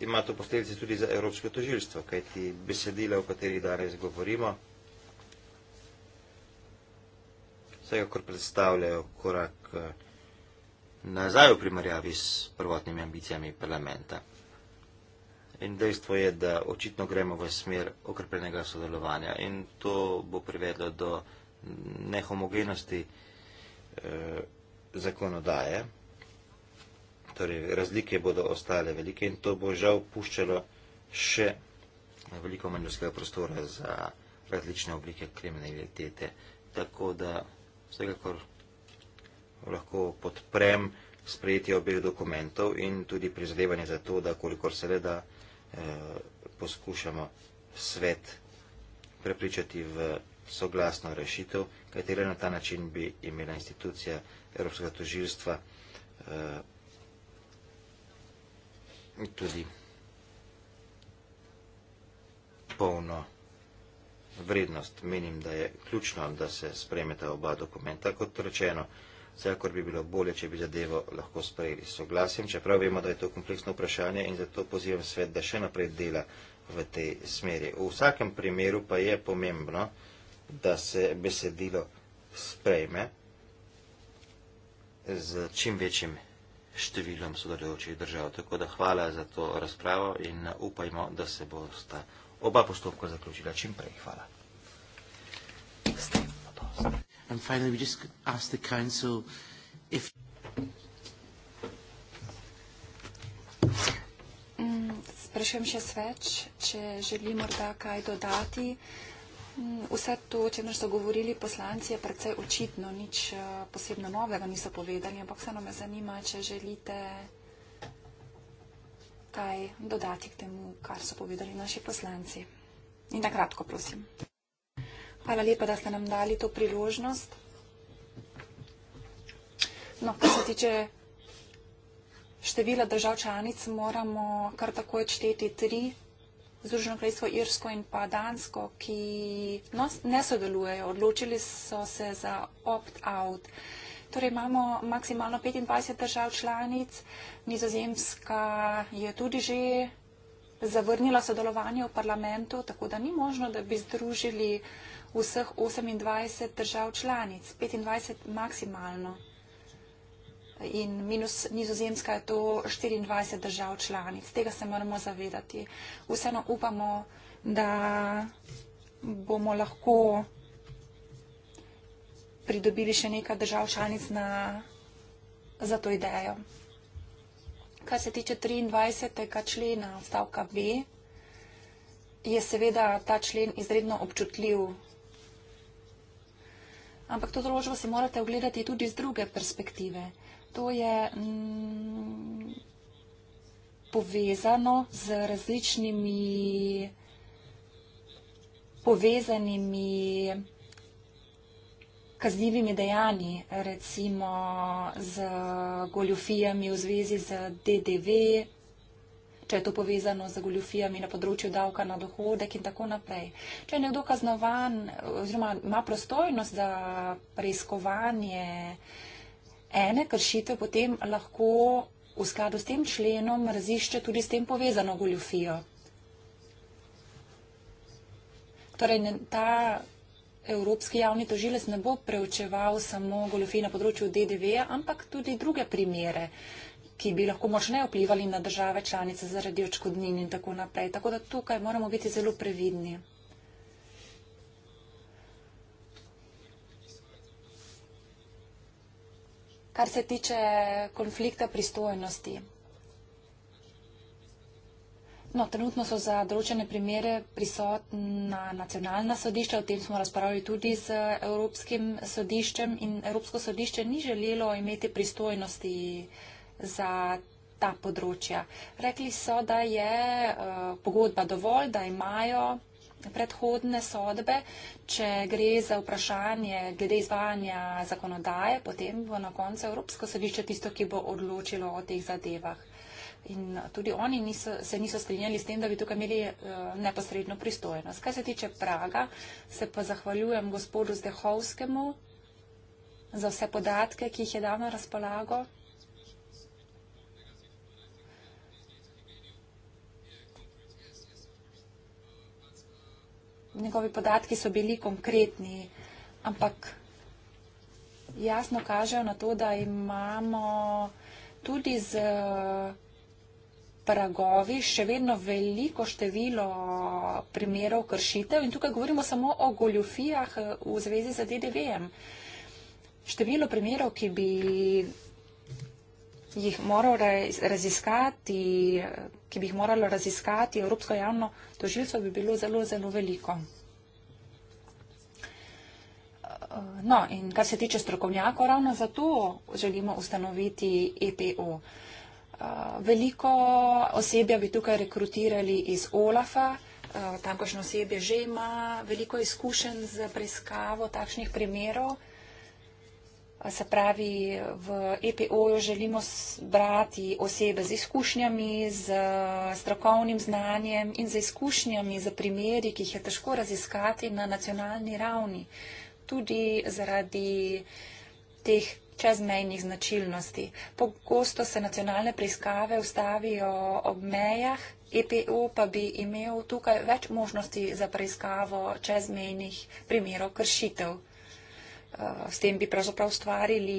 S9: ima to posledice tudi za evropsko toživstvo, kajti besedila, o kateri danes govorimo, vsekakor predstavljajo korak eh, nazaj v primarjavi s prvotnimi ambicijami parlamenta. In dejstvo je, da očitno gremo v smer okrepljenega sodelovanja in to bo privedlo do vsega, nehomogenosti e, zakonodaje, torej razlike bodo ostale velike in to bo žal puščalo še veliko manjskega prostora za različne oblike kriminalitete. Tako da vsekakor lahko podprem sprejetje obeh dokumentov in tudi prizadevanje za to, da kolikor se le da e, poskušamo svet prepričati v soglasno rešitev, kajti le na ta način bi imela institucija Evropskega tožilstva eh, tudi polno vrednost. Menim, da je ključno, da se spremeta oba dokumenta, kot rečeno, vsekakor bi bilo bolje, če bi zadevo lahko sprejeli soglasjem, čeprav vemo, da je to kompleksno vprašanje in zato pozivam svet, da še naprej dela v tej smeri. V vsakem primeru pa je pomembno, da se besedilo sprejme z čim večjim številom sodelujočih držav. Tako da hvala za to razpravo in upajmo, da se bo sta oba postopka zaključila čim prej. Hvala.
S2: Mm, sprašujem še sveč, če želi morda kaj dodati. Vse to, o čemer so govorili poslanci, je precej očitno, nič eh, posebno novega niso povedali, ampak se nam je zanima, če želite kaj dodati k temu, kar so povedali naši poslanci. In na kratko, prosim. Hvala lepa, da ste nam dali to priložnost. No, kar se tiče števila držav članic, moramo kar takoj odšteti tri Združeno kraljestvo Irsko in pa Dansko, ki no, ne sodelujejo, odločili so se za opt-out. Torej imamo maksimalno 25 držav članic, nizozemska je tudi že zavrnila sodelovanje v parlamentu, tako da ni možno, da bi združili vseh 28 držav članic, 25 maksimalno in minus nizozemska je to 24 držav članic. Tega se moramo zavedati. Vseeno upamo, da bomo lahko pridobili še nekaj držav članic na, za to idejo. Kar se tiče 23. člena stavka B, je seveda ta člen izredno občutljiv. Ampak to drožbo si morate ogledati tudi z druge perspektive to je mm, povezano z različnimi povezanimi kaznivimi dejanji, recimo z goljofijami v zvezi z DDV, če je to povezano z goljofijami na področju davka na dohodek in tako naprej. Če je nekdo kaznovan oziroma ima prostojnost za preiskovanje, ene kršitve potem lahko v skladu s tem členom razišče tudi s tem povezano goljofijo. Torej, ta evropski javni tožilec ne bo preučeval samo goljofij na področju DDV-ja, ampak tudi druge primere, ki bi lahko močne vplivali na države članice zaradi očkodnin in tako naprej. Tako da tukaj moramo biti zelo previdni. kar se tiče konflikta pristojnosti. No, trenutno so za določene primere prisotna nacionalna sodišča, o tem smo razpravljali tudi z Evropskim sodiščem in Evropsko sodišče ni želelo imeti pristojnosti za ta področja. Rekli so, da je uh, pogodba dovolj, da imajo predhodne sodbe. Če gre za vprašanje glede izvajanja zakonodaje, potem bo na koncu Evropsko sodišče tisto, ki bo odločilo o teh zadevah. In tudi oni niso, se niso strinjali s tem, da bi tukaj imeli uh, neposredno pristojnost. Kaj se tiče Praga, se pa zahvaljujem gospodu Zdehovskemu za vse podatke, ki jih je dal na razpolago. njegovi podatki so bili konkretni, ampak jasno kažejo na to, da imamo tudi z eh, pragovi še vedno veliko število primerov kršitev in tukaj govorimo samo o goljufijah eh, v zvezi z DDV-jem. Število primerov, ki bi jih moral raziskati, ki bi jih moralo raziskati Evropsko javno tožilstvo, bi bilo zelo, zelo veliko. No, in kar se tiče strokovnjakov, ravno zato želimo ustanoviti EPO. Veliko osebja bi tukaj rekrutirali iz OLAFA, tamkajšnje osebje že ima veliko izkušenj z preiskavo takšnih primerov. Se pravi, v EPO-ju želimo brati osebe z izkušnjami, z eh, strokovnim znanjem in z izkušnjami, z primeri, ki jih je težko raziskati na nacionalni ravni, tudi zaradi teh čezmejnih značilnosti. Pogosto se nacionalne preiskave ustavijo ob mejah, EPO pa bi imel tukaj več možnosti za preiskavo čezmejnih primerov kršitev. Eh, s tem bi pravzaprav ustvarili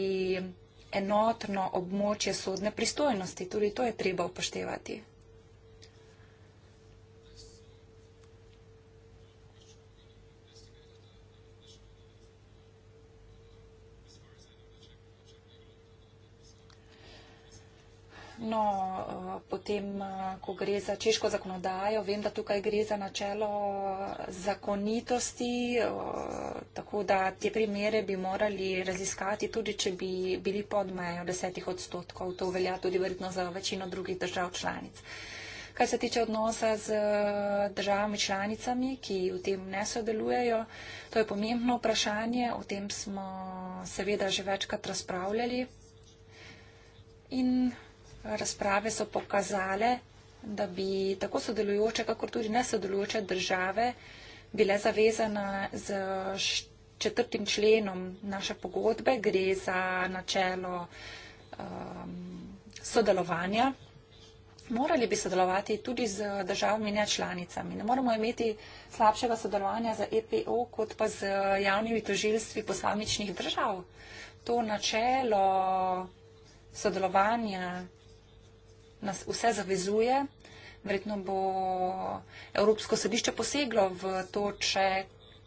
S2: enotno območje sodne pristojnosti. Tudi to je treba upoštevati. No, eh, potem, eh, ko gre za češko zakonodajo, vem, da tukaj gre za načelo eh, zakonitosti, tako da te primere bi morali raziskati, tudi če bi bili pod mejo desetih odstotkov. To velja tudi verjetno za večino drugih držav članic. Kaj se tiče odnosa z državami članicami, ki v tem ne sodelujejo, to je pomembno vprašanje, o tem smo seveda že večkrat razpravljali. In razprave so pokazale, da bi tako sodelujoče, kakor tudi nesodelujoče države bile zavezane z četrtim členom naše pogodbe, gre za načelo um, sodelovanja. Morali bi sodelovati tudi z državami nečlanicami. Ne moremo imeti slabšega sodelovanja z EPO, kot pa z javnimi tožilstvi posamičnih držav. To načelo sodelovanja nas vse zavezuje. Verjetno bo Evropsko sodišče poseglo v to, če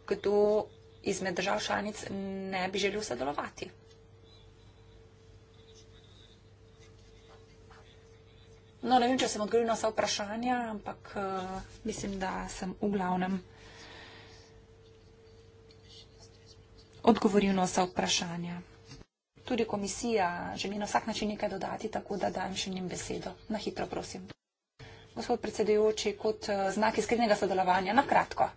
S2: kdo izmed držav članic ne bi želel sodelovati. No, ne vem, če sem odgovorila na vsa vprašanja, ampak uh, mislim, da sem v glavnem odgovorila na vsa vprašanja tudi komisija želi na vsak način nekaj dodati, tako da dajem še njim besedo. Na hitro, prosim. Gospod predsedujoči, kot eh, znak iskrenega sodelovanja, na kratko.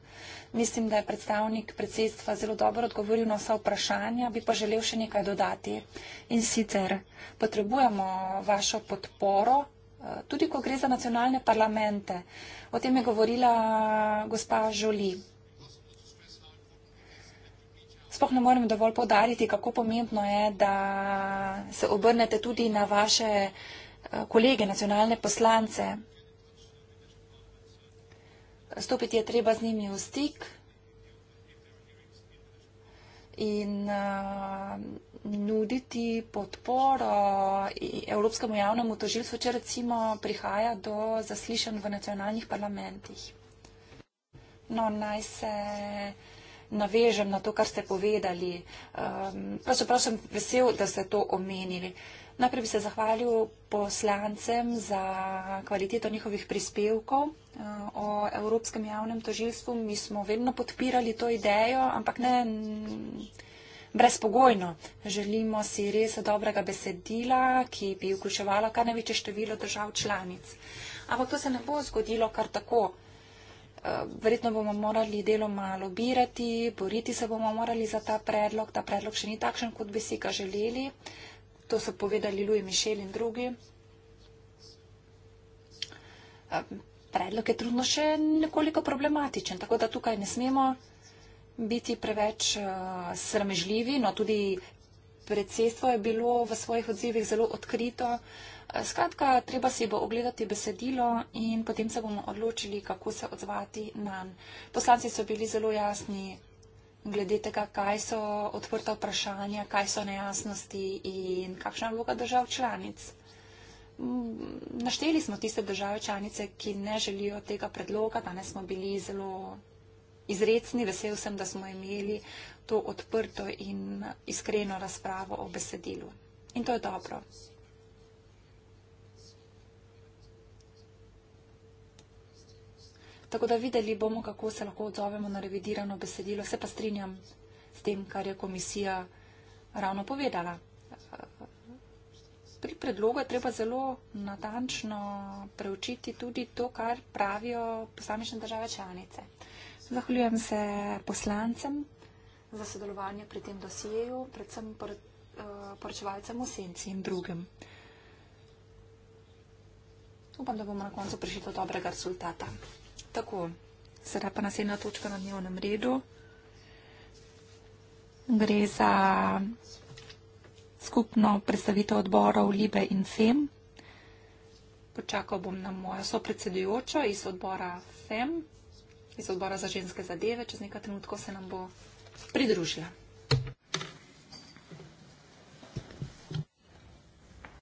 S2: Mislim, da je predstavnik predsedstva zelo dobro odgovoril na vsa vprašanja, bi pa želel še nekaj dodati. In sicer potrebujemo vašo podporo, eh, tudi ko gre za nacionalne parlamente. O tem je govorila gospa Žoli. Sploh ne morem dovolj podariti, kako pomembno je, da se obrnete tudi na vaše eh, kolege, nacionalne poslance. Stopiti je treba z njimi v stik in uh, nuditi podporo Evropskemu javnemu tožilstvu, če recimo prihaja do zaslišanj v nacionalnih parlamentih. No, naj se navežem na to, kar ste povedali. Ehm, pravzaprav sem vesel, da ste to omenili. Najprej bi se zahvalil poslancem za kvaliteto njihovih prispevkov eh, o Evropskem javnem tožilstvu. Mi smo vedno podpirali to idejo, ampak ne brezpogojno. Želimo si res dobrega besedila, ki bi vključevala kar največje število držav članic. Ampak to se ne bo zgodilo kar tako. Eh, verjetno bomo morali deloma lobirati, boriti se bomo morali za ta predlog. Ta predlog še ni takšen, kot bi si ga želeli. To so povedali Louis Michel in drugi. Eh, predlog je trudno še nekoliko problematičen, tako da tukaj ne smemo biti preveč eh, sramežljivi, no tudi predsedstvo je bilo v svojih odzivih zelo odkrito. Skratka, treba si bo ogledati besedilo in potem se bomo odločili, kako se odzvati na nj. Poslanci so bili zelo jasni glede tega, kaj so odprta vprašanja, kaj so nejasnosti in kakšna je vloga držav članic. Mm, našteli smo tiste države članice, ki ne želijo tega predloga. Danes smo bili zelo izredni, vesel sem, da smo imeli to odprto in iskreno razpravo o besedilu. In to je dobro. Tako da videli bomo, kako se lahko odzovemo na revidirano besedilo. Se pa strinjam s tem, kar je komisija ravno povedala. Pri predlogu je treba zelo natančno preučiti tudi to, kar pravijo posamične države članice. Zahvaljujem se poslancem za sodelovanje pri tem dosijeju, predvsem por, eh, poročevalcem v senci in drugim. Upam, da bomo na koncu prišli do dobrega rezultata. Tako, sedaj pa naslednja točka na dnevnem redu. Gre za skupno predstavitev odborov Libe in FEM. Počakal bom na mojo sopredsedujočo iz odbora FEM, iz odbora za ženske zadeve, čez nekaj trenutkov se nam bo pridružila.